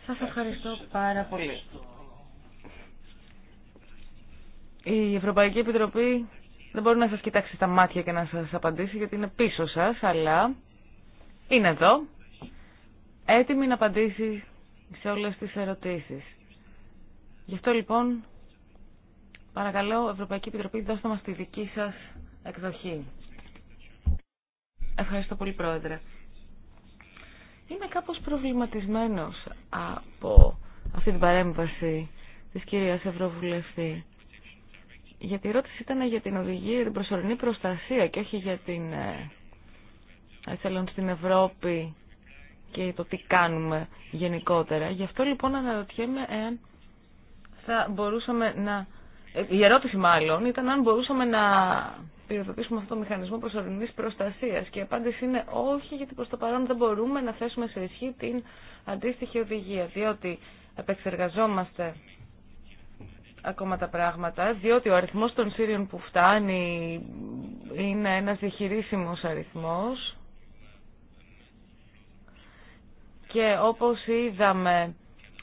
Σας ευχαριστώ πάρα πολύ. Η Ευρωπαϊκή Επιτροπή δεν μπορεί να σας κοιτάξει στα μάτια και να σας απαντήσει γιατί είναι πίσω σας, αλλά είναι εδώ, έτοιμη να απαντήσει σε όλες τις ερωτήσεις. Γι' αυτό λοιπόν, παρακαλώ Ευρωπαϊκή Επιτροπή, δώστε μας τη δική σας εκδοχή. Ευχαριστώ πολύ Πρόεδρε. Είμαι κάπως προβληματισμένος από αυτή την παρέμβαση της κυρίας Ευρωβουλευτή. Γιατί η ερώτηση ήταν για την οδηγία, την προσωρινή προστασία και όχι για την ε, στην Ευρώπη και το τι κάνουμε γενικότερα. Γι' αυτό λοιπόν αναρωτιέμαι εάν θα μπορούσαμε να... Ε, η ερώτηση μάλλον ήταν αν μπορούσαμε να πυροδοτήσουμε αυτό το μηχανισμό προσωρινής προστασίας και η απάντηση είναι όχι γιατί προ το παρόν δεν μπορούμε να θέσουμε σε ισχύ την αντίστοιχη οδηγία διότι επεξεργαζόμαστε ακόμα τα πράγματα διότι ο αριθμό των Σύριων που φτάνει είναι ένας διαχειρίσιμο αριθμός και όπως είδαμε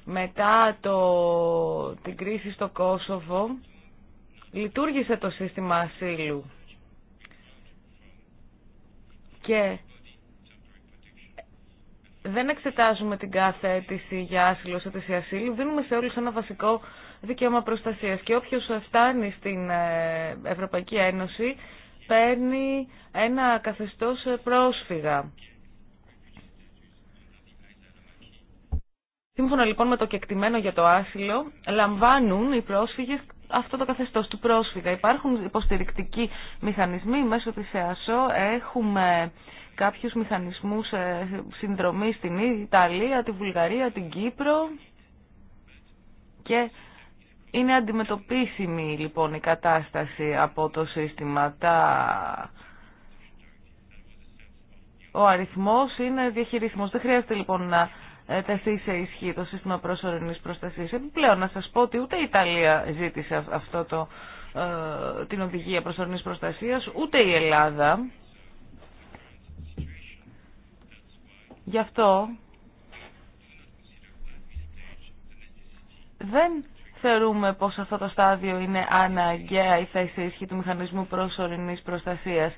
μετά το, την κρίση στο Κόσοβο λειτουργήσε το σύστημα ασύλου και δεν εξετάζουμε την κάθε αίτηση για άσυλο σε αίτηση ασύλου, δίνουμε σε όλους ένα βασικό δικαίωμα προστασίας και όποιος φτάνει στην ε, Ευρωπαϊκή Ένωση παίρνει ένα καθεστώς ε, πρόσφυγα. Σύμφωνα λοιπόν με το κεκτημένο για το άσυλο, λαμβάνουν οι πρόσφυγες αυτό το καθεστώ του πρόσφυγα. Υπάρχουν υποστηρικτικοί μηχανισμοί μέσω τη ΕΑΣΟ. Έχουμε κάποιους μηχανισμούς ε, συνδρομή στην Ιταλία, τη Βουλγαρία, την Κύπρο και είναι αντιμετωπίσιμη λοιπόν η κατάσταση από το σύστημα. Ο αριθμός είναι διαχειρισμός, Δεν χρειάζεται λοιπόν να ε, τεθεί σε ισχύ το σύστημα προσωρινής προστασίας. Επιπλέον να σας πω ότι ούτε η Ιταλία ζήτησε αυτό το, ε, την οδηγία προσωρινής προστασίας, ούτε η Ελλάδα. Γι' αυτό δεν θεωρούμε πως αυτό το στάδιο είναι αναγκαία η θέση ισχύ του μηχανισμού προσωρινής προστασίας.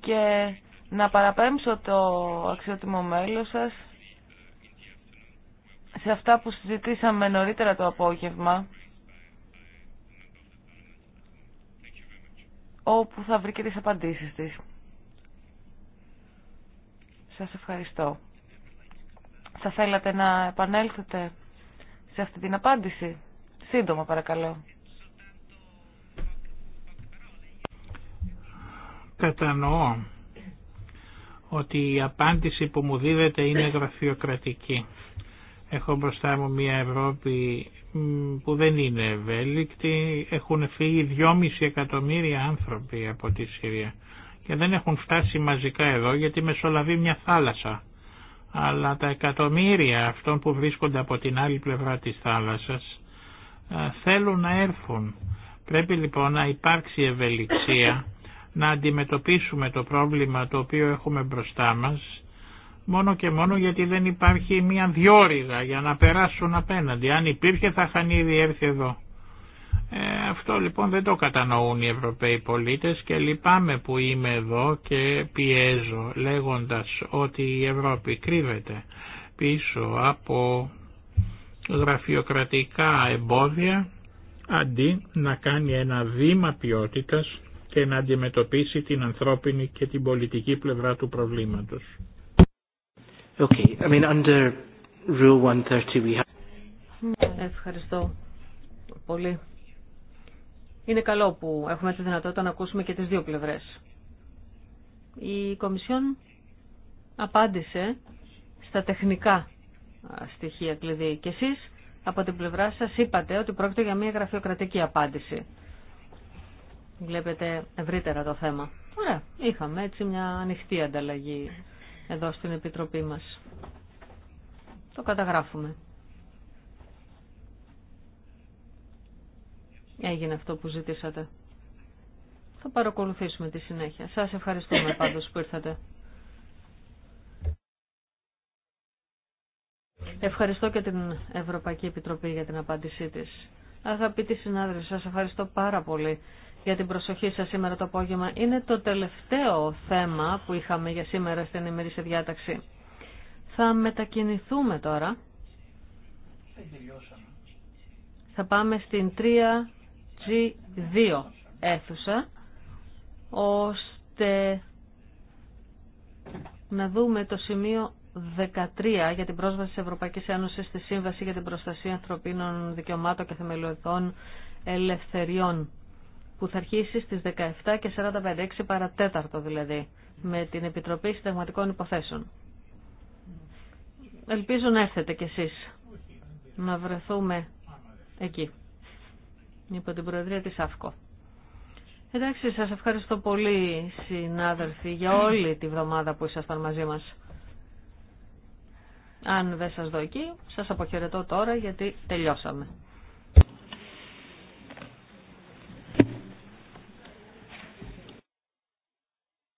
Και να παραπέμψω το αξιότιμο μέλος σας σε αυτά που συζητήσαμε νωρίτερα το απόγευμα, όπου θα βρει και τις απαντήσεις της. Σας ευχαριστώ. Θα θέλατε να επανέλθετε σε αυτή την απάντηση. Σύντομα παρακαλώ. Κατανοώ ότι η απάντηση που μου δίδεται είναι γραφειοκρατική. Έχω μπροστά μου μια Ευρώπη που δεν είναι ευέλικτη. Έχουν φύγει 2,5 εκατομμύρια άνθρωποι από τη Συρία και δεν έχουν φτάσει μαζικά εδώ γιατί μεσολαβεί μια θάλασσα. Αλλά τα εκατομμύρια αυτών που βρίσκονται από την άλλη πλευρά της θάλασσας ε, θέλουν να έρθουν. Πρέπει λοιπόν να υπάρξει ευελιξία, να αντιμετωπίσουμε το πρόβλημα το οποίο έχουμε μπροστά μας μόνο και μόνο γιατί δεν υπάρχει μια διόρυγα για να περάσουν απέναντι. Αν υπήρχε θα είχαν ήδη έρθει εδώ. Ε, αυτό λοιπόν δεν το κατανοούν οι Ευρωπαίοι πολίτες και λυπάμαι που είμαι εδώ και πιέζω λέγοντας ότι η Ευρώπη κρύβεται πίσω από γραφειοκρατικά εμπόδια αντί να κάνει ένα βήμα ποιότητας και να αντιμετωπίσει την ανθρώπινη και την πολιτική πλευρά του προβλήματος. Ναι, ευχαριστώ πολύ. Είναι καλό που έχουμε τη δυνατότητα να ακούσουμε και τις δύο πλευρές. Η Κομισιόν απάντησε στα τεχνικά στοιχεία κλειδί και εσείς από την πλευρά σας είπατε ότι πρόκειται για μια γραφειοκρατική απάντηση. Βλέπετε ευρύτερα το θέμα. Ωραία, είχαμε έτσι μια ανοιχτή ανταλλαγή εδώ στην Επιτροπή μας. Το καταγράφουμε. Έγινε αυτό που ζητήσατε. Θα παρακολουθήσουμε τη συνέχεια. Σας ευχαριστούμε πάντως που ήρθατε. Ευχαριστώ και την Ευρωπαϊκή Επιτροπή για την απάντησή της. Αγαπητοί συνάδελφοι, σας ευχαριστώ πάρα πολύ για την προσοχή σας σήμερα το απόγευμα. Είναι το τελευταίο θέμα που είχαμε για σήμερα στην σε διάταξη. Θα μετακινηθούμε τώρα. Θα πάμε στην 3G2 αίθουσα, ώστε να δούμε το σημείο 13 για την πρόσβαση της Ευρωπαϊκής Ένωσης στη Σύμβαση για την Προστασία Ανθρωπίνων Δικαιωμάτων και Θεμελιωδών Ελευθεριών που θα αρχίσει στις 17 και 45, 6 παρατέταρτο δηλαδή, με την Επιτροπή Συνταγματικών Υποθέσεων. Ελπίζω να έρθετε κι εσείς να βρεθούμε εκεί, υπό την Προεδρία της ΑΦΚΟ. Εντάξει, σας ευχαριστώ πολύ συνάδελφοι για όλη τη βδομάδα που ήσασταν μαζί μας. Αν δεν σας δω εκεί, σας αποχαιρετώ τώρα γιατί τελειώσαμε.